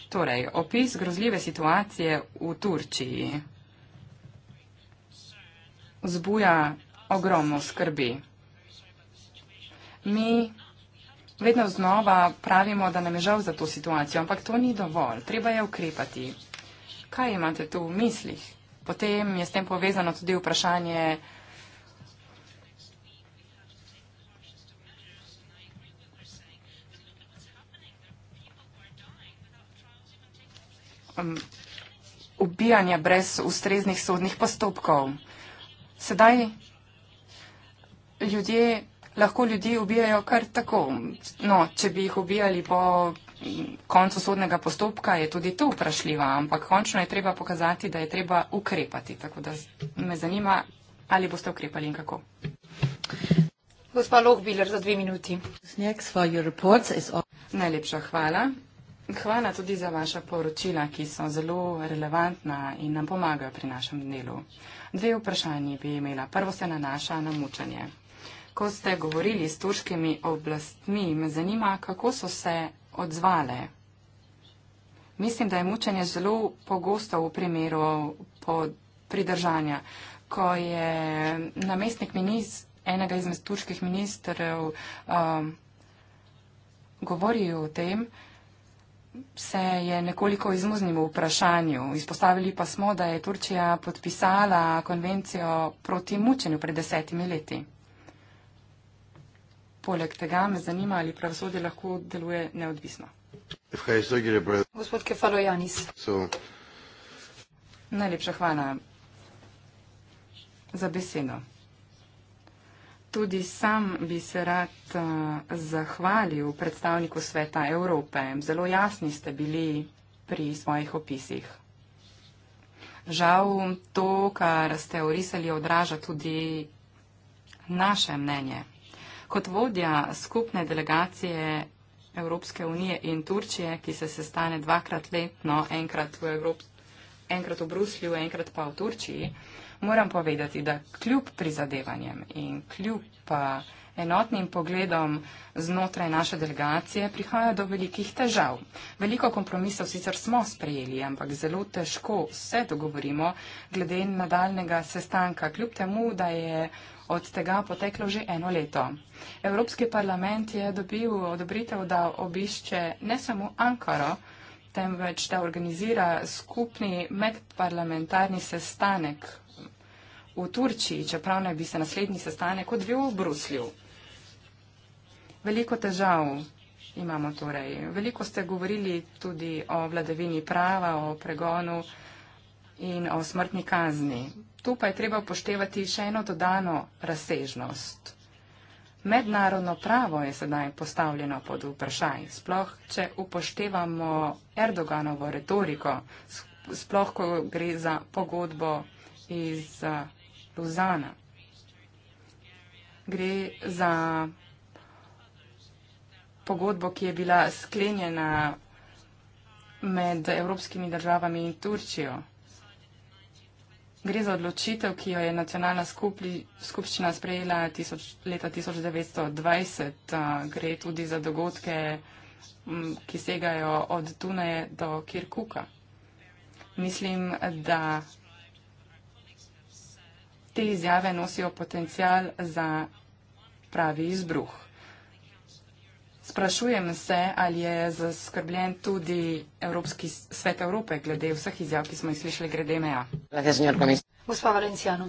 Torej, opis grozljive situacije v Turčiji zbuja ogromno skrbi. Mi vedno znova pravimo, da nam je žal za to situacijo, ampak to ni dovolj, treba je ukrepati. Kaj imate tu v mislih? Potem je s tem povezano tudi vprašanje. Um, ubijanja brez ustreznih sodnih postopkov. Sedaj ljudje lahko ljudi ubijajo kar tako. No, če bi jih ubijali po mm, koncu sodnega postopka, je tudi to vprašljivo, ampak končno je treba pokazati, da je treba ukrepati. Tako da me zanima, ali boste ukrepali in kako. Gospa Lohbiler, za dve minuti. Najlepša hvala. Hvala tudi za vaša poročila, ki so zelo relevantna in nam pomagajo pri našem delu. Dve vprašanji bi imela. Prvo se nanaša na mučanje. Ko ste govorili s turškimi oblastmi, me zanima, kako so se odzvale. Mislim, da je mučenje zelo pogosto v primeru pridržanja. Ko je namestnik ministr, enega izmed turških ministrov um, govoril o tem, se je nekoliko izmuznil v vprašanju. Izpostavili pa smo, da je Turčija podpisala konvencijo proti mučenju pred desetimi leti. Poleg tega me zanima, ali pravosodje lahko deluje neodvisno. Gospod Kefalojanis. So. Najlepša hvala za besedo. Tudi sam bi se rad eh, zahvalil predstavniku Sveta Evrope. Zelo jasni ste bili pri svojih opisih. Žal to, kar ste orisali, odraža tudi naše mnenje. Kot vodja skupne delegacije Evropske unije in Turčije, ki se sestane dvakrat letno, enkrat v, Evrop, enkrat v Bruslju, enkrat pa v Turčiji, moram povedati, da kljub prizadevanjem in kljub. Uh, enotnim pogledom znotraj naše delegacije prihaja do velikih težav. Veliko kompromisov sicer smo sprejeli, ampak zelo težko se dogovorimo glede nadaljnega sestanka, kljub temu, da je od tega poteklo že eno leto. Evropski parlament je dobil odobritev, da obišče ne samo Ankaro, temveč da organizira skupni medparlamentarni sestanek v Turčiji, čeprav naj bi se naslednji sestanek odvil v Bruslju. Veliko težav imamo torej. Veliko ste govorili tudi o vladavini prava, o pregonu in o smrtni kazni. Tu pa je treba upoštevati še eno dodano razsežnost. Mednarodno pravo je sedaj postavljeno pod vprašaj, sploh če upoštevamo Erdoganovo retoriko, sploh ko gre za pogodbo iz eh, Luzana. Gre za pogodbo, ki je bila sklenjena med evropskimi državami in Turčijo. Gre za odločitev, ki jo je nacionalna skupli, skupščina sprejela tisoč, leta 1920. Gre tudi za dogodke, ki segajo od Tuneje do Kirkuka. Mislim, da te izjave nosijo potencial za pravi izbruh. Sprašujem se, ali je zaskrbljen tudi Evropski svet Evrope glede vseh izjav, ki smo jih slišali glede meja. Gospa Valencijano.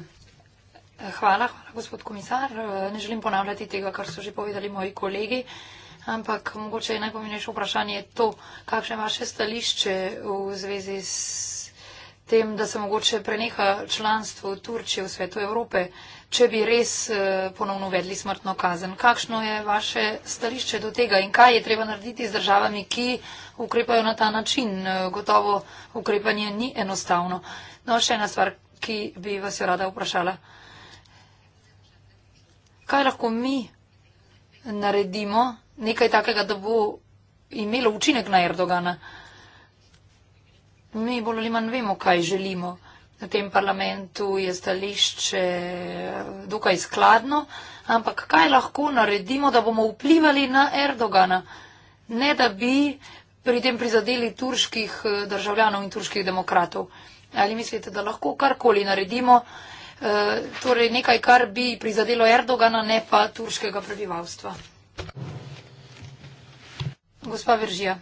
Hvala, hvala, gospod komisar. Ne želim ponavljati tega, kar so že povedali moji kolegi, ampak mogoče je najpomembnejše vprašanje to, kakšno je vaše stališče v zvezi s tem, da se mogoče preneha članstvo Turčije v svetu Evrope če bi res eh, ponovno uvedli smrtno kazen. Kakšno je vaše stališče do tega in kaj je treba narediti z državami, ki ukrepajo na ta način? Eh, gotovo ukrepanje ni enostavno. No, še ena stvar, ki bi vas jo rada vprašala. Kaj lahko mi naredimo nekaj takega, da bo imelo učinek na Erdogana? Mi bolj ali manj vemo, kaj želimo v tem parlamentu je stališče dokaj skladno, ampak kaj lahko naredimo, da bomo vplivali na Erdogana, ne da bi pri tem prizadeli turških eh, državljanov in turških demokratov. Ali mislite, da lahko karkoli naredimo, eh, torej nekaj, kar bi prizadelo Erdogana, ne pa turškega prebivalstva? Gospa Veržija.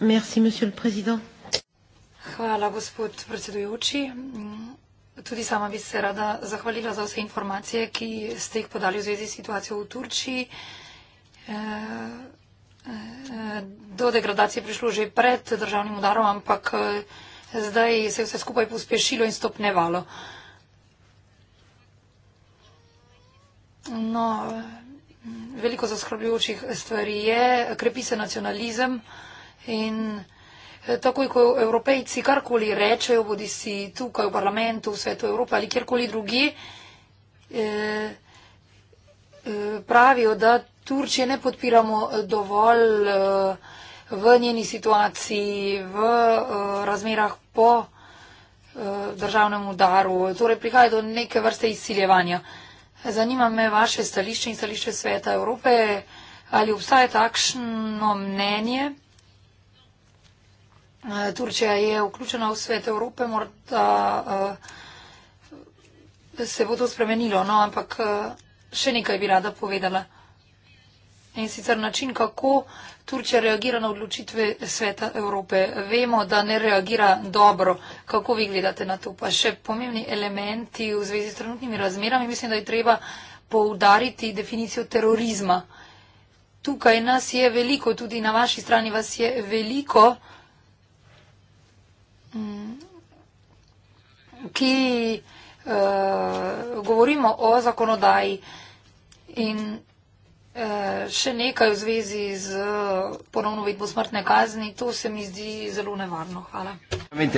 Merci, monsieur le président. Hvala, gospod predsedujoči. Tudi sama bi se rada zahvalila za vse informacije, ki ste jih podali v zvezi s situacijo v Turčiji. Eh, eh, do degradacije je prišlo že pred državnim udarom, ampak eh, zdaj se je vse skupaj pospešilo in stopnevalo. No, veliko zaskrbljujočih stvari je, krepi se nacionalizem in nacionalizem takoj ko evropejci karkoli rečejo, bodi si tukaj v parlamentu, v svetu Evrope ali kjerkoli drugi, eh, eh, pravijo, da Turčije ne podpiramo dovolj eh, v njeni situaciji, v razmerah po državnem udaru. Torej prihaja do neke vrste izsiljevanja. Zanima me vaše stališče in stališče sveta Evrope. Ali obstaja takšno mnenje? Eh, Turčija je vključena v svet Evrope, morda uh, se bo to spremenilo, no, ampak uh, še nekaj bi rada povedala. In sicer način, kako Turčija reagira na odločitve sveta Evrope. Vemo, da ne reagira dobro. Kako vi gledate na to? Pa še pomembni elementi v zvezi s trenutnimi razmerami. Mislim, da je treba poudariti definicijo terorizma. Tukaj nas je veliko, tudi na vaši strani vas je veliko. Uh, Mm. ki uh, govorimo o zakonodaji in uh, še nekaj v zvezi z ponovno vidbo smrtne kazni, to se mi zdi zelo nevarno. Hvala. Eh,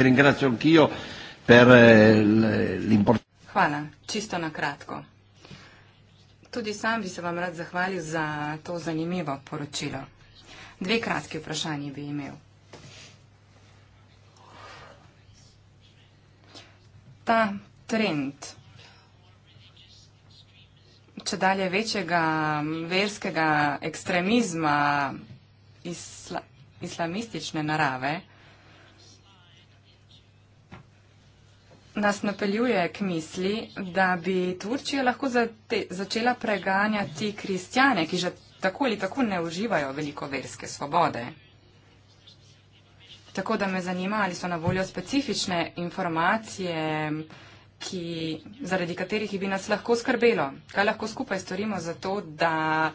Hvala, čisto na kratko. Tudi sam bi se vam rad zahvalil za to zanimivo poročilo. Dve kratki vprašanji bi imel. ta trend če dalje večjega verskega ekstremizma isla, islamistične narave nas napeljuje k misli, da bi Turčija lahko zate, začela preganjati kristjane, ki že tako ali tako ne uživajo veliko verske svobode. Tako da me zanima, ali so na voljo specifične informacije, ki, zaradi katerih bi nas lahko skrbelo. Kaj lahko skupaj storimo za to, da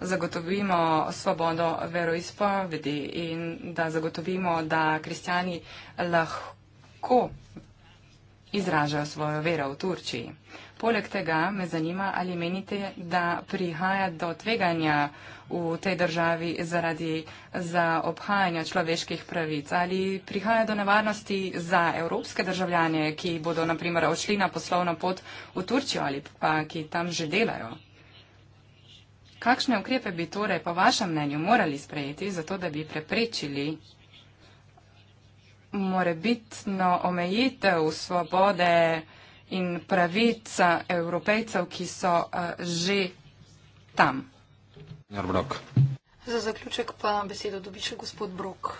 zagotovimo svobodo veroizpovedi in da zagotovimo, da kristjani lahko izražajo svojo vero v Turčiji. Poleg tega me zanima, ali menite, da prihaja do tveganja v tej državi zaradi zaobhajanja človeških pravic, ali prihaja do nevarnosti za evropske državljane, ki bodo naprimer odšli na poslovno pot v Turčijo ali pa ki tam že delajo. Kakšne ukrepe bi torej po vašem mnenju morali sprejeti, zato da bi preprečili morebitno omejitev svobode, in pravica evropejcev, ki so uh, že tam. Za zaključek pa besedo dobi še gospod Brok.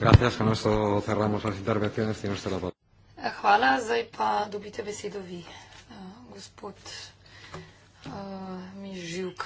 Gracias, con esto cerramos las intervenciones. Tiene no usted la palabra. Hvala, zdaj pa dobite besedo vi, eh, gospod eh, Mižjuk.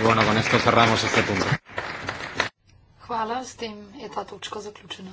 Bueno, con esto cerramos este punto. Hvala, s tem je ta točka zaključena.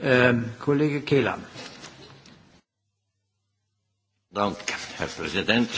Ähm, Kollege Kehler. Danke, Herr Präsident.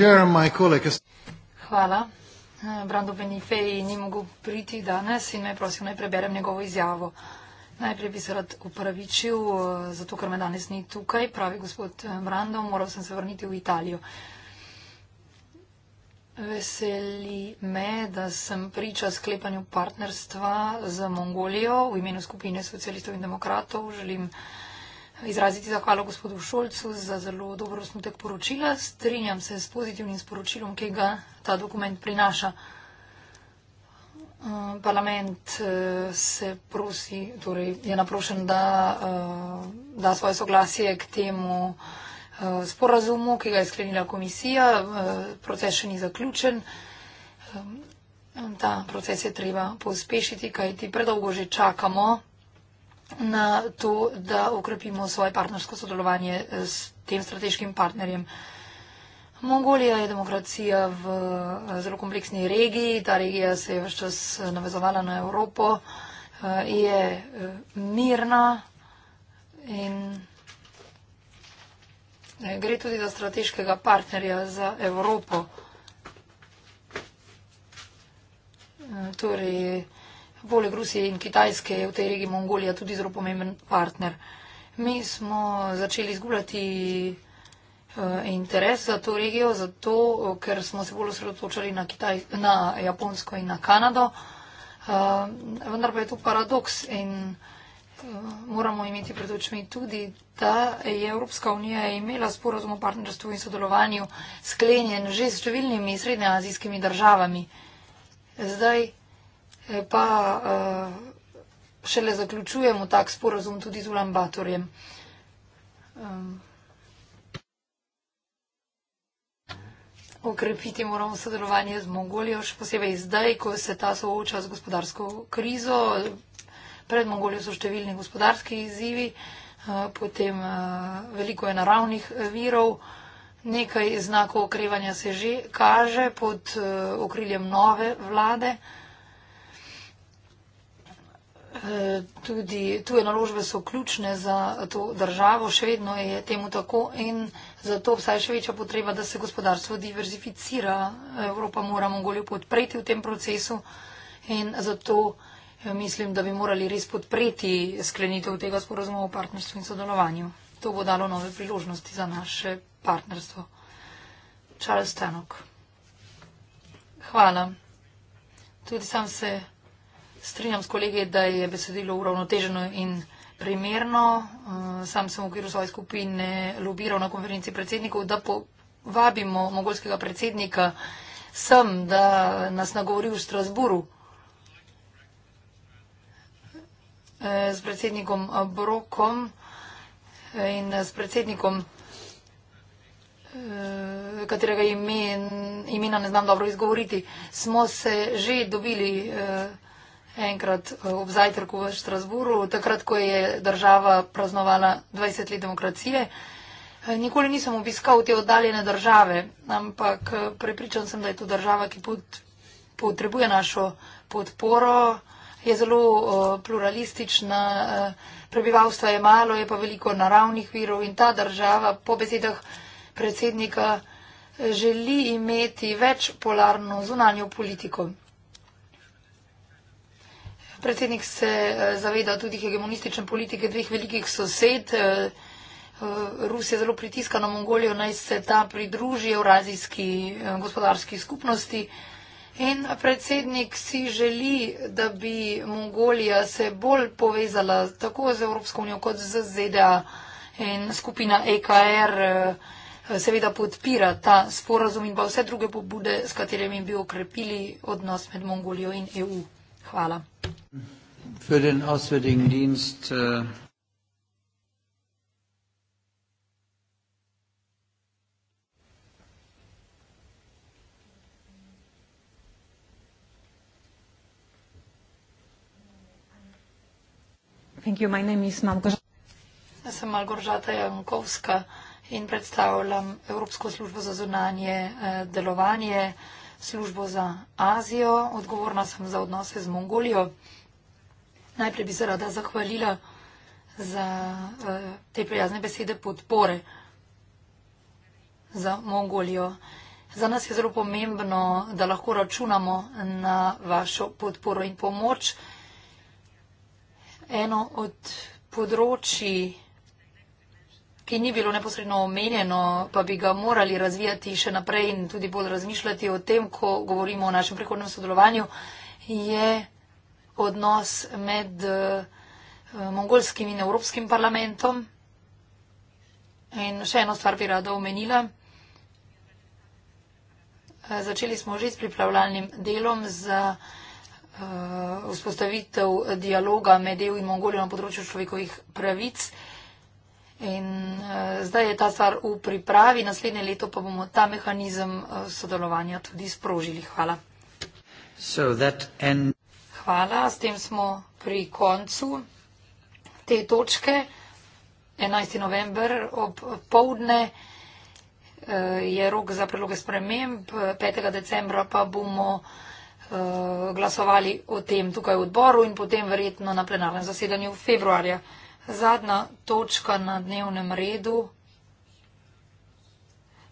Chair, my colleague... Hvala. Brando Benifei ni mogel priti danes in me prosim, naj preberem njegovo izjavo. Najprej bi se rad upravičil, eh, zato ker me danes ni tukaj, pravi gospod eh, Brando, moral sem se vrniti v Italijo. Veseli me, da sem priča sklepanju partnerstva z Mongolijo v imenu skupine socialistov in demokratov. Želim izraziti zahvalo gospodu Šolcu za zelo dobro snutek poročila. Strinjam se s pozitivnim sporočilom, ki ga ta dokument prinaša. Eh, parlament eh, se prosi, torej je naprošen, da eh, da svoje soglasje k temu sporazumu, ki ga je sklenila komisija. Proces še ni zaključen. Ta proces je treba pospešiti, kajti predolgo že čakamo na to, da ukrepimo svoje partnersko sodelovanje eh, s tem strateškim partnerjem. Mongolija je demokracija v eh, zelo kompleksni regiji, ta regija se je veččas eh, navezovala na Evropo, je mirna in gre tudi za strateškega partnerja za Evropo. Torej, poleg Rusije in Kitajske je v tej regiji Mongolija tudi zelo pomemben partner. Mi smo začeli izgubljati eh, interes za to regijo, zato ker smo se bolj osredotočali na, Kitaj, na Japonsko in na Kanado. Eh, vendar pa je to paradoks in eh, moramo imeti pred očmi tudi, da je Evropska unija imela sporozum o partnerstvu in sodelovanju sklenjen že s številnimi srednjeazijskimi državami. Zdaj pa uh, šele zaključujemo tak sporozum tudi z Ulambatorjem. Um, okrepiti moramo sodelovanje z Mongolijo, še posebej zdaj, ko se ta sooča z gospodarsko krizo. Pred Mongolijo so številni gospodarski izzivi, uh, potem uh, veliko je naravnih virov. Nekaj znakov okrevanja se že kaže pod uh, okriljem nove vlade. Eh, tudi tuje naložbe so ključne za to državo, še vedno je temu tako in zato vsaj še večja potreba, da se gospodarstvo diverzificira. Evropa mora Mongolijo podpreti v tem procesu in zato eh, mislim, da bi morali res podpreti sklenitev tega sporozuma o partnerstvu in sodelovanju. To bo dalo nove priložnosti za naše partnerstvo. Charles Tanok. Hvala. Tudi sam se. Strinjam s kolegi, da je besedilo uravnoteženo in primerno. Eh, sam sem v okviru svoje skupine lobiral na konferenci predsednikov, da povabimo mogolskega predsednika sem, da nas nagovori v Strasburu eh, s predsednikom Brokom eh, in s predsednikom, katerega imena ne znam dobro izgovoriti. Smo se že dobili predsednikom enkrat eh, ob zajtrku v Štrasburu, takrat, ko je država praznovala 20 let demokracije. Eh, nikoli nisem obiskal te oddaljene države, ampak eh, prepričan sem, da je to država, ki pot, potrebuje našo podporo. Je zelo uh, pluralistična, uh, prebivalstva je malo, je pa veliko naravnih virov in ta država po besedah predsednika želi imeti večpolarno zunanjo politiko. Predsednik se eh, zaveda tudi hegemonistične politike dveh velikih sosed. Eh, eh, Rusija zelo pritiska na Mongolijo, naj se ta pridruži Eurazijski gospodarski skupnosti. In predsednik si želi, da bi Mongolija se bolj povezala tako z Evropsko unijo kot z ZDA. In skupina EKR seveda podpira ta sporazum in pa vse druge pobude, s katerimi bi okrepili odnos med Mongolijo in EU. Hvala. Für den Auswärtigen Dienst äh, Thank you. My name is Malgorzata. Jestem Malgorzata Jankowska in predstavljam Evropsko službo za zunanje e, delovanje službo za Azijo, odgovorna sem za odnose z Mongolijo. Najprej bi se rada zahvalila za uh, te prijazne besede podpore za Mongolijo. Za nas je zelo pomembno, da lahko računamo na vašo podporo in pomoč. Eno od področji, ki ni bilo neposredno omenjeno, pa bi ga morali razvijati še naprej in tudi bolj razmišljati o tem, ko govorimo o našem prihodnem sodelovanju, je odnos med eh, mongolskim in evropskim parlamentom. In še eno stvar bi rada omenila. Eh, začeli smo že s pripravljalnim delom za eh, vzpostavitev dialoga med EU in Mongolijo na področju človekovih pravic. In uh, zdaj je ta stvar v pripravi, naslednje leto pa bomo ta mehanizem uh, sodelovanja tudi sprožili. Hvala. So end... Hvala, s tem smo pri koncu te točke. 11. november ob povdne uh, eh, je rok za predloge sprememb, 5. decembra pa bomo uh, glasovali o tem tukaj v odboru in potem verjetno na plenarnem zasedanju februarja. Zadnja točka na dnevnem redu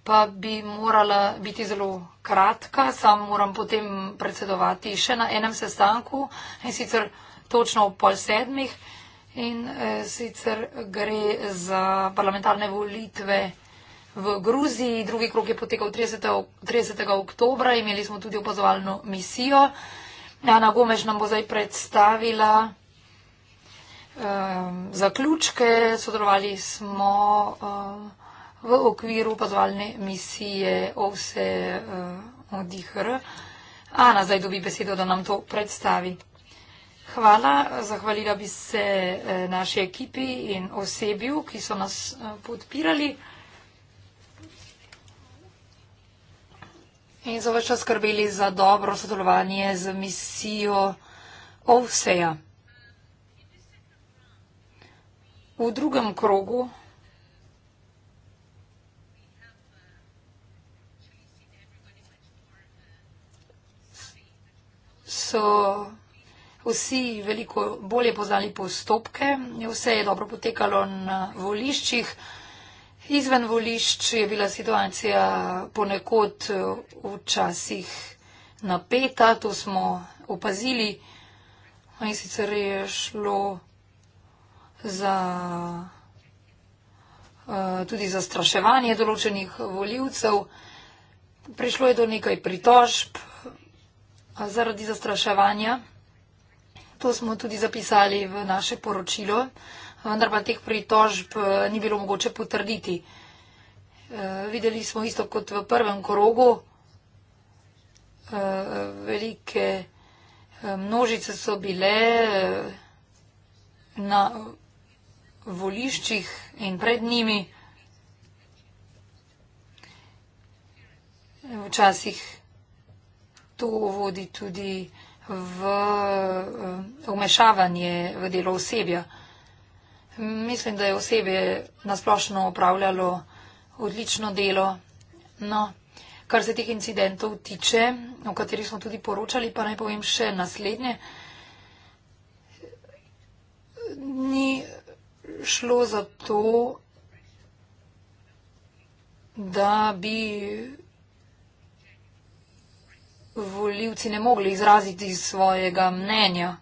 pa bi morala biti zelo kratka, sam moram potem predsedovati še na enem sestanku in sicer točno v pol sedmih in eh, sicer gre za parlamentarne volitve v Gruziji. Drugi krok je potekal 30. 30. oktobra, imeli smo tudi opazovalno misijo. Ana Gomeš nam bo zdaj predstavila um, zaključke. Sodelovali smo um, v okviru pozvalne misije OVSE uh, od IHR. Ana zdaj dobi besedo, da nam to predstavi. Hvala, zahvalila bi se eh, naši ekipi in osebju, ki so nas eh, podpirali in za več čas skrbeli za dobro sodelovanje z misijo OVSEJA. V drugem krogu so vsi veliko bolje poznali postopke, vse je dobro potekalo na voliščih. Izven volišč je bila situacija ponekod včasih napeta, to smo opazili, in sicer je šlo za, eh, tudi za straševanje določenih voljivcev. Prišlo je do nekaj pritožb zaradi zastraševanja. To smo tudi zapisali v naše poročilo, vendar pa teh pritožb eh, ni bilo mogoče potrditi. Eh, videli smo isto kot v prvem krogu. Velike množice so bile na voliščih in pred njimi. Včasih to vodi tudi v umešavanje eh, v delo osebja. Mislim, da je osebje nasplošno opravljalo odlično delo. No, kar se teh incidentov tiče, o katerih smo tudi poročali, pa naj povem še naslednje. Ni šlo za to, da bi voljivci ne mogli izraziti svojega mnenja.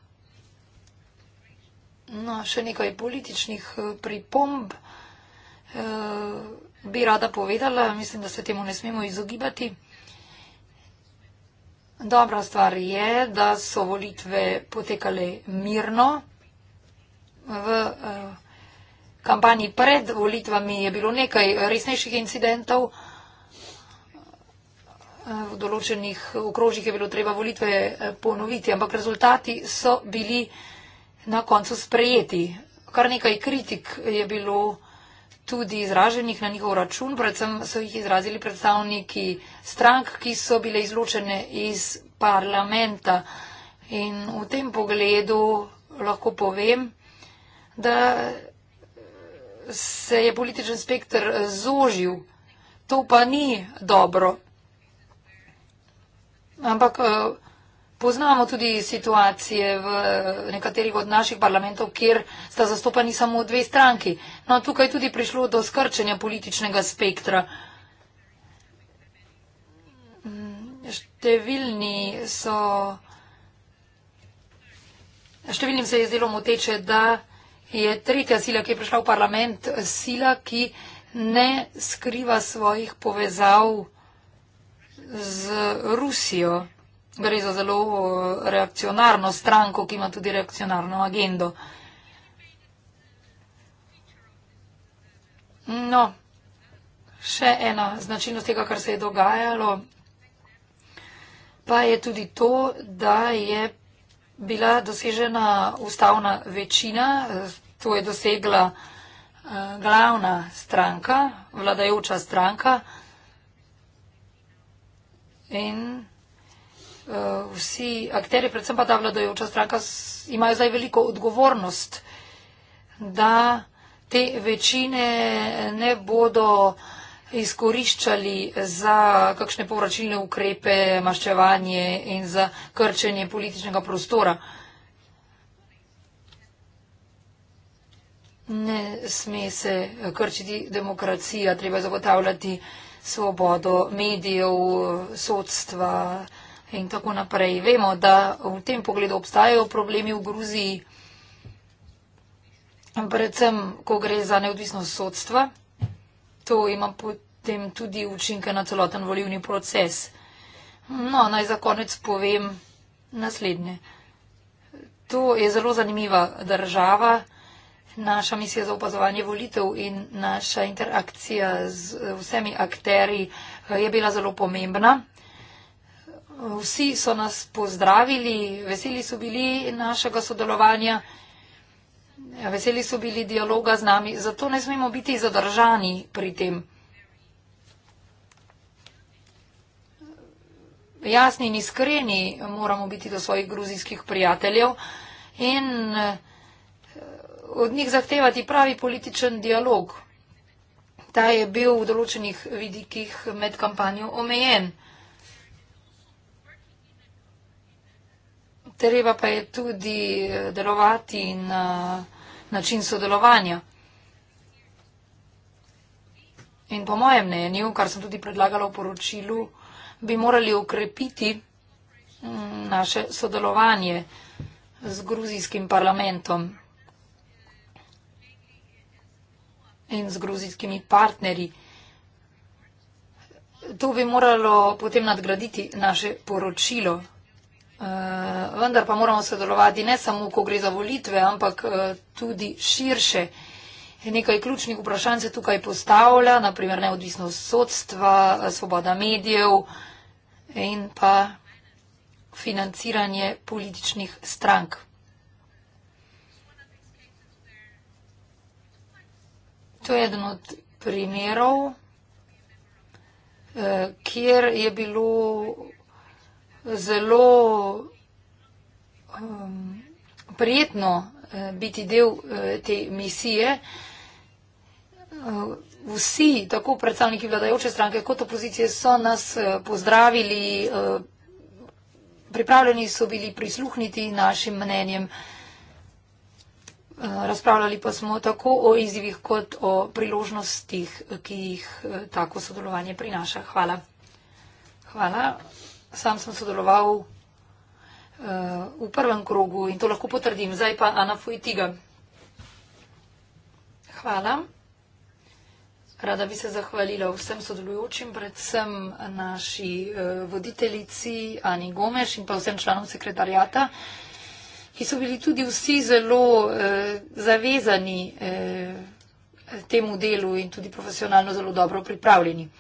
No, še nekaj političnih eh, pripomb e, bi rada povedala. Mislim, da se temu ne smemo izogibati. Dobra stvar je, da so volitve potekale mirno v. E, kampanji pred volitvami je bilo nekaj resnejših incidentov. V določenih okrožjih je bilo treba volitve eh, ponoviti, ampak rezultati so bili na koncu sprejeti. Kar nekaj kritik je bilo tudi izraženih na njihov račun, predvsem so jih izrazili predstavniki strank, ki so bile izločene iz parlamenta. In v tem pogledu lahko povem, da se je političen spektr eh, zožil. To pa ni dobro. Ampak eh, poznamo tudi situacije v eh, nekaterih od naših parlamentov, kjer sta zastopani samo dve stranki. No, tukaj je tudi prišlo do skrčenja političnega spektra. Mm, številni so. Številnim se je zdelo moteče, da je tretja sila, ki je prišla v parlament, sila, ki ne skriva svojih povezav z Rusijo. Gre za zelo eh, reakcionarno stranko, ki ima tudi reakcionarno agendo. No, še ena značilnost tega, kar se je dogajalo, pa je tudi to, da je bila dosežena ustavna večina, eh, to je dosegla eh, glavna stranka, vladajoča stranka in eh, vsi akteri, predvsem pa ta vladajoča stranka, imajo zdaj veliko odgovornost, da te večine ne bodo izkoriščali za kakšne povračilne ukrepe, maščevanje in za krčenje političnega prostora. Ne sme se krčiti demokracija, treba zagotavljati svobodo medijev, sodstva in tako naprej. Vemo, da v tem pogledu obstajajo problemi v Gruziji, predvsem, ko gre za neodvisnost sodstva to ima potem tudi učinke na celoten volivni proces. No, naj za konec povem naslednje. To je zelo zanimiva država, naša misija za opazovanje volitev in naša interakcija z eh, vsemi akteri eh, je bila zelo pomembna. Vsi so nas pozdravili, veseli so bili našega sodelovanja. Ja, veseli so bili dialoga z nami, zato ne smemo biti zadržani pri tem. Jasni in iskreni moramo biti do svojih gruzijskih prijateljev in eh, od njih zahtevati pravi političen dialog. Ta je bil v določenih vidikih med kampanjo omejen. treba pa je tudi eh, delovati na način sodelovanja. In po mojem mnenju, kar sem tudi predlagala v poročilu, bi morali ukrepiti mm, naše sodelovanje z gruzijskim parlamentom in z gruzijskimi partnerji. To bi moralo potem nadgraditi naše poročilo. Eh, vendar pa moramo sodelovati ne samo, ko gre za volitve, ampak eh, tudi širše. Nekaj ključnih vprašanj se tukaj postavlja, naprimer neodvisnost sodstva, eh, svoboda medijev in pa financiranje političnih strank. To je eden od primerov, kjer je bilo zelo um, prijetno eh, biti del eh, te misije. Eh, vsi, tako predstavniki vladajoče stranke kot opozicije, so nas pozdravili, pripravljeni so bili prisluhniti našim mnenjem. Razpravljali pa smo tako o izzivih kot o priložnostih, ki jih tako sodelovanje prinaša. Hvala. Hvala sam sem sodeloval uh, v prvem krogu in to lahko potrdim. Zdaj pa Ana Fujtiga. Hvala. Rada bi se zahvalila vsem sodelujočim, predvsem naši eh, voditeljici Ani Gomeš in pa vsem članom sekretarjata, ki so bili tudi vsi zelo eh, zavezani eh, temu delu in tudi profesionalno zelo dobro pripravljeni.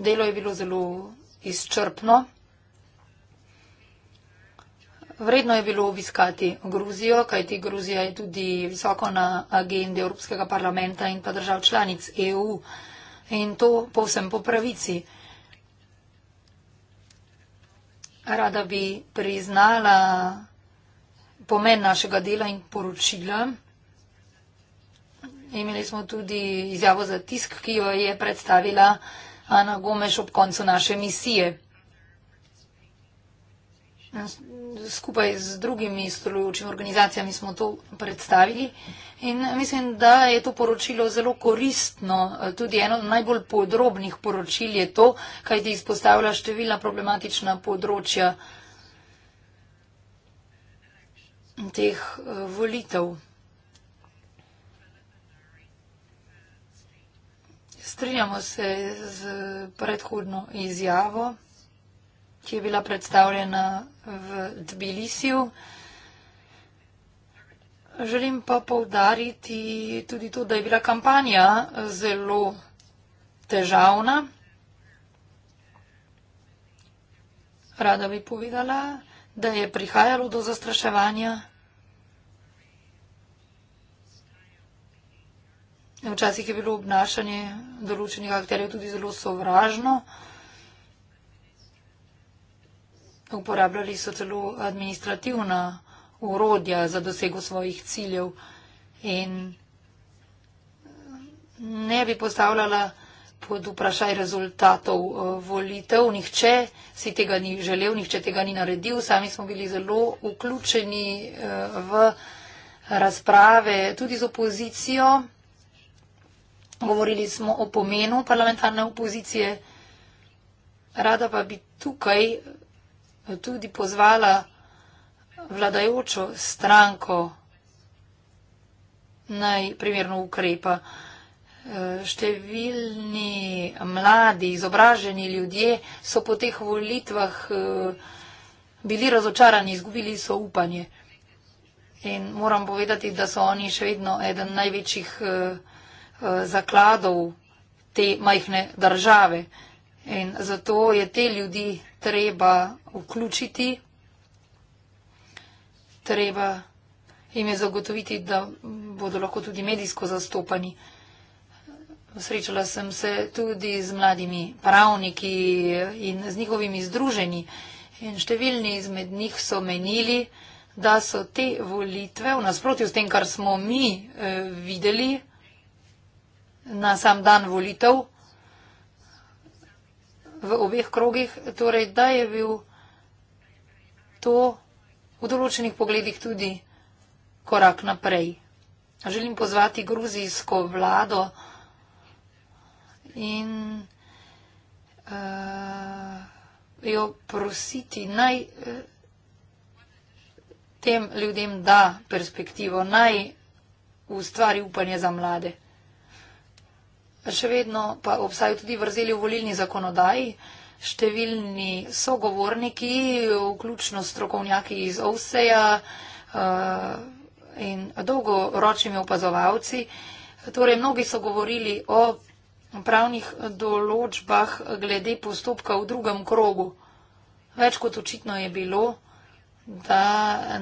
Delo je bilo zelo izčrpno. Vredno je bilo obiskati Gruzijo, kajti Gruzija je tudi visoko na agendi Evropskega parlamenta in pa držav članic EU in to povsem po pravici. Rada bi priznala pomen našega dela in poročila. Imeli smo tudi izjavo za tisk, ki jo je predstavila Gruzija. Ana Gomes ob koncu naše misije. Skupaj z drugimi stolujočimi organizacijami smo to predstavili in mislim, da je to poročilo zelo koristno. Tudi eno najbolj podrobnih poročil je to, kaj ti izpostavlja številna problematična področja teh eh, volitev. strinjamo se z predhodno izjavo, ki je bila predstavljena v Tbilisiju. Želim pa povdariti tudi to, da je bila kampanja zelo težavna. Rada bi povedala, da je prihajalo do zastraševanja. Včasih je bilo obnašanje določenih akterjev tudi zelo sovražno. Uporabljali so celo administrativna urodja za dosego svojih ciljev in ne bi postavljala pod vprašaj rezultatov eh, volitev. Nihče si tega ni želel, nihče tega ni naredil. Sami smo bili zelo vključeni eh, v razprave tudi z opozicijo govorili smo o pomenu parlamentarne opozicije. Rada pa bi tukaj eh, tudi pozvala vladajočo stranko naj primerno ukrepa. Eh, številni mladi, izobraženi ljudje so po teh volitvah eh, bili razočarani, izgubili so upanje. In moram povedati, da so oni še vedno eden največjih uh, Eh, zakladov te majhne države. In zato je te ljudi treba vključiti, treba jim je zagotoviti, da bodo lahko tudi medijsko zastopani. Srečala sem se tudi z mladimi pravniki in z njihovimi združeni in številni izmed njih so menili, da so te volitve v nasprotju s tem, kar smo mi eh, videli, na sam dan volitev v obeh krogih, torej da je bil to v določenih pogledih tudi korak naprej. Želim pozvati gruzijsko vlado in uh, jo prositi naj eh, tem ljudem da perspektivo, naj ustvari upanje za mlade. Še vedno pa obstajajo tudi vrzeli v volilni zakonodaji. Številni sogovorniki, vključno strokovnjaki iz OVSE-ja eh, in dolgoročnimi opazovalci, torej mnogi so govorili o pravnih določbah glede postopka v drugem krogu. Več kot očitno je bilo, da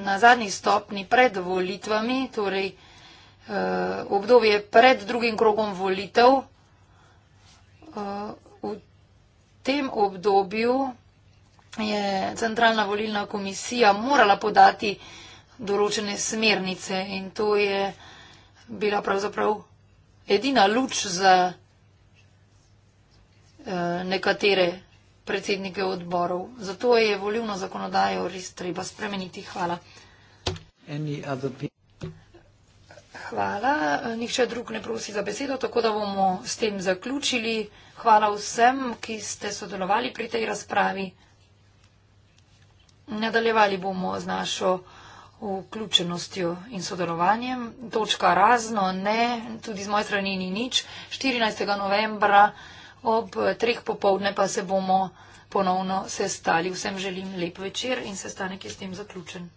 na zadnji stopni pred volitvami, torej Eh, obdobje pred drugim krogom volitev. Eh, v tem obdobju je centralna volilna komisija morala podati določene smernice in to je bila pravzaprav edina luč za eh, nekatere predsednike odborov. Zato je volilno zakonodajo res treba spremeniti. Hvala. Any other people? hvala. Nihče drug ne prosi za besedo, tako da bomo s tem zaključili. Hvala vsem, ki ste sodelovali pri tej razpravi. Nadaljevali bomo z našo vključenostjo in sodelovanjem. Točka razno, ne, tudi z moje strani ni nič. 14. novembra ob treh popovdne pa se bomo ponovno sestali. Vsem želim lep večer in sestanek je s tem zaključen.